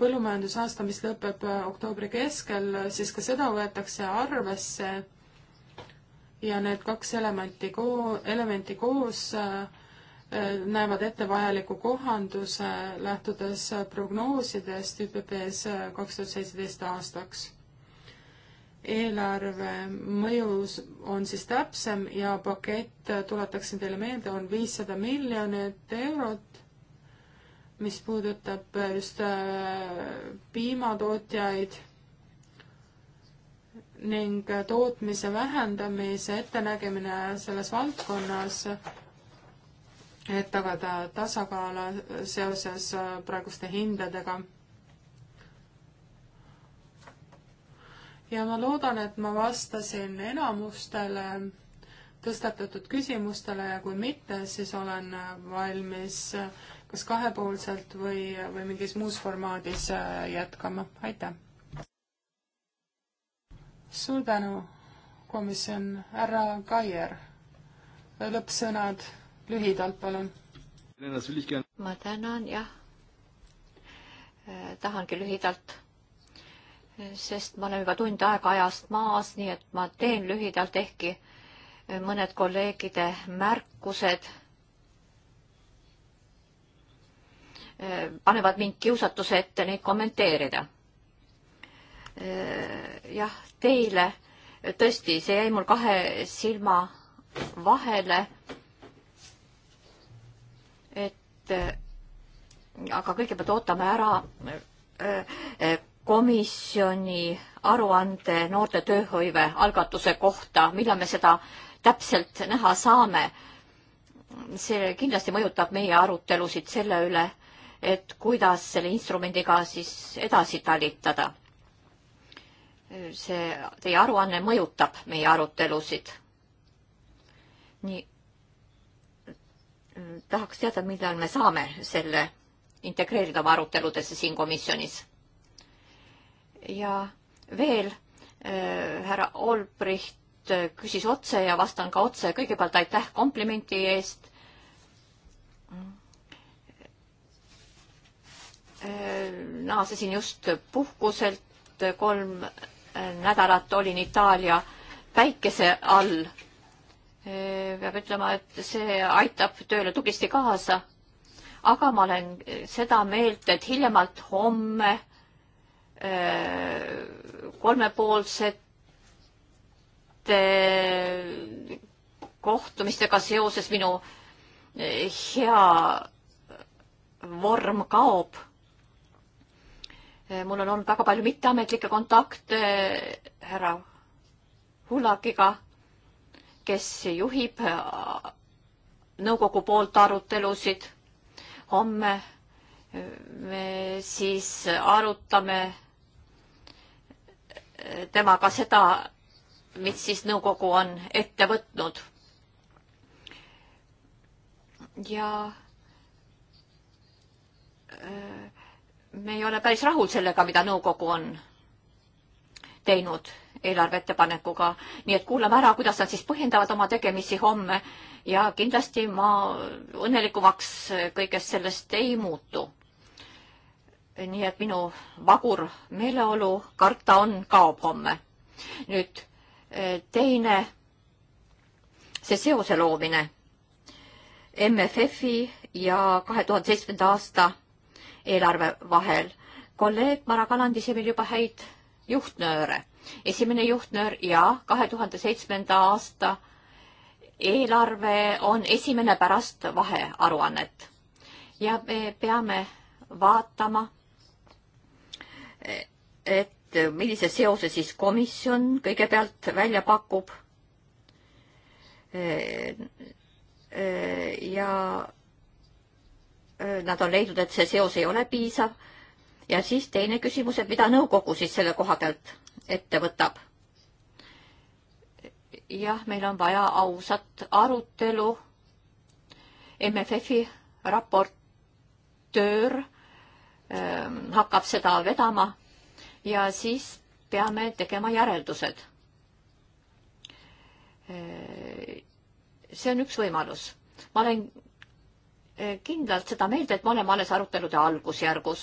põllumajandusaasta, mis lõpeb oktoobri keskel, siis ka seda võetakse arvesse ja need kaks elementi koo-, elementi koos näevad ette vajaliku kohanduse, lähtudes prognoosidest ÜPP-s kaks tuhat seitseteist aastaks eelarve mõjus on siis täpsem ja pakett, tuletaksin teile meelde, on viissada miljonit eurot, mis puudutab just äh, piimatootjaid ning tootmise vähendamise ettenägemine selles valdkonnas, et tagada tasakaal seoses äh, praeguste hindadega ja ma loodan, et ma vastasin enamustele tõstatatud küsimustele ja kui mitte, siis olen valmis kas kahepoolselt või, või mingis muus formaadis äh, jätkama, aitäh. suur tänu, komisjon, härra Kaier, lõppsõnad lühidalt, palun. ma tänan, jah. Äh, tahangi lühidalt sest me oleme juba tund aega ajast maas, nii et ma teen lühidalt ehkki mõned kolleegide märkused eh, panevad mind kiusatuse ette neid kommenteerida. Eh, jah, teile tõesti, see jäi mul kahe silma vahele. et eh, aga kõigepealt ootame ära komisjoni aruande noorte tööhõive algatuse kohta, millal me seda täpselt näha saame. see kindlasti mõjutab meie arutelusid selle üle, et kuidas selle instrumendiga siis edasi talitada. see teie aruanne mõjutab meie arutelusid. nii, tahaks teada, millal me saame selle integreerida oma aruteludesse siin komisjonis ja veel äh, härra Olbricht äh, küsis otse ja vastan ka otse. kõigepealt aitäh komplimendi eest. Äh, naasesin just puhkuselt, kolm nädalat olin Itaalia päikese all. peab ütlema, et see aitab tööle tublisti kaasa. aga ma olen seda meelt, et hiljemalt homme äh, Äh, kolmepoolsete kohtumistega seoses minu äh, hea vorm kaob. Äh, mul on olnud väga palju mitteametlikke kontakte härra Hullakiga, kes juhib nõukogu poolt arutelusid. homme me siis arutame temaga seda, mis siis nõukogu on ette võtnud. ja äh, me ei ole päris rahul sellega, mida nõukogu on teinud eelarve ettepanekuga, nii et kuulame ära, kuidas nad siis põhjendavad oma tegemisi homme ja kindlasti ma õnnelikumaks kõigest sellest ei muutu nii et minu vagur meeleolu karta on, kaob homme. nüüd eh, teine, see seose loomine MFF-i ja kahe tuhande seitsmenda aasta eelarve vahel. kolleeg Maragal andis meil juba häid juhtnööre. esimene juhtnöör ja kahe tuhande seitsmenda aasta eelarve on esimene pärast vahearuannet ja me peame vaatama et millise seose siis komisjon kõigepealt välja pakub. ja nad on leidnud, et see seos ei ole piisav. ja siis teine küsimus, et mida nõukogu siis selle koha pealt ette võtab? jah, meil on vaja ausat arutelu. MFF-i raportöör Ähm, hakkab seda vedama ja siis peame tegema järeldused. Äh, see on üks võimalus. ma olen äh, kindlalt seda meelt, et me oleme alles arutelude algusjärgus.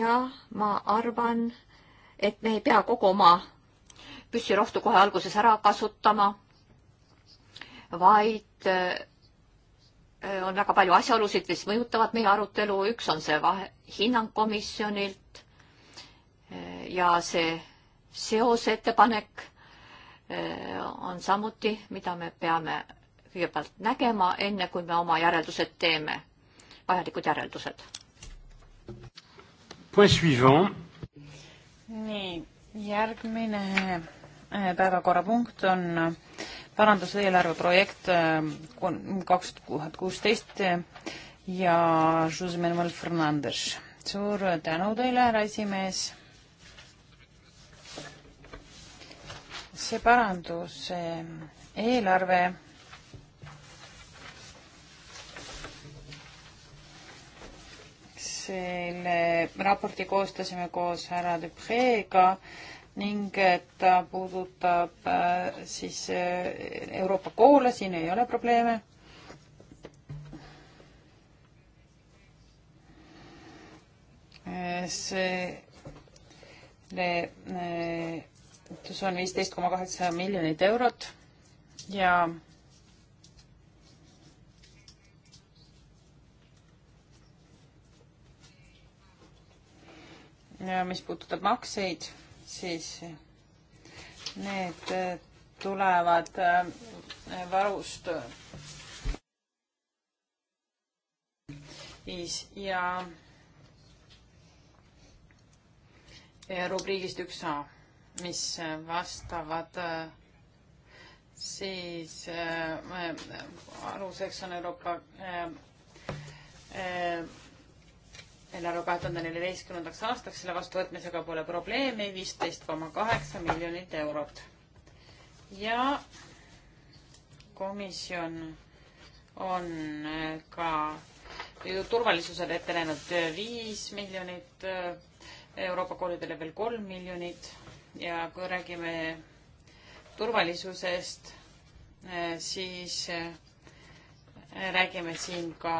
ja ma arvan, et me ei pea kogu oma püssirohtu kohe alguses ära kasutama, vaid äh, Äh, on väga palju asjaolusid, mis mõjutavad meie arutelu, üks on see vahe, hinnang komisjonilt äh, ja see seose ettepanek äh, on samuti, mida me peame kõigepealt nägema, enne kui me oma järeldused teeme, vajalikud järeldused. nii, järgmine päevakorrapunkt on äh, paranduseelarve projekt äh, kaks tuhat kuusteist äh, ja Jose Manuel Fernandes. suur tänu teile, härra esimees. see paranduseelarve äh, selle raporti koostasime koos härra Dupreega ning ta puudutab äh, siis äh, Euroopa koole, siin ei ole probleeme. Äh, see toetus on viisteist koma kaheksa miljonit eurot ja ja mis puudutab makseid siis need äh, tulevad äh, varust ja rubriigist üks A, mis vastavad äh, siis äh, aluseks on Euroopa äh, äh, eelarve kahe tuhande neljateistkümnendaks aastaks, selle vastuvõtmisega pole probleemi, viisteist koma kaheksa miljonit eurot. ja komisjon on äh, ka turvalisusele ette näinud viis miljonit, äh, Euroopa koolidele veel kolm miljonit ja kui räägime turvalisusest, äh, siis räägime siin ka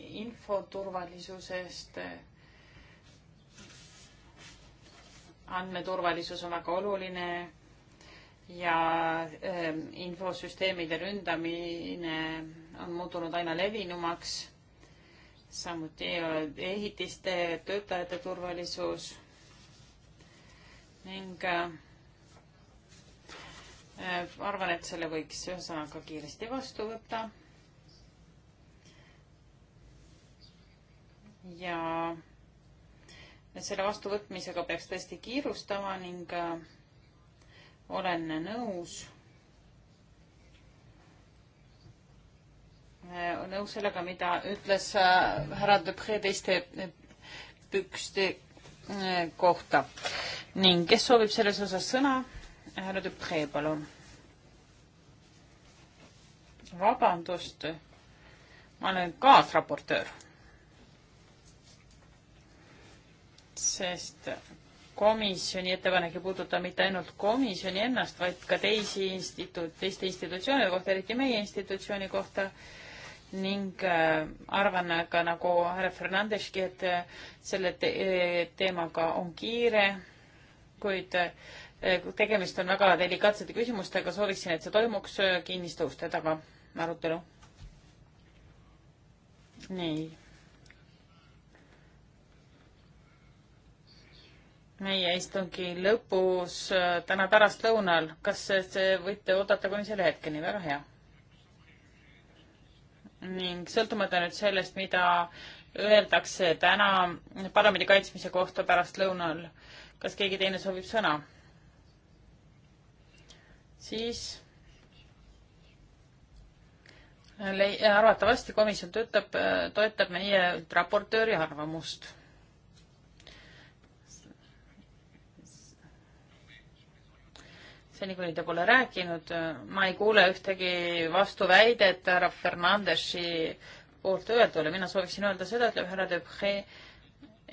infoturvalisusest. andmeturvalisus on väga oluline ja ähm, infosüsteemide ründamine on muutunud aina levinumaks. samuti äh, ehitiste töötajate turvalisus ning äh, äh, arvan, et selle võiks ühesõnaga kiiresti vastu võtta ja selle vastuvõtmisega peaks tõesti kiirustama ning äh, olen nõus, äh, nõus sellega, mida ütles äh, härra Depree teiste pükste kohta. ning kes soovib selles osas sõna? härra Depree, palun. vabandust, ma olen kaasraportöör sest komisjoni ettepanek ei puuduta mitte ainult komisjoni ennast, vaid ka teisi instituut, teiste institutsioonide kohta, eriti meie institutsiooni kohta ning äh, arvan ka nagu härra Fernandeski, et äh, selle te äh, teemaga on kiire, kuid tegemist on väga delikaatsete küsimustega, sooviksin, et see toimuks kinniste uste taga, arutelu. nii meie istungi lõpus äh, täna pärastlõunal. kas see, võite oodata kuni selle hetkeni, väga hea. ning sõltumata nüüd sellest, mida öeldakse täna parlamendi kaitsmise kohta pärastlõunal, kas keegi teine soovib sõna? siis arvatavasti komisjon töötab, äh, toetab meie raportööri arvamust seni kuni te pole rääkinud, ma ei kuule ühtegi vastuväidet härra Fernandesi poolt öeldule, mina sooviksin öelda seda, ütleb härra Debre,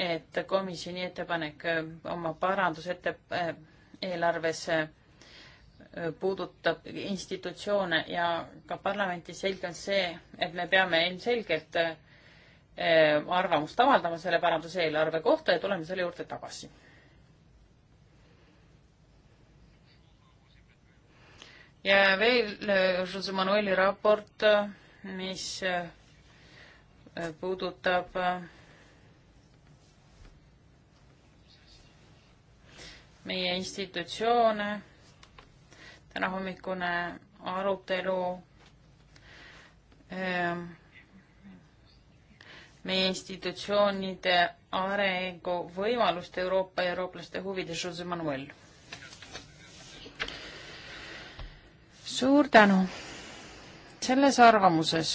et komisjoni ettepanek äh, oma parandusette- äh,, eelarves äh, puudutab institutsioone ja ka parlamenti, selge on see, et me peame ilmselgelt äh, arvamust avaldama selle paranduseelarve kohta ja tuleme selle juurde tagasi ja veel äh, Jose Manueli raport, äh, mis äh, puudutab meie institutsioone, tänahommikune arutelu meie institutsioonide arenguvõimalust Euroopa ja eurooplaste huvides, Jose Manuel suur tänu. selles arvamuses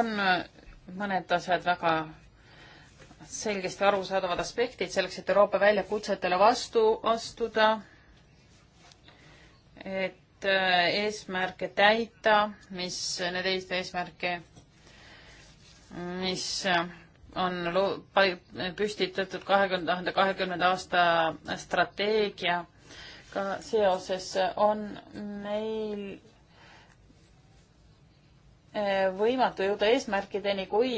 on mõned asjad väga selgesti arusaadavad aspektid selleks, et Euroopa väljakutsetele vastu astuda, et äh, eesmärke täita, mis need eesmärke, mis äh, on püstitatud kahekümne, tuhande kahekümnenda aasta strateegia ka seoses on meil eh, võimatu jõuda eesmärkideni, kui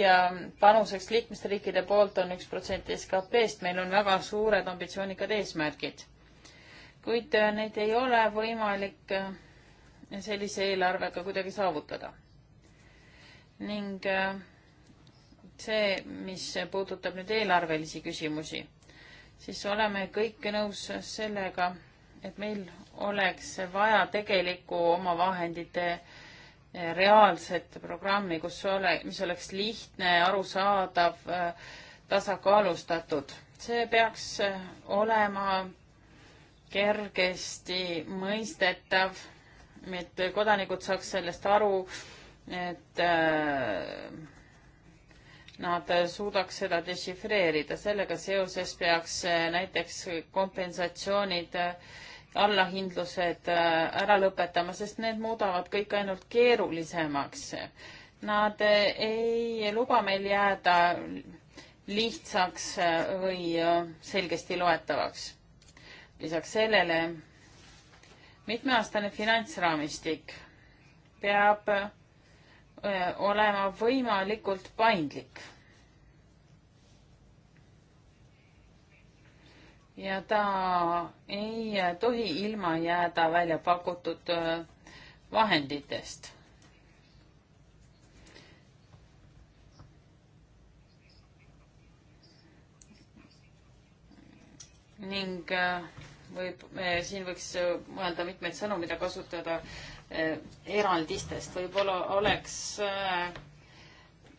panuseks liikmesriikide poolt on üks protsent SKP-st, meil on väga suured ambitsioonikad eesmärgid. kuid eh, neid ei ole võimalik eh, sellise eelarvega kuidagi saavutada. ning see, mis puudutab nüüd eelarvelisi küsimusi, siis oleme kõik nõus sellega et meil oleks vaja tegelikku omavahendite eh, reaalset programmi, kus ole, mis oleks lihtne, arusaadav, eh, tasakaalustatud. see peaks eh, olema kergesti mõistetav, et kodanikud saaks sellest aru, et nad suudaks seda dešifreerida. sellega seoses peaks näiteks kompensatsioonid äh, allahindlused äh, ära lõpetama, sest need muudavad kõik ainult keerulisemaks. Nad ei luba meil jääda lihtsaks äh, või äh, selgesti loetavaks. lisaks sellele mitmeaastane finantsraamistik peab olema võimalikult paindlik ja ta ei tohi ilma jääda välja pakutud äh, vahenditest. ning äh, võib, äh, siin võiks mõelda mitmeid sõnu, mida kasutada eraldistest, võib-olla oleks äh,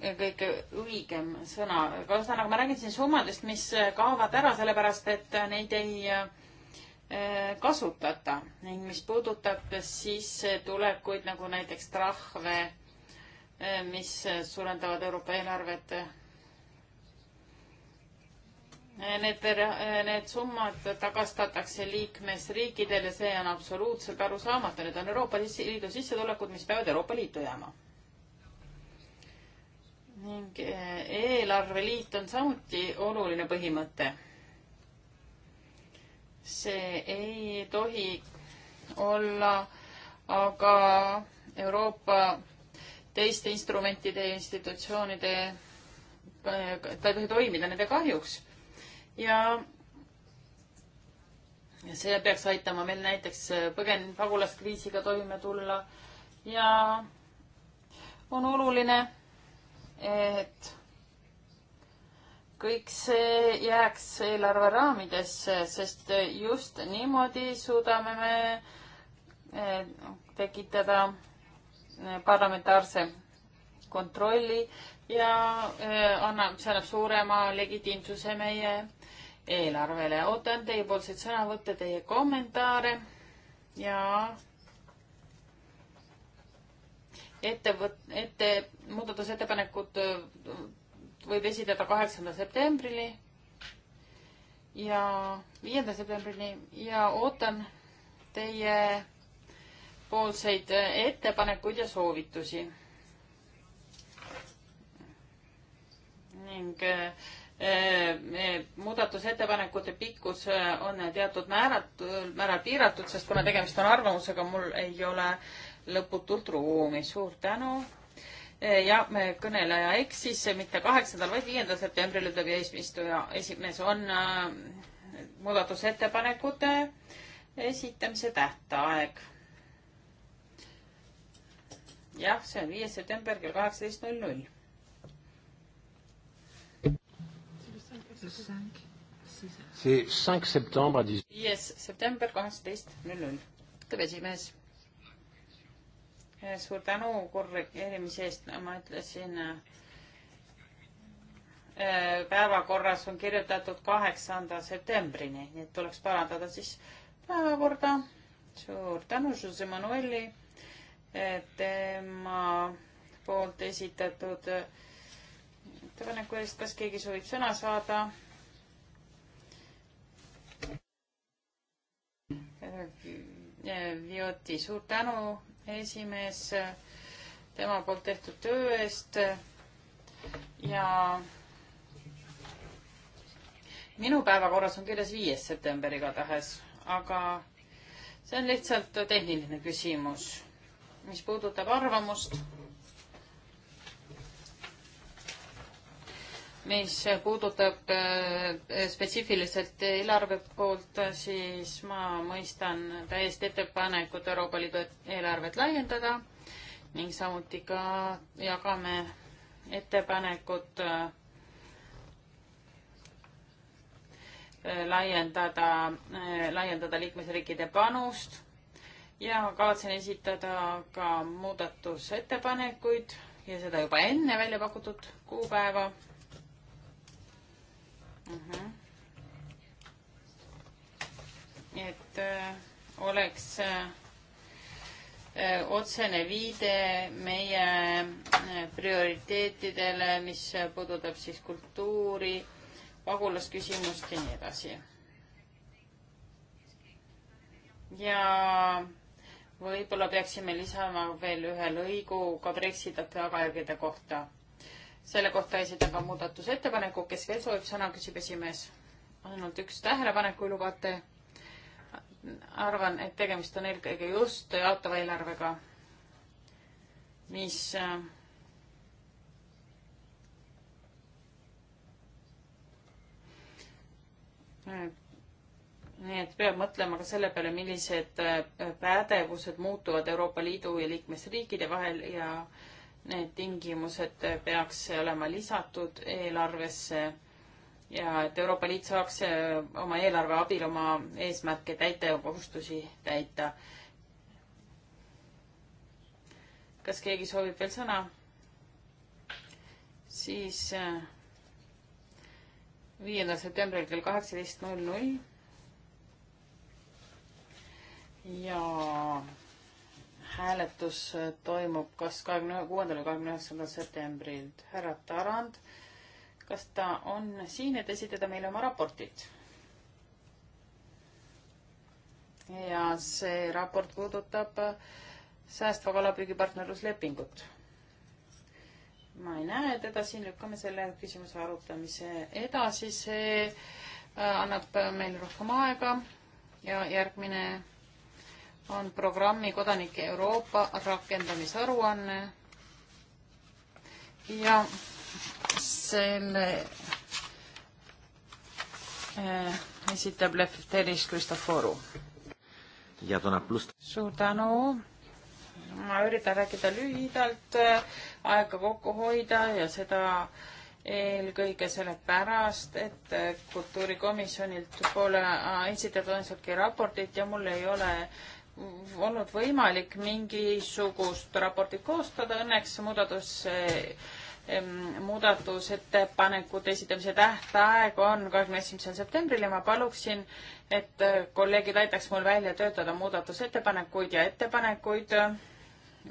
kõige õigem sõna. ühesõnaga, ma räägin siin summadest, mis kaovad ära, sellepärast et neid ei eh, kasutata ning mis puudutab sissetulekuid nagu näiteks trahve, eh, mis suurendavad Euroopa eelarvet. Eh, need, need summad tagastatakse liikmesriikidele, see on absoluutselt arusaamatu, need on Euroopa Liidu sissetulekud, mis peavad Euroopa Liitu jääma ning eh, eelarveliit on samuti oluline põhimõte. see ei tohi olla aga Euroopa teiste instrumentide ja institutsioonide, eh, ta ei tohi toimida nende kahjuks. ja see peaks aitama meil näiteks põgen-, pagulaskriisiga toime tulla ja on oluline et kõik see jääks eelarve raamidesse, sest just niimoodi suudame me eh, tekitada eh, parlamentaarse kontrolli ja eh, annab, see annab suurema legitiimsuse meie eelarvele. ootan teiepoolseid sõnavõtte, teie kommentaare ja ettevõt-, ette, muudatusettepanekud äh, võib esitada kaheksanda septembrini ja viienda septembrini ja ootan teie poolseid äh, ettepanekuid ja soovitusi. ning äh, äh muudatusettepanekute pikkus on teatud määrat-, määral piiratud, sest kuna tegemist on arvamusega, mul ei ole äh, lõputult ruumi. suur tänu. Eh, ja me kõneleja eksis, mitte kaheksandal, vaid viiendal septembril ütleb eesistuja. esimees on eh, muudatusettepanekute esitamise tähtaeg. jah, see on viies september kell kaheksateist null null. see 5 september 18. 5 september kaheksateist null null. ütleb esimees suur tänu korrigeerimise eest, ma ütlesin äh, päevakorras on kirjutatud kaheksanda septembrini, nii et tuleks parandada siis päevakorda. suur tänu, Jose Manueli, äh, tema poolt esitatud ettepaneku eest, kas keegi soovib sõna saada? Vioti, suur tänu esimees tema poolt tehtud töö eest ja minu päevakorras on kirjas viies september igatahes, aga see on lihtsalt tehniline küsimus, mis puudutab arvamust mis puudutab äh, spetsiifiliselt eelarve poolt, siis ma mõistan täiesti ettepanekut Euroopa Liidu eelarvet laiendada ning samuti ka jagame ettepanekut äh, laiendada, äh, laiendada liikmesriikide panust ja kavatsen esitada ka muudatusettepanekuid ja seda juba enne välja pakutud kuupäeva uh. Mhm. -huh. et äh, oleks äh, äh otsene viide meie äh, prioriteetidele, mis puudutab siis kultuuri, pagulasküsimust ja nii edasi. ja võib-olla peaksime lisama veel ühe lõigu ka Brexiti tagajärgede kohta selle kohta esitan ka muudatusettepaneku, kes veel soovib sõna, küsib esimees. ainult üks tähelepanek, kui lubate. arvan, et tegemist on eelkõige just jaotava eelarvega, mis äh, nii et peab mõtlema ka selle peale, millised äh, pädevused muutuvad Euroopa Liidu ja liikmesriikide vahel ja äh, need tingimused peaks olema lisatud eelarvesse ja et Euroopa Liit saaks oma eelarve abil oma eesmärke täita ja kohustusi täita. kas keegi soovib veel sõna? siis äh, viiendal septembril kell kaheksateist null null ja hääletus toimub kas kahekümne kuuendal või kahekümne üheksandal septembril. härra Tarand, kas ta on siin, et esitada meile oma raportit? ja see raport puudutab säästva kalapüügipartnerluslepingut. ma ei näe teda siin, lükkame selle küsimuse arutamise edasi, see äh, annab meil rohkem aega ja järgmine on programmi Kodanike Euroopa rakendamisaruanne ja selle äh, esitab Lefteris Kristoforu. suur tänu. ma üritan rääkida lühidalt, aega kokku hoida ja seda eelkõige sellepärast, et kultuurikomisjonilt pole äh, esitatud ainsultki raportit ja mul ei ole äh, olnud võimalik mingisugust raportit koostada, õnneks muudatus, eh, muudatusettepanekute esitamise tähtaeg on kahekümne esimesel septembril ja ma paluksin, et kolleegid aitaks mul välja töötada muudatusettepanekuid ja ettepanekuid,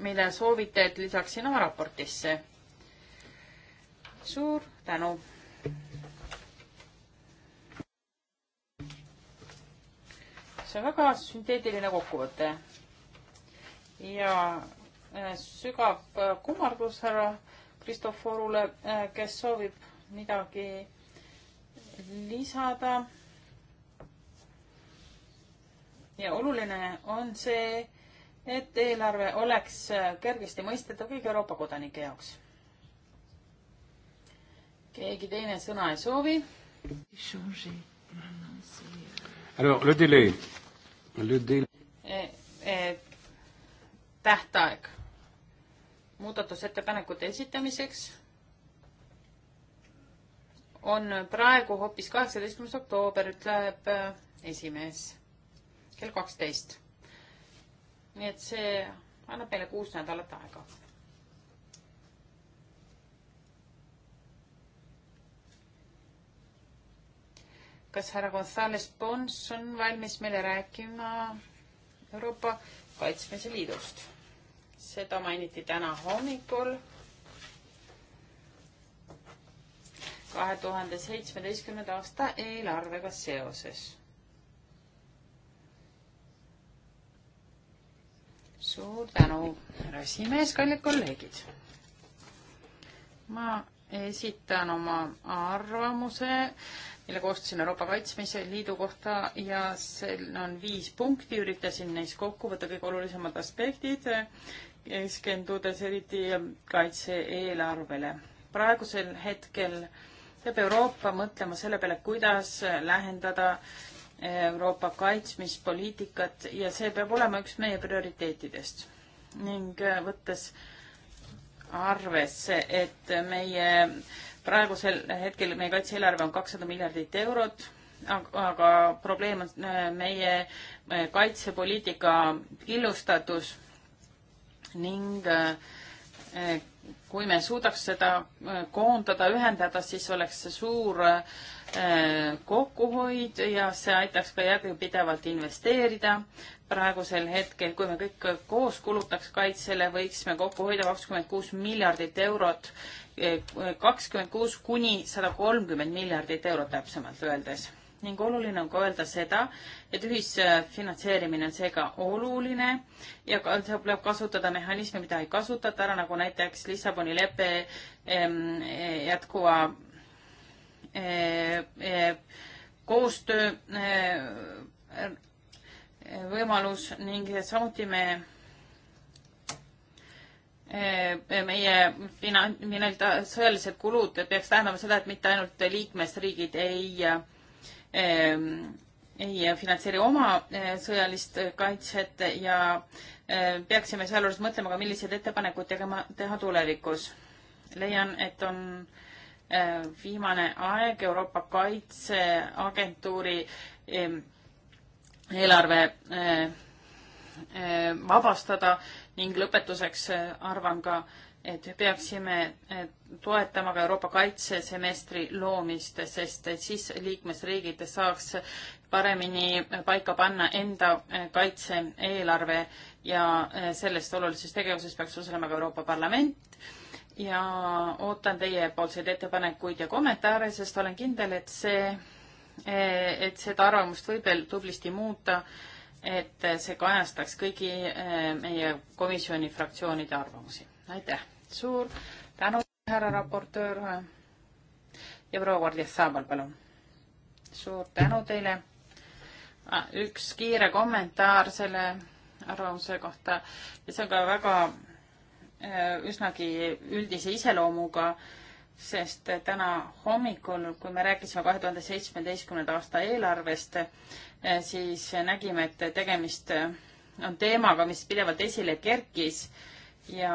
mille soovite, et lisaksin oma raportisse. suur tänu! see on väga sünteetiline kokkuvõte. ja äh, sügav äh, kummardus härra Kristoforule, äh, kes soovib midagi lisada. ja oluline on see, et eelarve oleks kergesti mõistetav kõigi Euroopa kodanike jaoks. keegi teine sõna ei soovi? Alors, le délai E, e, tähtaeg muudatusettepanekute esitamiseks on praegu hoopis kaheksateistkümnes oktoober, ütleb e, esimees kell kaksteist. nii et see annab meile kuus nädalat aega kas härra Gonzales Pons on valmis meile rääkima Euroopa Kaitsmise Liidust? seda mainiti täna hommikul. kahe tuhande seitsmeteistkümnenda aasta eelarvega seoses. suur tänu, härra esimees, kallid kolleegid. ma esitan oma arvamuse, mille koostasin Euroopa Kaitsmise Liidu kohta ja seal on viis punkti, üritasin neis kokku võtta kõige olulisemad aspektid, keskendudes eriti kaitse-eelarvele. praegusel hetkel peab Euroopa mõtlema selle peale, kuidas lähendada Euroopa kaitsmispoliitikat ja see peab olema üks meie prioriteetidest. ning võttes äh, arvesse, et meie praegusel hetkel meie kaitse-eelarve on kakssada miljardit eurot, aga probleem on äh, meie äh, kaitsepoliitika killustatus ning äh, kui me suudaks seda koondada, ühendada, siis oleks see suur kokkuhoid ja see aitaks ka järjepidevalt investeerida praegusel hetkel, kui me kõik koos kulutaks kaitsele, võiksime kokku hoida kakskümmend kuus miljardit eurot, eh, kakskümmend kuus kuni sada kolmkümmend miljardit eurot täpsemalt öeldes. ning oluline on ka öelda seda, et ühisfinantseerimine on seega oluline ja tuleb kasutada mehhanisme, mida ei kasutata ära, nagu näiteks Lissaboni lepe ehm, eh, jätkuva eh, koostöö võimalus ning samuti me eh, meie finan-, nii-öelda sõjalised kulud peaks tähendama seda, et mitte ainult liikmesriigid ei, eh, ei finantseeri oma eh, sõjalist kaitset ja peaksime sealjuures mõtlema ka, milliseid ettepanekuid tegema, teha tulevikus. leian, et on viimane aeg Euroopa Kaitseagentuuri eelarve eh, eh, vabastada ning lõpetuseks eh, arvan ka, et peaksime toetama ka Euroopa kaitsesemestri loomist, sest et siis liikmesriigid saaks paremini paika panna enda kaitse-eelarve ja sellest olulises tegevuses peaks osalema ka Euroopa Parlament ja ootan teiepoolseid ettepanekuid ja kommentaare, sest olen kindel, et see Eh, et seda arvamust võib veel tublisti muuta, et see kajastaks kõigi eh, meie komisjoni fraktsioonide arvamusi. aitäh, suur tänu, härra raportöör ja proua Gordias Saabal, palun. suur tänu teile. Ah, üks kiire kommentaar selle arvamuse kohta ja see on ka väga eh, üsnagi üldise iseloomuga sest täna hommikul, kui me rääkisime kahe tuhande seitsmeteistkümnenda aasta eelarvest, eh, siis nägime, et tegemist on teemaga, mis pidevalt esile kerkis ja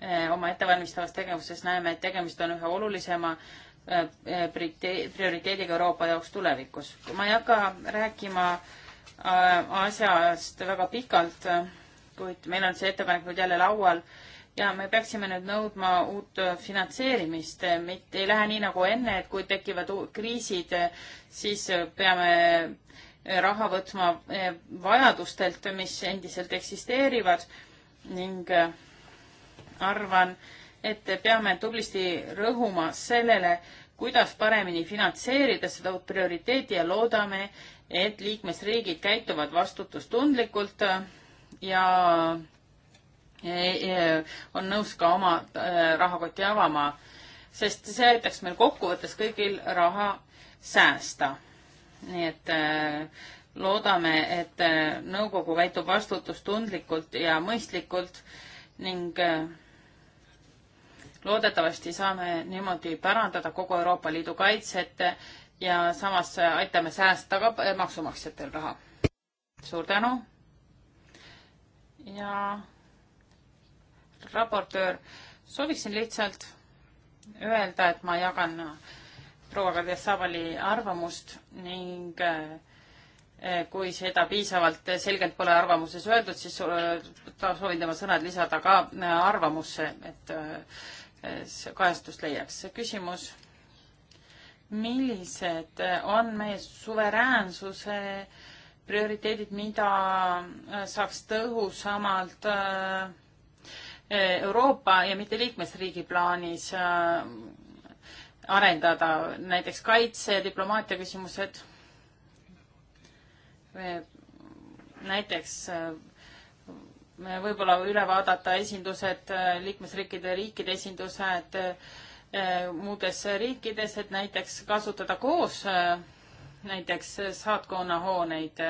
eh, oma ettevalmistavas tegevuses näeme, et tegemist on ühe olulisema eh, prioriteediga Euroopa jaoks tulevikus. ma ei hakka rääkima asjast väga pikalt, kuid meil on see ettepanek nüüd jälle laual ja me peaksime nüüd nõudma uut finantseerimist, mitte ei lähe nii nagu enne, et kui tekivad kriisid, siis peame eh, raha võtma eh, vajadustelt, mis endiselt eksisteerivad ning eh, arvan, et peame tublisti rõhuma sellele, kuidas paremini finantseerida seda uut prioriteeti ja loodame, et liikmesriigid käituvad vastutustundlikult ja on nõus ka oma äh, rahakoti avama, sest see aitaks meil kokkuvõttes kõigil raha säästa. nii et äh, loodame, et äh, nõukogu käitub vastutustundlikult ja mõistlikult ning loodetavasti saame niimoodi parandada kogu Euroopa Liidu kaitset ja samas aitame säästa ka maksumaksjatel raha. suur tänu ja raportöör, sooviksin lihtsalt öelda, et ma jagan äh, proua Kadriasavali arvamust ning äh, äh, kui seda piisavalt selgelt pole arvamuses öeldud, siis soovin tema sõnad lisada ka arvamusse, et see kajastust leiaks. küsimus, millised on meie suveräänsuse prioriteedid, mida saaks tõhusamalt äh, Euroopa ja mitte liikmesriigi plaanis äh, arendada, näiteks kaitse ja diplomaatia küsimused. näiteks äh, võib-olla üle vaadata esindused, äh, liikmesriikide riikide esindused muudes riikides, et näiteks kasutada koos näiteks saatkonna hooneid.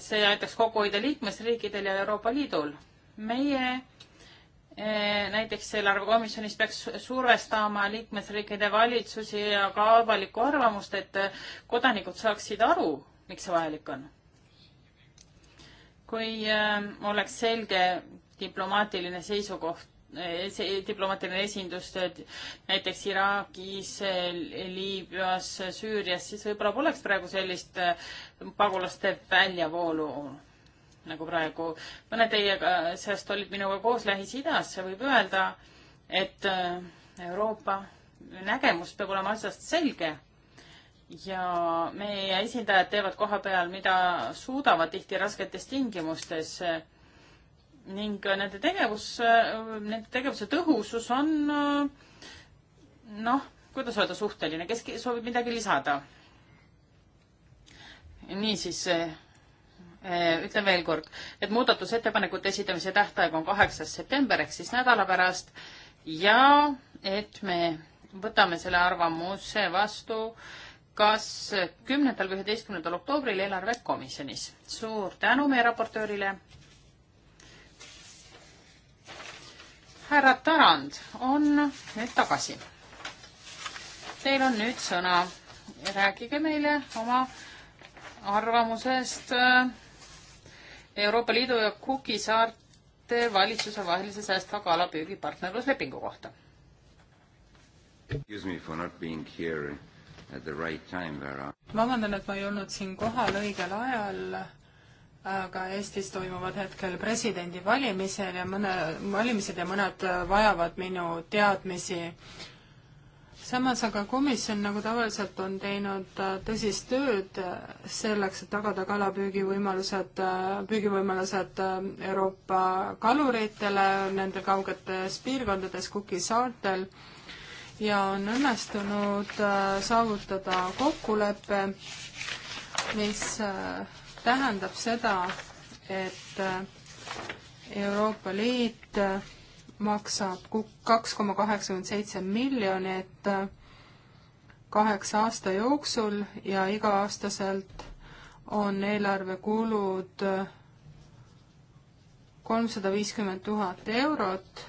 see aitaks kokku hoida liikmesriikidel ja Euroopa Liidul. meie Eh, näiteks eelarvekomisjonis peaks survestama liikmesriikide valitsusi ja ka avalikku arvamust, et eh, kodanikud saaksid aru, miks see vajalik on. kui eh, oleks selge diplomaatiline seisukoht, diplomaatiline esindus näiteks Iraagis, Liibüas, Süürias, siis võib-olla poleks praegu sellist pagulaste väljavoolu nagu praegu. mõned teie seast olid minuga koos Lähis-Idas, võib öelda, et äh, Euroopa nägemus peab olema asjast selge ja meie esindajad teevad koha peal, mida suudavad tihti rasketes tingimustes ning nende tegevus, nende tegevuse tõhusus on noh, kuidas öelda, suhteline, kes soovib midagi lisada? niisiis Äh, ütlen veel kord, et muudatusettepanekute esitamise tähtaeg on kaheksas september ehk siis nädala pärast ja et me võtame selle arvamuse vastu kas kümnendal või üheteistkümnendal oktoobril eelarvekomisjonis. suur tänu meie raportöörile. härra Tarand on nüüd tagasi. Teil on nüüd sõna. rääkige meile oma arvamusest äh, Euroopa Liidu ja Kuki saarte valitsuse vahelise säästva kalapüügi partnerluslepingu kohta. Right vabandan, et ma ei olnud siin kohal õigel ajal, aga Eestis toimuvad hetkel presidendivalimised ja mõne, valimised ja mõned vajavad minu teadmisi äh, samas aga komisjon, nagu tavaliselt, on teinud äh, tõsist tööd äh, selleks, et tagada kalapüügivõimalused, äh, püügivõimalused Euroopa kaluritele nende kaugetes piirkondades, Kuki saartel, ja on õnnestunud saavutada kokkulepe, mis tähendab seda, et Euroopa Liit maksab kaks koma kaheksakümmend seitse miljonit äh, kaheksa aasta jooksul ja iga-aastaselt on eelarvekulud äh, kolmsada viiskümmend tuhat eurot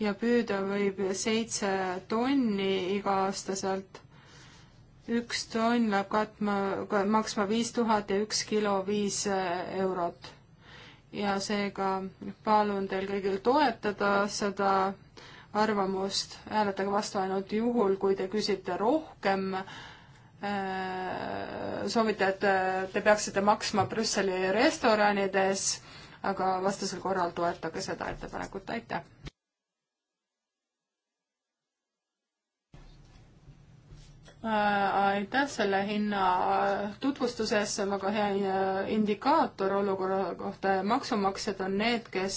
ja püüda võib seitse tonni iga-aastaselt. üks tonn läheb katma, maksma viis tuhat ja üks kilo viis äh, eurot ja seega palun teil kõigil toetada seda arvamust, hääletage vastu ainult juhul, kui te küsite rohkem, äh, soovite, et te peaksite maksma Brüsseli restoranides, aga vastasel korral toetage seda ettepanekut, aitäh! Äh, aitäh selle hinna äh, tutvustuse eest, see on väga hea äh, indikaator olukorra kohta ja maksumaksjad on need, kes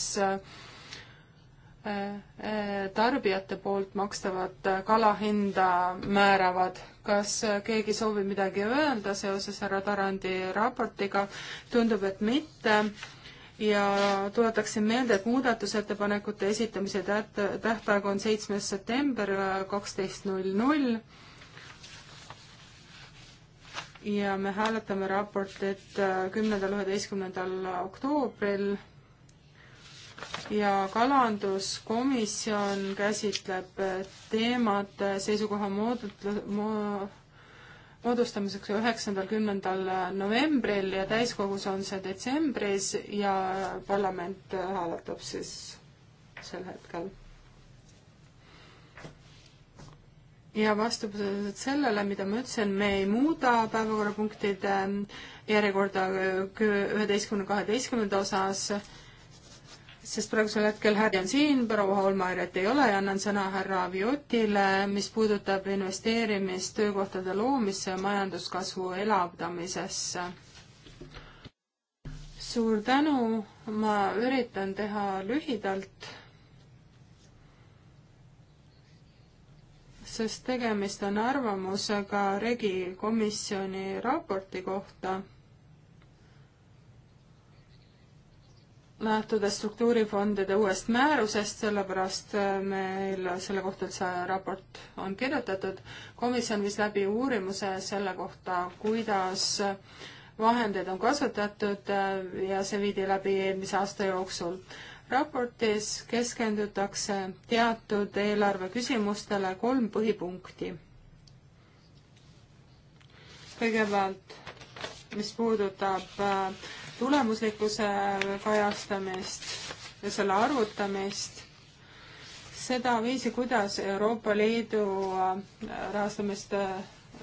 tarbijate poolt makstavat kala hinda määravad. kas keegi soovib midagi öelda seoses härra Tarandi raportiga? tundub, et mitte ja tuletaksin meelde, et muudatusettepanekute esitamise täht-, tähtaeg on seitsmes september kaksteist null null ja me hääletame raportit äh, kümnendal, üheteistkümnendal oktoobril ja kalanduskomisjon käsitleb äh, teemat äh, seisukoha moodustamiseks üheksandal, kümnendal novembril ja täiskogus on see detsembris ja parlament hääletab siis sel hetkel ja vastupidiselt sellele, mida ma ütlesin, me ei muuda päevakorrapunktide ähm, järjekorda äh, üheteistkümne, kaheteistkümnenda osas, sest praegusel hetkel härra on siin, proua Holmairet ei ole ja annan sõna härra Viotile, mis puudutab investeerimist töökohtade loomisse ja majanduskasvu elavdamisesse. suur tänu, ma üritan teha lühidalt sest tegemist on arvamusega Regi komisjoni raporti kohta. lähtudes struktuurifondide uuest määrusest, sellepärast äh, meil selle kohta üldse raport on kirjutatud, komisjon viis läbi uurimuse selle kohta, kuidas vahendeid on kasutatud äh, ja see viidi läbi eelmise aasta jooksul raportis keskendutakse teatud eelarve küsimustele kolm põhipunkti. kõigepealt, mis puudutab äh, tulemuslikkuse kajastamist ja selle arvutamist, seda viisi, kuidas Euroopa Liidu äh, rahastamist äh,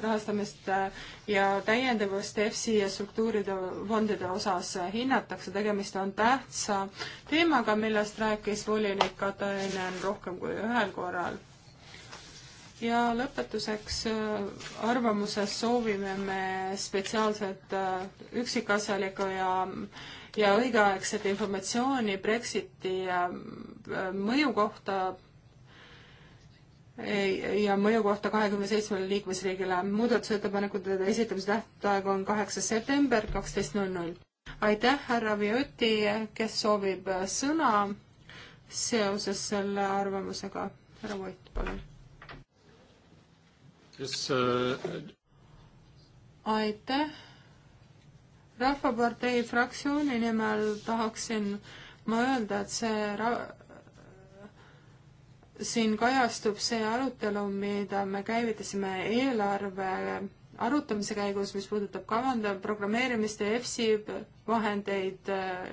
rahastamist äh, ja täiendavust EFSI ja struktuuride fondide osas hinnatakse, tegemist on tähtsa teemaga, millest rääkis volinik Katainen rohkem kui ühel korral ja lõpetuseks äh, arvamuses soovime me spetsiaalset äh, üksikasjalikku ja, ja õigeaegset informatsiooni Brexiti mõju kohta ja mõju kohta kahekümne seitsmele liikmesriigile. muudatusettepanekute esitamise tähtaeg on kaheksas september kaksteist null null. aitäh, härra Viotti, kes soovib sõna seoses selle arvamusega. härra Voit, palun. kes äh...? aitäh. rahvapartei fraktsiooni nimel tahaksin ma öelda, et see ra-, siin kajastub see arutelu, mida me käivitasime eelarve arutamise käigus, mis puudutab kavanda, programmeerimist ja EFSI vahendeid äh,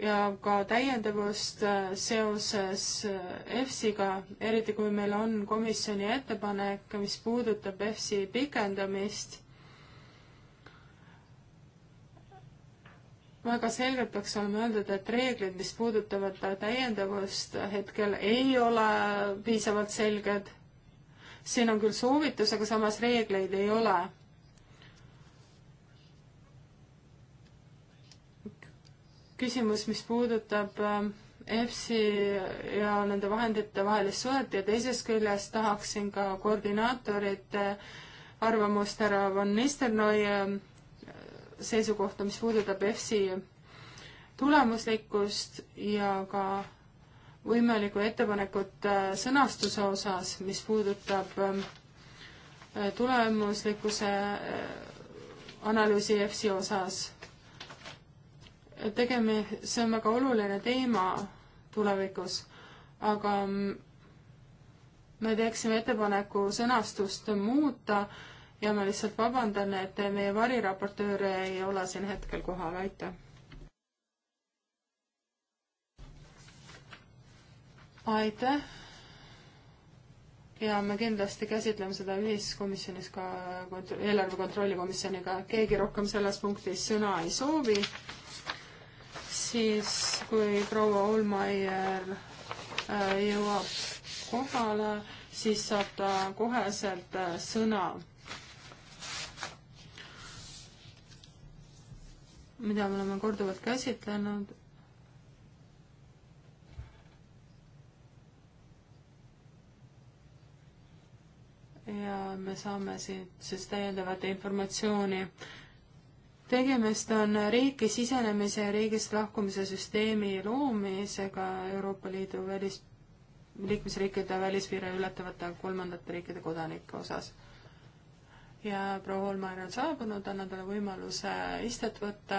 ja ka täiendavust äh, seoses äh, EFSI-ga, eriti kui meil on komisjoni ettepanek, mis puudutab EFSI pikendamist väga selgelt peaks olema öeldud, et reeglid, mis puudutavad täiendavust, hetkel ei ole piisavalt selged. siin on küll soovitus, aga samas reegleid ei ole. küsimus, mis puudutab ähm, EFSi ja nende vahendite vahelist suhet ja teisest küljest tahaksin ka koordinaatorite arvamust härra Van Nistelrooy ähm, seisukohta, mis puudutab EFSi tulemuslikkust ja ka võimalikku ettepanekut äh, sõnastuse osas, mis puudutab ähm, äh, tulemuslikkuse äh, analüüsi EFSi osas. tegemi-, see on väga oluline teema tulevikus, aga mm, me teeksime ettepaneku sõnastust muuta ja ma lihtsalt vabandan, et meie variraportöör ei ole siin hetkel kohal, aitäh. aitäh. ja me kindlasti käsitleme seda ühiskomisjonis ka eelarve kontrolli komisjoniga, keegi rohkem selles punktis sõna ei soovi. siis, kui proua Olmaier äh, jõuab kohale, siis saab ta koheselt äh, sõna mida me oleme korduvalt käsitlenud, ja me saame siit siis täiendavat informatsiooni. tegemist on riiki sisenemise ja riigist lahkumise süsteemi loomisega Euroopa Liidu välis, liikmesriikide välispiire ületavate kolmandate riikide kodanike osas ja proua Holmaer on saabunud, annan talle võimaluse istet võtta.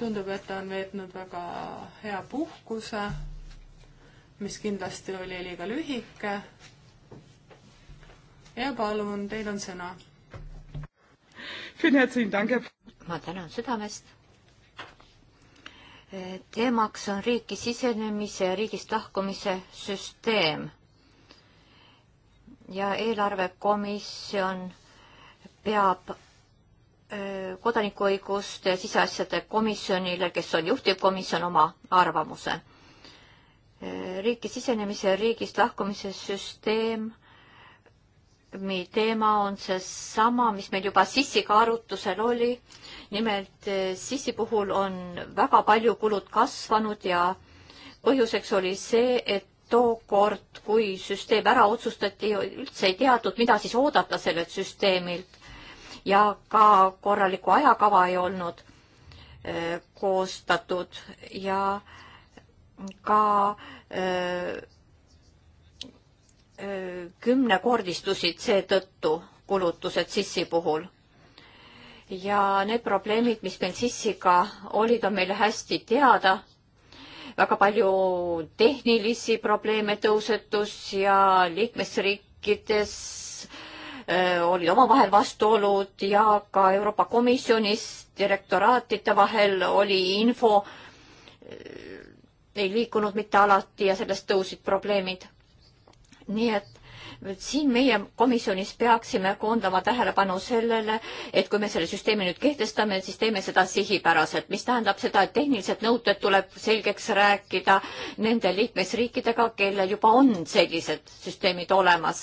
tundub, et ta on veetnud väga hea puhkuse, mis kindlasti oli liiga lühike. ja palun, teil on sõna. ma tänan südamest. teemaks on riiki sisenemise ja riigist lahkumise süsteem ja eelarvekomisjon peab kodanikuõiguste siseasjade komisjonile, kes on juhtivkomisjon, oma arvamuse. riiki sisenemise ja riigist lahkumise süsteem mi teema on seesama, mis meil juba sissiga arutusel oli. nimelt sissi puhul on väga palju kulud kasvanud ja põhjuseks oli see, et tookord, kui süsteem ära otsustati, üldse ei teadnud, mida siis oodata sellelt süsteemilt ja ka korralikku ajakava ei olnud öö, äh, koostatud ja ka äh, äh, kümnekordistusid seetõttu kulutused sissi puhul ja need probleemid, mis meil sissiga olid, on meile hästi teada väga palju tehnilisi probleeme tõusetus ja liikmesriikides äh, olid omavahel vastuolud ja ka Euroopa Komisjonis direktoraatide vahel oli info äh, ei liikunud mitte alati ja sellest tõusid probleemid. nii et siin meie komisjonis peaksime koondama tähelepanu sellele, et kui me selle süsteemi nüüd kehtestame, siis teeme seda sihipäraselt, mis tähendab seda, et tehnilised nõuded tuleb selgeks rääkida nende liikmesriikidega, kellel juba on sellised süsteemid olemas.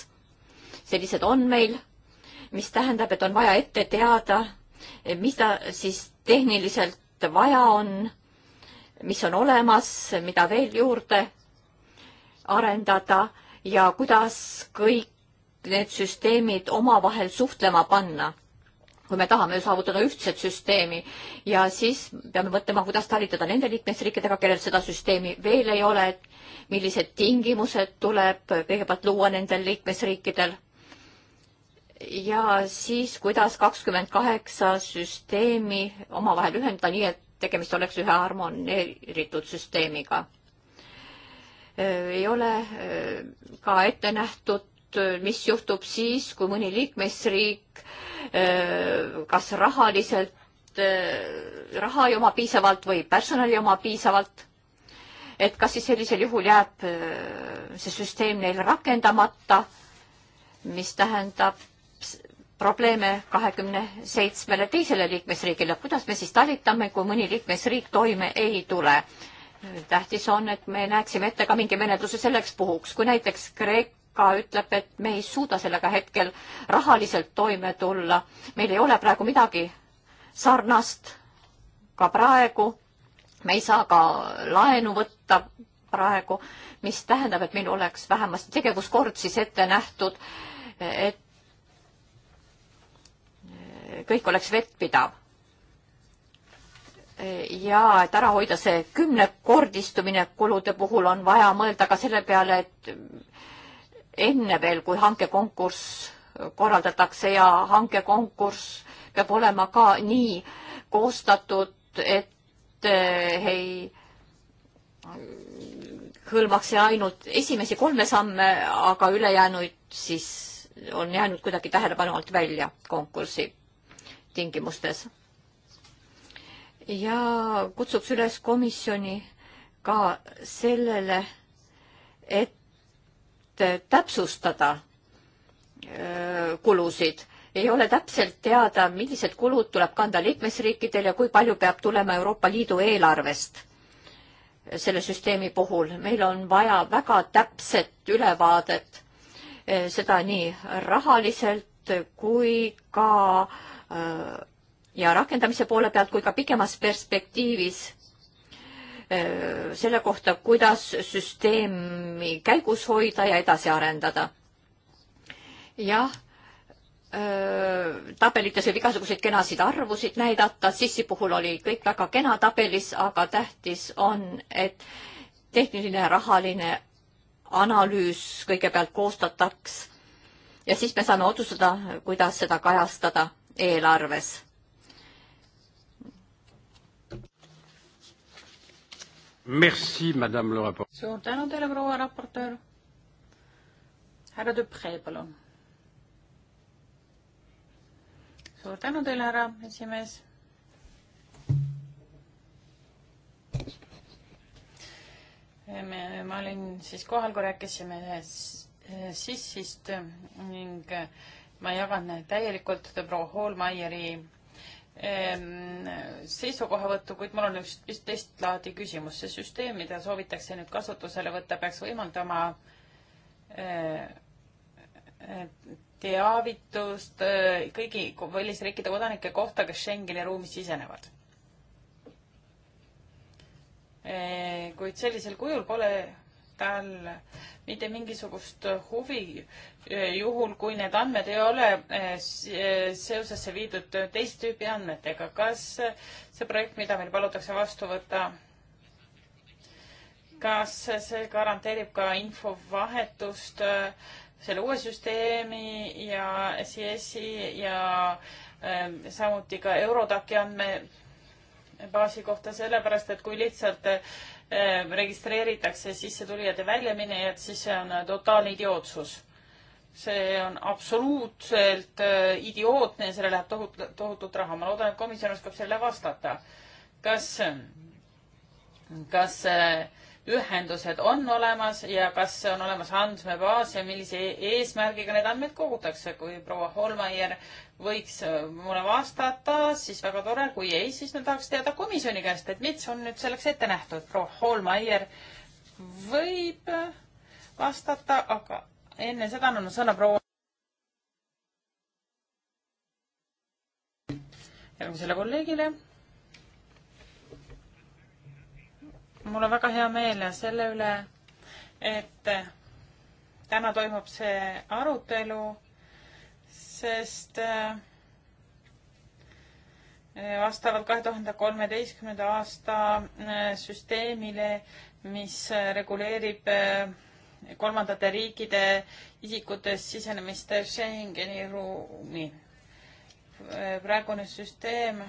sellised on meil, mis tähendab, et on vaja ette teada, mis ta siis tehniliselt vaja on, mis on olemas, mida veel juurde arendada ja kuidas kõik need süsteemid omavahel suhtlema panna, kui me tahame saavutada ühtset süsteemi ja siis peame mõtlema, kuidas talitada nende liikmesriikidega, kellel seda süsteemi veel ei ole, et millised tingimused tuleb kõigepealt luua nendel liikmesriikidel ja siis, kuidas kakskümmend kaheksa süsteemi omavahel ühendada, nii et tegemist oleks ühe harmoneeritud süsteemiga Äh, ei ole äh, ka ette nähtud, äh, mis juhtub siis, kui mõni liikmesriik kas rahaliselt, raha ei oma piisavalt või personali oma piisavalt, et kas siis sellisel juhul jääb see süsteem neil rakendamata, mis tähendab probleeme kahekümne seitsmele teisele liikmesriigile, kuidas me siis talitame, kui mõni liikmesriik toime ei tule tähtis on, et me näeksime ette ka mingi menetluse selleks puhuks, kui näiteks Kreeka ütleb, et me ei suuda sellega hetkel rahaliselt toime tulla. meil ei ole praegu midagi sarnast ka praegu. me ei saa ka laenu võtta praegu, mis tähendab, et meil oleks vähemasti tegevuskord siis ette nähtud, et kõik oleks vettpidav ja et ära hoida see kümnekordistumine kulude puhul on vaja mõelda ka selle peale, et enne veel, kui hankekonkurss korraldatakse ja hankekonkurss peab olema ka nii koostatud, et eh, ei hõlmaks see ainult esimesi kolme samme, aga ülejäänuid siis on jäänud kuidagi tähelepanu alt välja konkursi tingimustes ja kutsuks üles komisjoni ka sellele, et täpsustada äh, kulusid. ei ole täpselt teada, millised kulud tuleb kanda liikmesriikidel ja kui palju peab tulema Euroopa Liidu eelarvest selle süsteemi puhul. meil on vaja väga täpset ülevaadet, äh, seda nii rahaliselt kui ka äh, ja rakendamise poole pealt kui ka pikemas perspektiivis selle kohta, kuidas süsteemi käigus hoida ja edasi arendada. jah, tabelites võib igasuguseid kenasid arvusid näidata, sissi puhul oli kõik väga kena tabelis, aga tähtis on, et tehniline rahaline analüüs kõigepealt koostataks ja siis me saame otsustada, kuidas seda kajastada eelarves Merci, madame le rapporteur. suur tänu teile, proua raportöör. härra Tüpre, palun. suur tänu teile, härra esimees. ma olin siis kohal, kui rääkisime sissist ning ma jagan täielikult proua Hoolmeieri seisukohavõttu, kuid mul on üks teist laadi küsimus. see süsteem, mida soovitakse nüüd kasutusele võtta, peaks võimaldama eh, teavitust eh, kõigi välisriikide kodanike kohta, kes Schengeni ruumi sisenevad. Eh, kuid sellisel kujul pole tal mitte mingisugust huvi, eh, juhul kui need andmed ei ole eh, eh, seosesse viidud teist tüüpi andmetega. kas see projekt, mida meil palutakse vastu võtta, kas see garanteerib ka infovahetust selle uue süsteemi ja SIS-i ja samuti ka Eurodaki andmebaasi kohta, sellepärast et kui lihtsalt Äh, registreeritakse sissetulijad ja väljaminejad, siis see on äh, totaalne idiootsus. see on absoluutselt äh, idiootne ja sellele läheb tohutu, tohutut raha. ma loodan, et komisjon oskab sellele vastata. kas, kas ühendused on olemas ja kas on olemas andmebaas ja millise e-, eesmärgiga neid andmeid kogutakse, kui proua Holmeier võiks äh, mulle vastata, siis väga tore, kui ei, siis ma tahaks teada komisjoni käest, et mis on nüüd selleks ette nähtud. proua Holmeier võib äh, vastata, aga enne seda annan sõna proua. järgmisele kolleegile. mul on väga hea meel selle üle, et äh, täna toimub see arutelu sest äh, vastavalt kahe tuhande kolmeteistkümnenda aasta äh, süsteemile, mis äh, reguleerib kolmandate riikide isikutest sisenemist Schengeni ruumi. praegune süsteem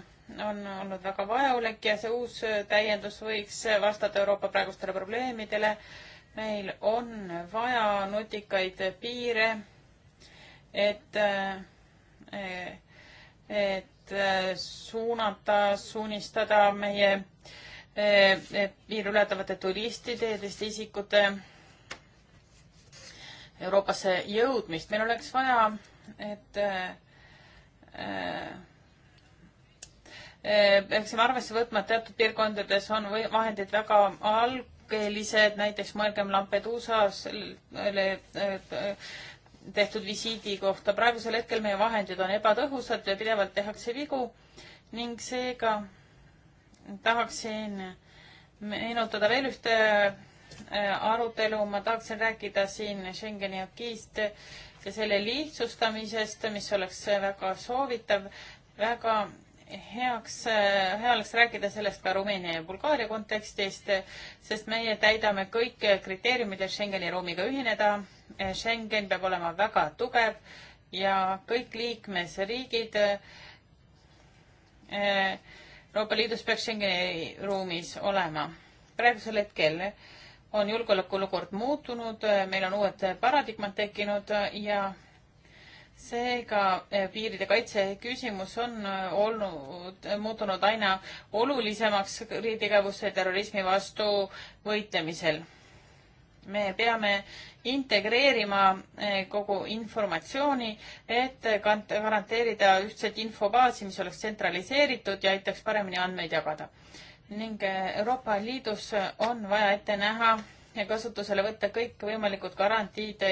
on olnud väga vajaolev ja see uus täiendus võiks vastata Euroopa praegustele probleemidele. meil on vaja nutikaid piire et, eh, et eh, suunata, suunistada meie eh, piiri ületavate turistide ja teiste isikute Euroopasse jõudmist. meil oleks vaja, et peaksime arvesse võtma, et teatud piirkondades on või vahendid väga algelised, näiteks mõelgem Lampeduusas tehtud visiidi kohta. praegusel hetkel meie vahendid on ebatõhusad ja pidevalt tehakse vigu ning seega tahaksin meenutada veel ühte äh, arutelu, ma tahaksin rääkida siin Schengeni akiist ja selle lihtsustamisest, mis oleks väga soovitav, väga heaks, äh, hea oleks rääkida sellest ka Rumeenia ja Bulgaaria kontekstist, sest meie täidame kõik kriteeriumid, et Schengeni ruumiga ühineda Schengen peab olema väga tugev ja kõik liikmesriigid eh, Euroopa Liidus peaks Schengeni ruumis olema. praegusel hetkel on julgeolekuolukord muutunud, meil on uued paradigmad tekkinud ja seega eh, piiride kaitse küsimus on eh, olnud, muutunud aina olulisemaks kuritegevuse terrorismi vastu võitlemisel me peame integreerima eh, kogu informatsiooni, et garanteerida ühtset infobaasi, mis oleks tsentraliseeritud ja aitaks paremini andmeid jagada. ning eh, Euroopa Liidus on vaja ette näha ja kasutusele võtta kõikvõimalikud garantiid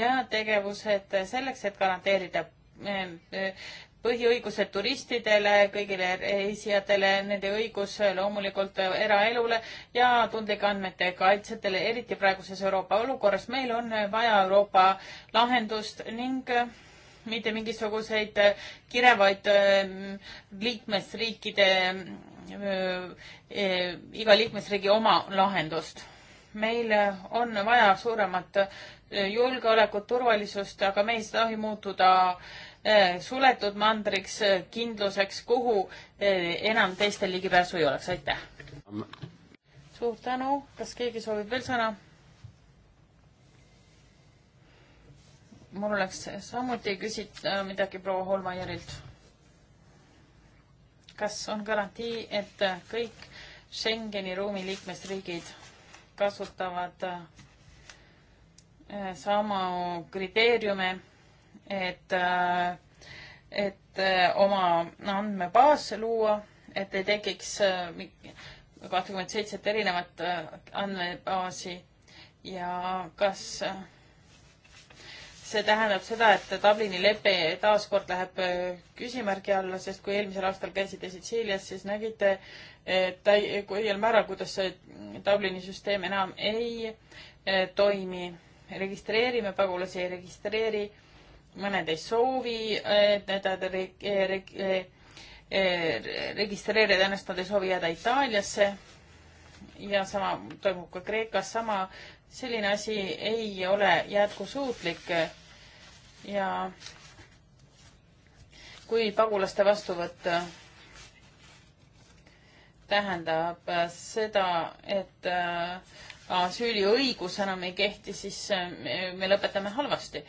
ja tegevused selleks, et garanteerida eh, põhiõigused turistidele, kõigile reisijatele, nende õigus loomulikult eraelule ja tundlike andmete kaitsjatele, eriti praeguses Euroopa olukorras. meil on vaja Euroopa lahendust ning mitte mingisuguseid kirevaid ähm, liikmesriikide, ähm, iga liikmesriigi oma lahendust. meil on vaja suuremat Eh, julgeolekut, turvalisust, aga me ei tohi muutuda eh, suletud mandriks, eh, kindluseks, kuhu enam teistel ligipääsu ei oleks, aitäh. suur tänu, kas keegi soovib veel sõna? mul oleks samuti küsida äh, midagi proua Holmajärilt. kas on garantii, et kõik Schengeni ruumi liikmesriigid kasutavad äh, sama kriteeriume, et, et oma andmebaas luua, et ei tekiks äh, kakskümmend seitset erinevat äh, andmebaasi ja kas see tähendab seda, et Dublini lepe taaskord läheb äh, küsimärgi alla, sest kui eelmisel aastal käisite Sitsiilias, siis nägite täiel määral, kuidas see Dublini süsteem enam ei toimi registreerime pagulasi, ei registreeri, mõned ei soovi, et nad reg-, eh, reg-, eh, eh, registreerida ennast, nad ei soovi jääda Itaaliasse ja sama toimub ka Kreekas, sama selline asi ei ole jätkusuutlik ja kui pagulaste vastuvõtt tähendab seda, et asüüliõigus enam ei kehti, siis äh, me lõpetame halvasti.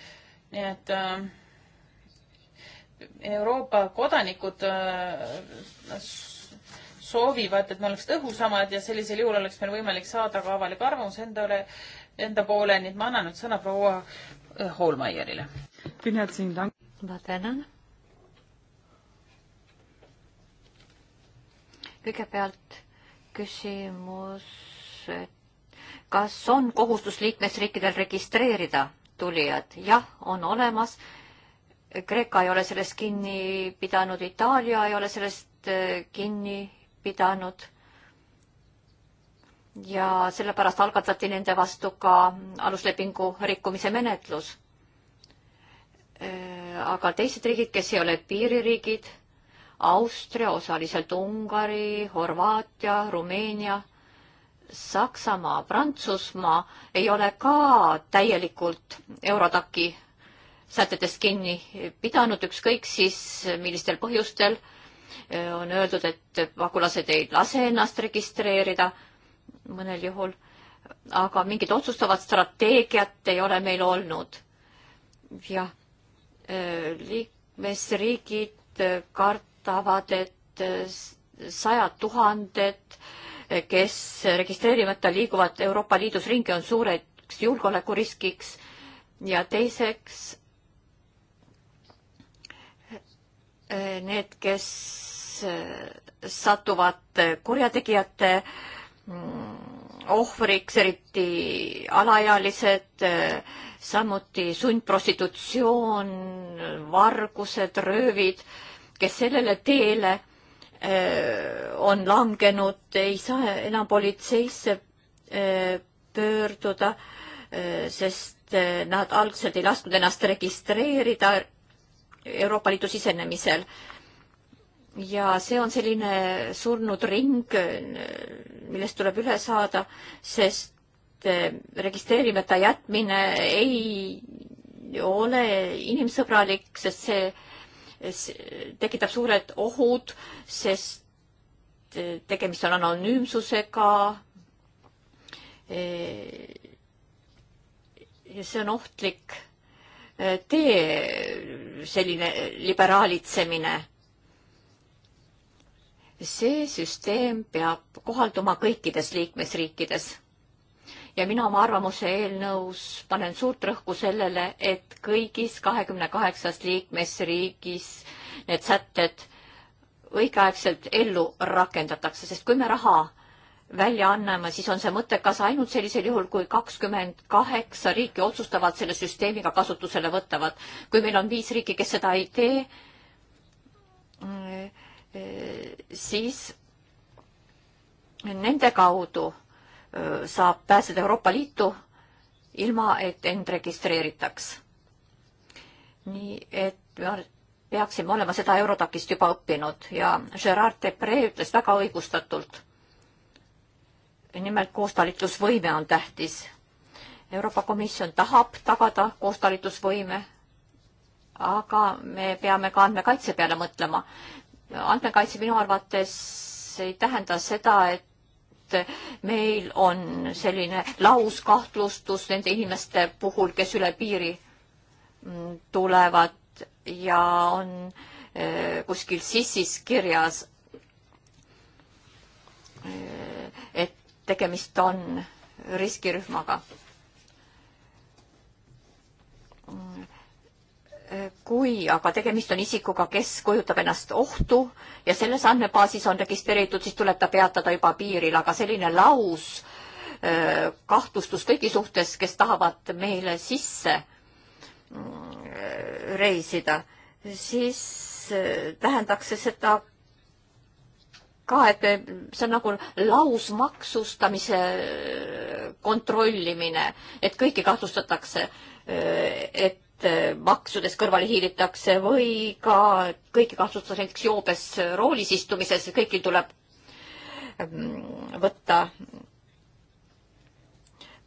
nii et äh, Euroopa kodanikud äh, soovivad, et me oleks tõhusamad ja sellisel juhul oleks meil võimalik saada ka avalik arvamus endale, enda poole, nii et ma annan nüüd sõna proua Hoolmeierile. ma tänan. kõigepealt küsimus, et kas on kohustus liikmesriikidel registreerida tulijad? jah, on olemas. Kreeka ei ole sellest kinni pidanud, Itaalia ei ole sellest äh, kinni pidanud. ja sellepärast algatati nende vastu ka aluslepingu rikkumise menetlus. Äh, aga teised riigid, kes ei ole piiririigid, Austria, osaliselt Ungari, Horvaatia, Rumeenia Saksamaa, Prantsusmaa ei ole ka täielikult Eurodaki sätetest kinni pidanud, ükskõik siis millistel põhjustel eh, on öeldud, et pagulased ei lase ennast registreerida mõnel juhul, aga mingit otsustavat strateegiat ei ole meil olnud. jah, eh, liikmesriigid eh, kardavad, et sajad tuhanded äh, kes registreerimata liiguvad Euroopa Liidus ringi, on suureks julgeolekuriskiks ja teiseks need, kes satuvad kurjategijate mm, ohvriks, eriti alaealised, samuti sundprostitutsioon, vargused, röövid, kes sellele teele Äh, on langenud, ei saa enam politseisse äh, pöörduda, äh, sest nad algselt ei lasknud ennast registreerida Euroopa Liidu sisenemisel. ja see on selline surnud ring, millest tuleb üle saada, sest registreerimata jätmine ei ole inimsõbralik, sest see tekitab suured ohud, sest eh, tegemist on anonüümsusega. Eh, ja see on ohtlik eh, tee, selline liberaalitsemine. see süsteem peab kohalduma kõikides liikmesriikides ja mina oma arvamuse eelnõus panen suurt rõhku sellele, et kõigis kahekümne kaheksas liikmesriigis need sätted õigeaegselt ellu rakendatakse, sest kui me raha välja anname, siis on see mõttekas ainult sellisel juhul, kui kakskümmend kaheksa riiki otsustavad selle süsteemiga kasutusele võtavad. kui meil on viis riiki, kes seda ei tee, mm, eh, siis nende kaudu saab pääseda Euroopa Liitu ilma, et end registreeritaks. nii et me peaksime olema seda Eurotakist juba õppinud ja Gerard Depree ütles väga õigustatult. nimelt koostalitlusvõime on tähtis. Euroopa Komisjon tahab tagada koostalitlusvõime, aga me peame ka andmekaitse peale mõtlema. andmekaitse minu arvates ei tähenda seda, et meil on selline lauskahtlustus nende inimeste puhul, kes üle piiri mm, tulevad ja on eh, kuskil sissis kirjas, eh, et tegemist on riskirühmaga kui aga tegemist on isikuga, kes kujutab ennast ohtu ja selles andmebaasis on registreeritud, siis tuleb ta peatada juba piiril, aga selline laus äh, kahtlustus kõigi suhtes, kes tahavad meile sisse mm, reisida, siis äh, tähendaks see seda ka, et me, see on nagu lausmaksustamise äh, kontrollimine, et kõiki kahtlustatakse, et Eh, maksudest kõrvale hiilitakse või ka kõiki kahtlustatakse näiteks joobes eh, roolis istumises, kõigil tuleb mm, võtta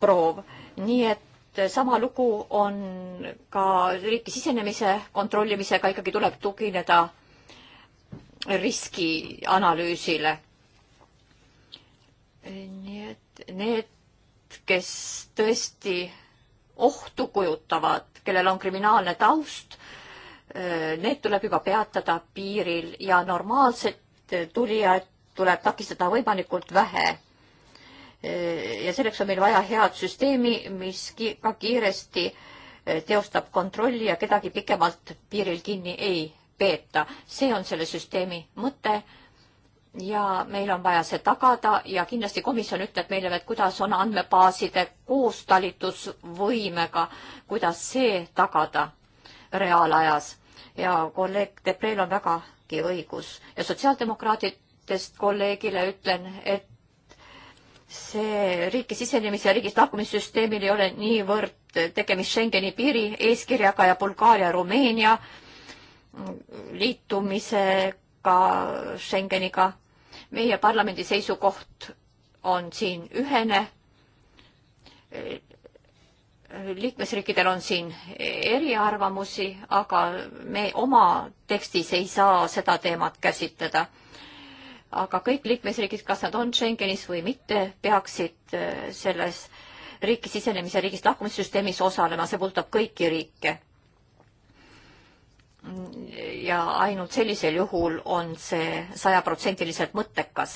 proov. nii et sama lugu on ka riiki sisenemise kontrollimisega, ikkagi tuleb tugineda riskianalüüsile. nii et need, kes tõesti ohtu kujutavad, kellel on kriminaalne taust, need tuleb juba peatada piiril ja normaalset tulijat tuleb takistada võimalikult vähe. ja selleks on meil vaja head süsteemi, mis ki ka kiiresti teostab kontrolli ja kedagi pikemalt piiril kinni ei peeta. see on selle süsteemi mõte ja meil on vaja see tagada ja kindlasti komisjon ütleb meile, et kuidas on andmebaaside koostalitusvõimega, kuidas see tagada reaalajas. ja kolleeg Debrel on vägagi õigus ja sotsiaaldemokraatidest kolleegile ütlen, et see riiki sisenemise ja riigist lahkumissüsteemil ei ole niivõrd tegemist Schengeni piiri eeskirjaga ja Bulgaaria, Rumeenia liitumisega Schengeniga meie parlamendi seisukoht on siin ühene. liikmesriikidel on siin eriarvamusi, aga me oma tekstis ei saa seda teemat käsitleda aga kõik liikmesriigid, kas nad on Schengenis või mitte, peaksid äh, selles riiki sisenemise ja riigist lahkumissüsteemis osalema, see puudutab kõiki riike ja ainult sellisel juhul on see sajaprotsendiliselt mõttekas.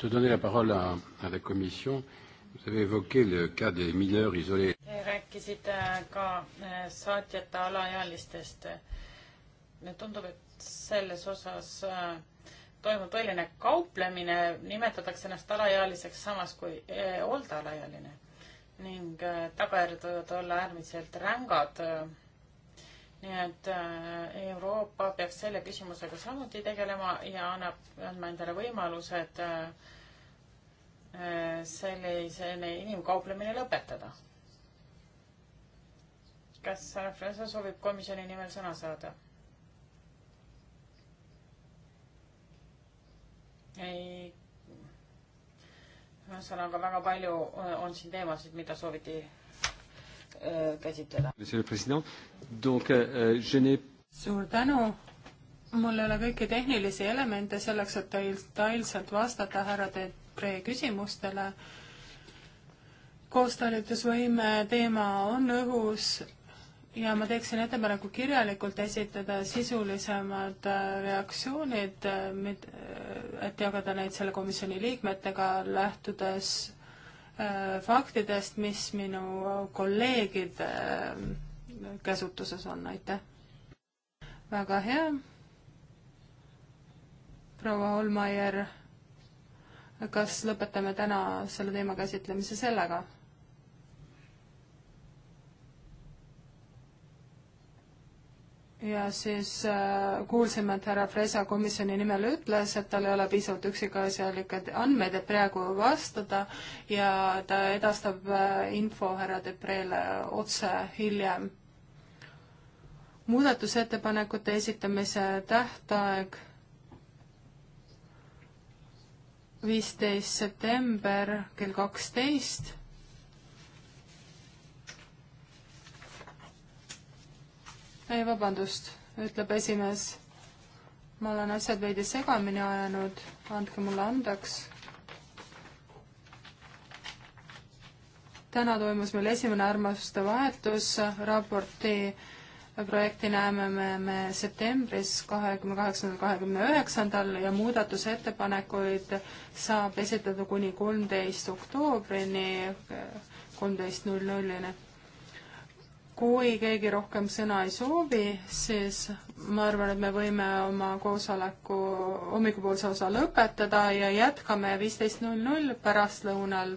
Te donner la parole à, à la commission. Vous avez évoqué le cas des mineurs isolés. rääkisite ka äh, saatjate alaealistest. tundub, et selles osas äh, toimub tõeline kauplemine, nimetatakse ennast alaealiseks, samas kui ei äh, olda alaealine ning äh, tagajärjed võivad olla äärmiselt rängad. nii et äh, Euroopa peaks selle küsimusega samuti tegelema ja annab, andma endale võimalused äh, selline inimkauplemine lõpetada. kas härra Fresa soovib komisjoni nimel sõna saada? ei ühesõnaga väga palju äh, on siin teemasid, mida sooviti äh, käsitleda. Euh, euh, suur tänu, mul ei ole kõiki tehnilisi elemente selleks, et detailselt vastata härra Debre küsimustele. koostalitusvõime teema on õhus ja ma teeksin ettepaneku kirjalikult esitada sisulisemad äh, reaktsioonid, äh, äh, et jagada neid selle komisjoni liikmetega, lähtudes faktidest, mis minu kolleegide käsutuses on, aitäh. väga hea. proua Olmaier, kas lõpetame täna selle teema käsitlemise sellega? ja siis äh, kuulsime, et härra Fresa komisjoni nimel ütles, et tal ei ole piisavalt üksikasjalikke andmeid, et praegu vastada ja ta edastab äh, info härra Debrele otse hiljem. muudatusettepanekute esitamise tähtaeg viisteist september kell kaksteist ei, vabandust, ütleb esimees. ma olen asjad veidi segamini ajanud, andke mulle andeks. täna toimus meil esimene armastuste vahetus, raporti projekti näeme me, me septembris kahekümne kaheksandal, kahekümne üheksandal ja muudatusettepanekuid saab esitada kuni kolmteist oktoobrini, kolmteist null nullini kui keegi rohkem sõna ei soovi, siis ma arvan, et me võime oma koosoleku hommikupoolse osa lõpetada ja jätkame viisteist null null pärastlõunal